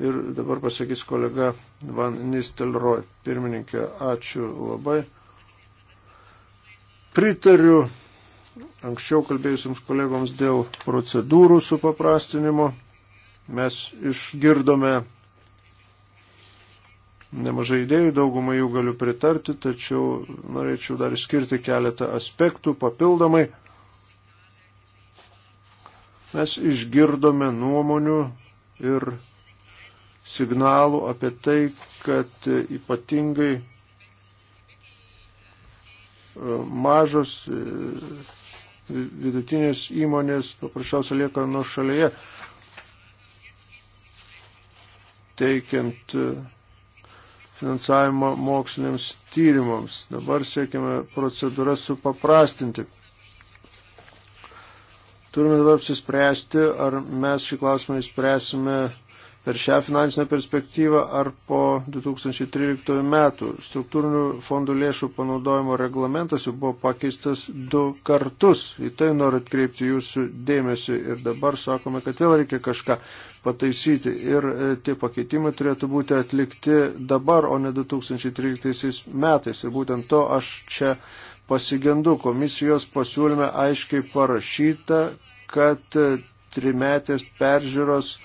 Ir dabar pasakys kolega Van Nistelrooy. Pirmininkė, ačiū labai. Pritariu anksčiau kalbėjusiems kolegoms dėl procedūrų supaprastinimo Mes išgirdome nemažai idėjų, daugumą jų galiu pritarti, tačiau norėčiau dar išskirti keletą aspektų papildomai. Mes išgirdome nuomonių ir signalų apie tai, kad ypatingai e, mažos e, vidutinės įmonės paprasčiausiai lieka nuo šalyje teikiant e, finansavimą moksliniams tyrimams. Dabar siekime procedūrą supaprastinti. Turime dabar apsispręsti, ar mes šį klausimą įspręsime per šią finansinę perspektyvą ar po 2013 metų. Struktūrinių fondų lėšų panaudojimo reglamentas jau buvo pakeistas du kartus. Į tai noriu atkreipti jūsų dėmesį ir dabar sakome, kad vėl reikia kažką pataisyti ir e, tie pakeitimai turėtų būti atlikti dabar, o ne 2013 metais. Ir būtent to aš čia pasigendu. Komisijos pasiūlyme aiškiai parašyta, kad e, trimetės peržiūros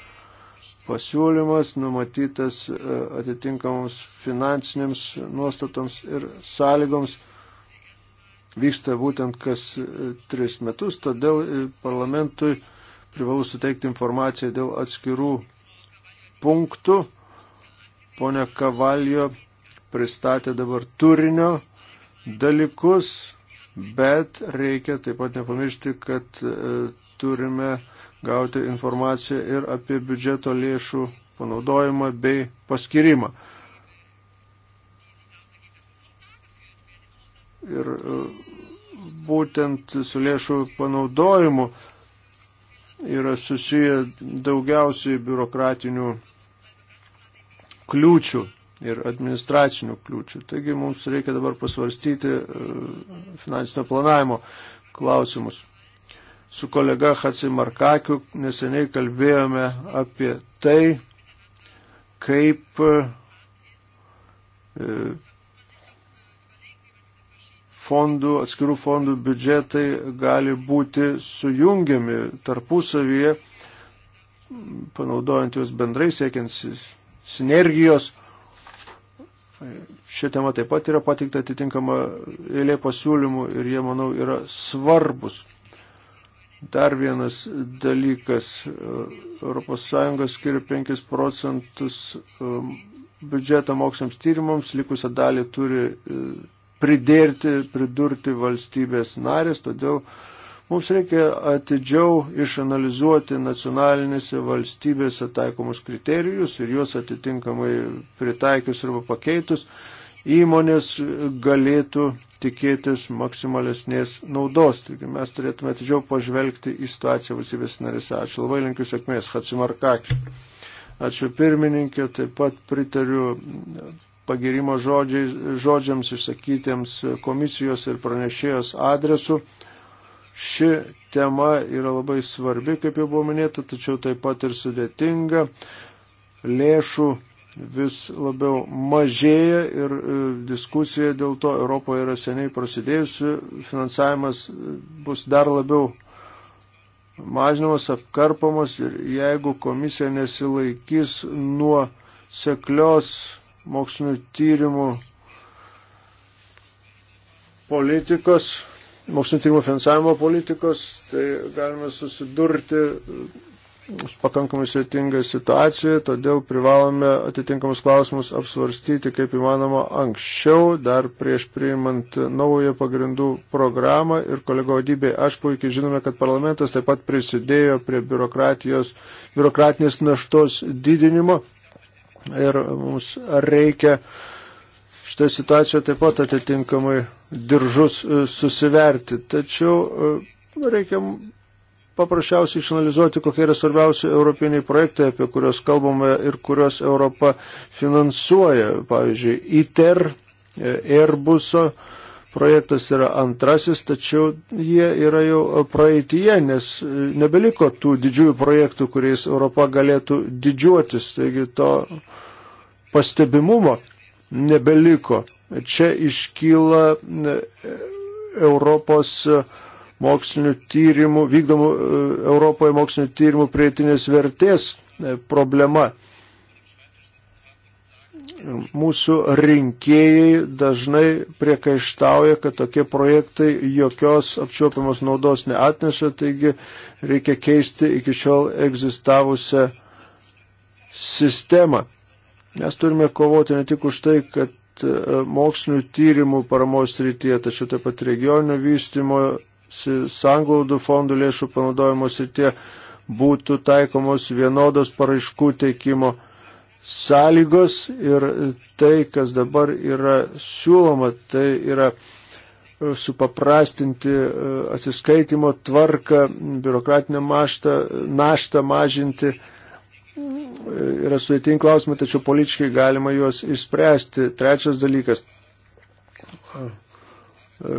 pasiūlymas numatytas e, atitinkamoms finansinėms nuostatoms ir sąlygoms vyksta būtent kas e, tris metus, todėl e, parlamentui privalu suteikti informaciją dėl atskirų punktų. Pone Kavaljo pristatė dabar turinio dalykus, bet reikia taip pat nepamiršti, kad turime gauti informaciją ir apie biudžeto lėšų panaudojimą bei paskirimą. Ir e, būtent su lėšų panaudojimu yra susiję daugiausiai biurokratinių kliūčių ir administracinių kliūčių. Taigi mums reikia dabar pasvarstyti e, finansinio planavimo klausimus su kolega Hatsimarkakiu neseniai kalbėjome apie tai, kaip e, fondų, atskirų fondų biudžetai gali būti sujungiami tarpusavyje, panaudojant juos bendrai, siekiant sinergijos. Šią temą taip pat yra patikta atitinkama eilė pasiūlymų ir jie, manau, yra svarbus. Dar vienas dalykas. ES skiria 5 procentus um, biudžetą moksliams tyrimams, likusią dalį turi e, pridėti, pridurti valstybės narės, todėl mums reikia atidžiau išanalizuoti nacionalinėse valstybėse taikomus kriterijus ir juos atitinkamai pritaikius arba pakeitus įmonės galėtų tikėtis maksimalesnės naudos. Taigi mes turėtume atidžiau pažvelgti į situaciją valstybės narėse. Ačiū labai, linkiu sėkmės, Hatsimarkakis. Ačiū pirmininkė, taip pat pritariu pagirimo žodžiais, žodžiams išsakytiems komisijos ir pranešėjos adresu. Ši tema yra labai svarbi, kaip jau buvo minėta, tačiau taip pat ir sudėtinga. Lėšų vis labiau mažėja ir e, diskusija dėl to Europoje yra seniai prasidėjusi, finansavimas e, bus dar labiau mažinamas, apkarpamas ir jeigu komisija nesilaikys nuo seklios mokslinių tyrimų politikos, mokslinio tyrimo finansavimo politikos, tai galime susidurti pakankamai sveitinga situacija, todėl privalome atitinkamus klausimus apsvarstyti kaip įmanoma anksčiau, dar prieš priimant naują pagrindų programą ir kolego vadybė, aš puikiai žinome, kad parlamentas taip pat prisidėjo prie biurokratinės naštos didinimo ir mums reikia šitą situaciją taip pat atitinkamai diržus e, susiverti. Tačiau e, reikia paprasčiausiai išanalizuoti, kokie yra svarbiausi europiniai projektai, apie kuriuos kalbame ir kuriuos Europa finansuoja. Pavyzdžiui, ITER, Airbuso projektas yra antrasis, tačiau jie yra jau praeitie, nes nebeliko tų didžiųjų projektų, kuriais Europa galėtų didžiuotis. Taigi to pastebimumo nebeliko. Čia iškyla Europos uh, mokslinių tyrimų, vykdomų e, Europoje mokslinių tyrimų prieitinės vertės e, problema. Mūsų rinkėjai dažnai priekaištauja, kad tokie projektai jokios apčiuopiamos naudos neatneša, taigi reikia keisti iki šiol egzistavusią sistemą. Mes turime kovoti ne tik už tai, kad e, mokslinių tyrimų paramos rytyje, tačiau taip pat regioninio vystimo sanglaudų fondų lėšų panaudojimo srityje būtų taikomos vienodos paraiškų teikimo sąlygos ir tai, kas dabar yra siūloma, tai yra e, supaprastinti e, atsiskaitimo tvarką, biurokratinę maštą, naštą mažinti. Yra sudėtingi klausimai, tačiau politiškai galima juos išspręsti. Trečias dalykas e,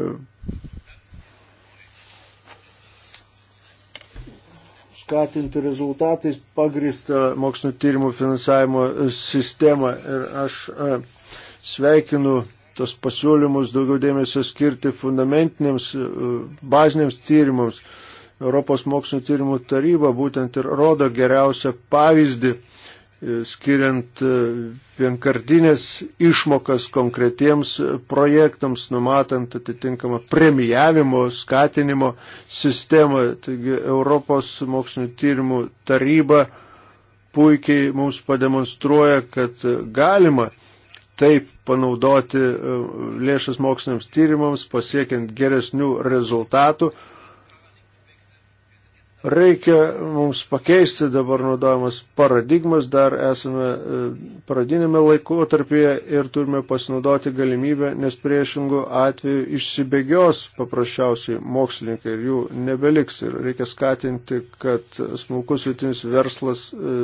skatinti rezultatais pagristą mokslinio tyrimų finansavimo sistemą. Ir aš e, sveikinu tos pasiūlymus daugiau dėmesio skirti fundamentiniams, e, baziniams tyrimams. Europos mokslinio tyrimų taryba būtent ir rodo geriausią pavyzdį E, skiriant e, vienkardinės išmokas konkretiems projektams, numatant atitinkamą premijavimo, skatinimo sistemą. Taigi Europos mokslinio tyrimų taryba puikiai mums pademonstruoja, kad galima taip panaudoti e, lėšas moksliniams tyrimams, pasiekiant geresnių rezultatų Reikia mums pakeisti dabar naudojamas paradigmas, dar esame e, pradinėme laikotarpyje ir turime pasinaudoti galimybę, nes priešingų atveju išsibėgios paprasčiausiai mokslininkai ir jų nebeliks. Ir reikia skatinti, kad smulkus vietinis verslas e,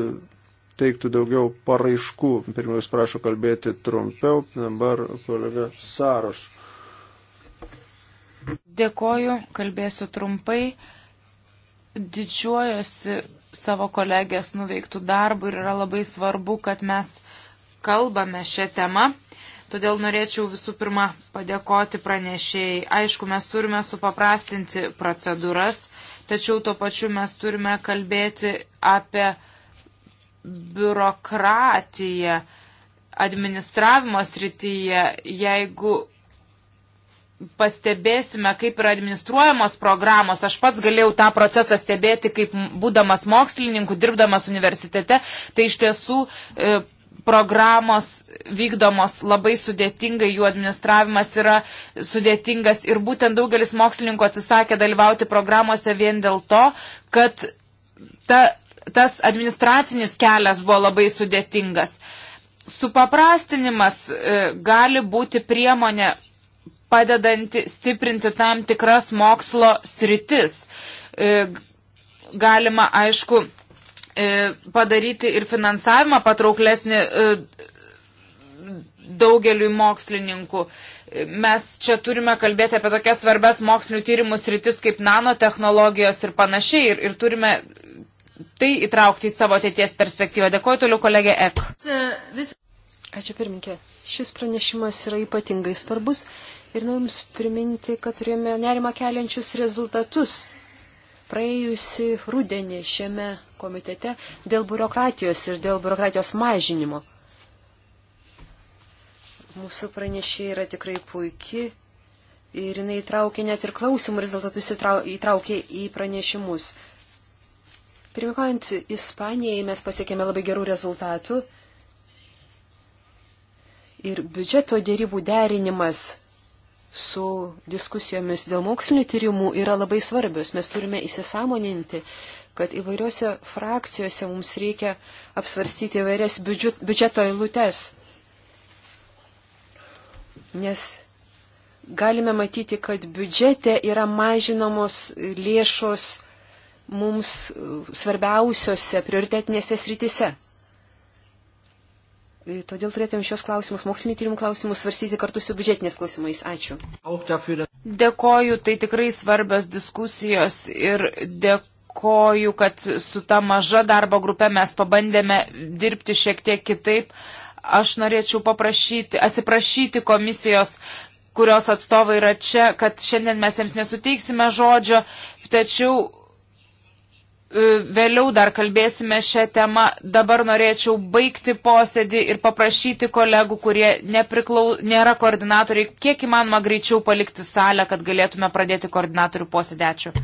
teiktų daugiau paraiškų. Pirmiausia, prašau kalbėti trumpiau, dabar kolega Saros. Dėkoju, kalbėsiu trumpai didžiuojosi savo kolegės nuveiktų darbų ir yra labai svarbu, kad mes kalbame šią temą. Todėl norėčiau visų pirma padėkoti pranešėjai. Aišku, mes turime supaprastinti procedūras, tačiau tuo pačiu mes turime kalbėti apie biurokratiją administravimo srityje, jeigu pastebėsime, kaip yra administruojamos programos. Aš pats galėjau tą procesą stebėti, kaip būdamas mokslininku, dirbdamas universitete. Tai iš tiesų e, programos vykdomos labai sudėtingai, jų administravimas yra sudėtingas ir būtent daugelis mokslininkų atsisakė dalyvauti programuose vien dėl to, kad ta, tas administracinis kelias buvo labai sudėtingas. Supaprastinimas e, gali būti priemonė padedanti stiprinti tam tikras mokslo sritis. E, galima, aišku, e, padaryti ir finansavimą patrauklesnį e, daugeliui mokslininkų. Mes čia turime kalbėti apie tokias svarbes mokslinių tyrimų sritis kaip nanotehnologijos ir panašiai ir, ir turime tai įtraukti į savo ateities perspektyvą. Dėkuoju toliau kolegė Ek. Ačiū pirminkė. Šis pranešimas yra ypatingai svarbus, ir noriu Jums priminti, kad turėjome nerima keliančius rezultatus praėjusi rudenį šiame komitete dėl biurokratijos ir dėl biurokratijos mažinimo. Mūsų pranešė yra tikrai puikiai ir jinai įtraukė net ir klausimų rezultatus įtraukė į pranešimus. Pirmikojant Ispanijai mes pasiekėme labai gerų rezultatų ir biudžeto dėrybų derinimas su diskusijomis dėl mokslinio tyrimų yra labai svarbios. Mes turime įsisamoninti, kad įvairiuose frakcijose mums reikia apsvarstyti įvairias biudžet, biudžeto eilutes. Nes galime matyti, kad biudžete yra mažinamos lėšos mums svarbiausiose prioritetinėse sritise. E, todėl turėtume šios klausimus, mokslinio tyrimų klausimus, svarstyti kartu su biudžetinės klausimais. Ačiū. Dėkoju, tai tikrai svarbios diskusijos ir dėkoju, kad su ta maža darbo grupė mes pabandėme dirbti šiek tiek kitaip. Aš norėčiau paprašyti, atsiprašyti komisijos kurios atstovai yra čia, kad šiandien mes jiems nesuteiksime žodžio, tačiau E, vėliau dar kalbėsime šią temą. Dabar norėčiau baigti posėdį ir paprašyti kolegų, kurie nepriklau... nėra koordinatoriai, kiek įmanoma greičiau palikti salę, kad galėtume pradėti koordinatorių posėdį. Ačiū.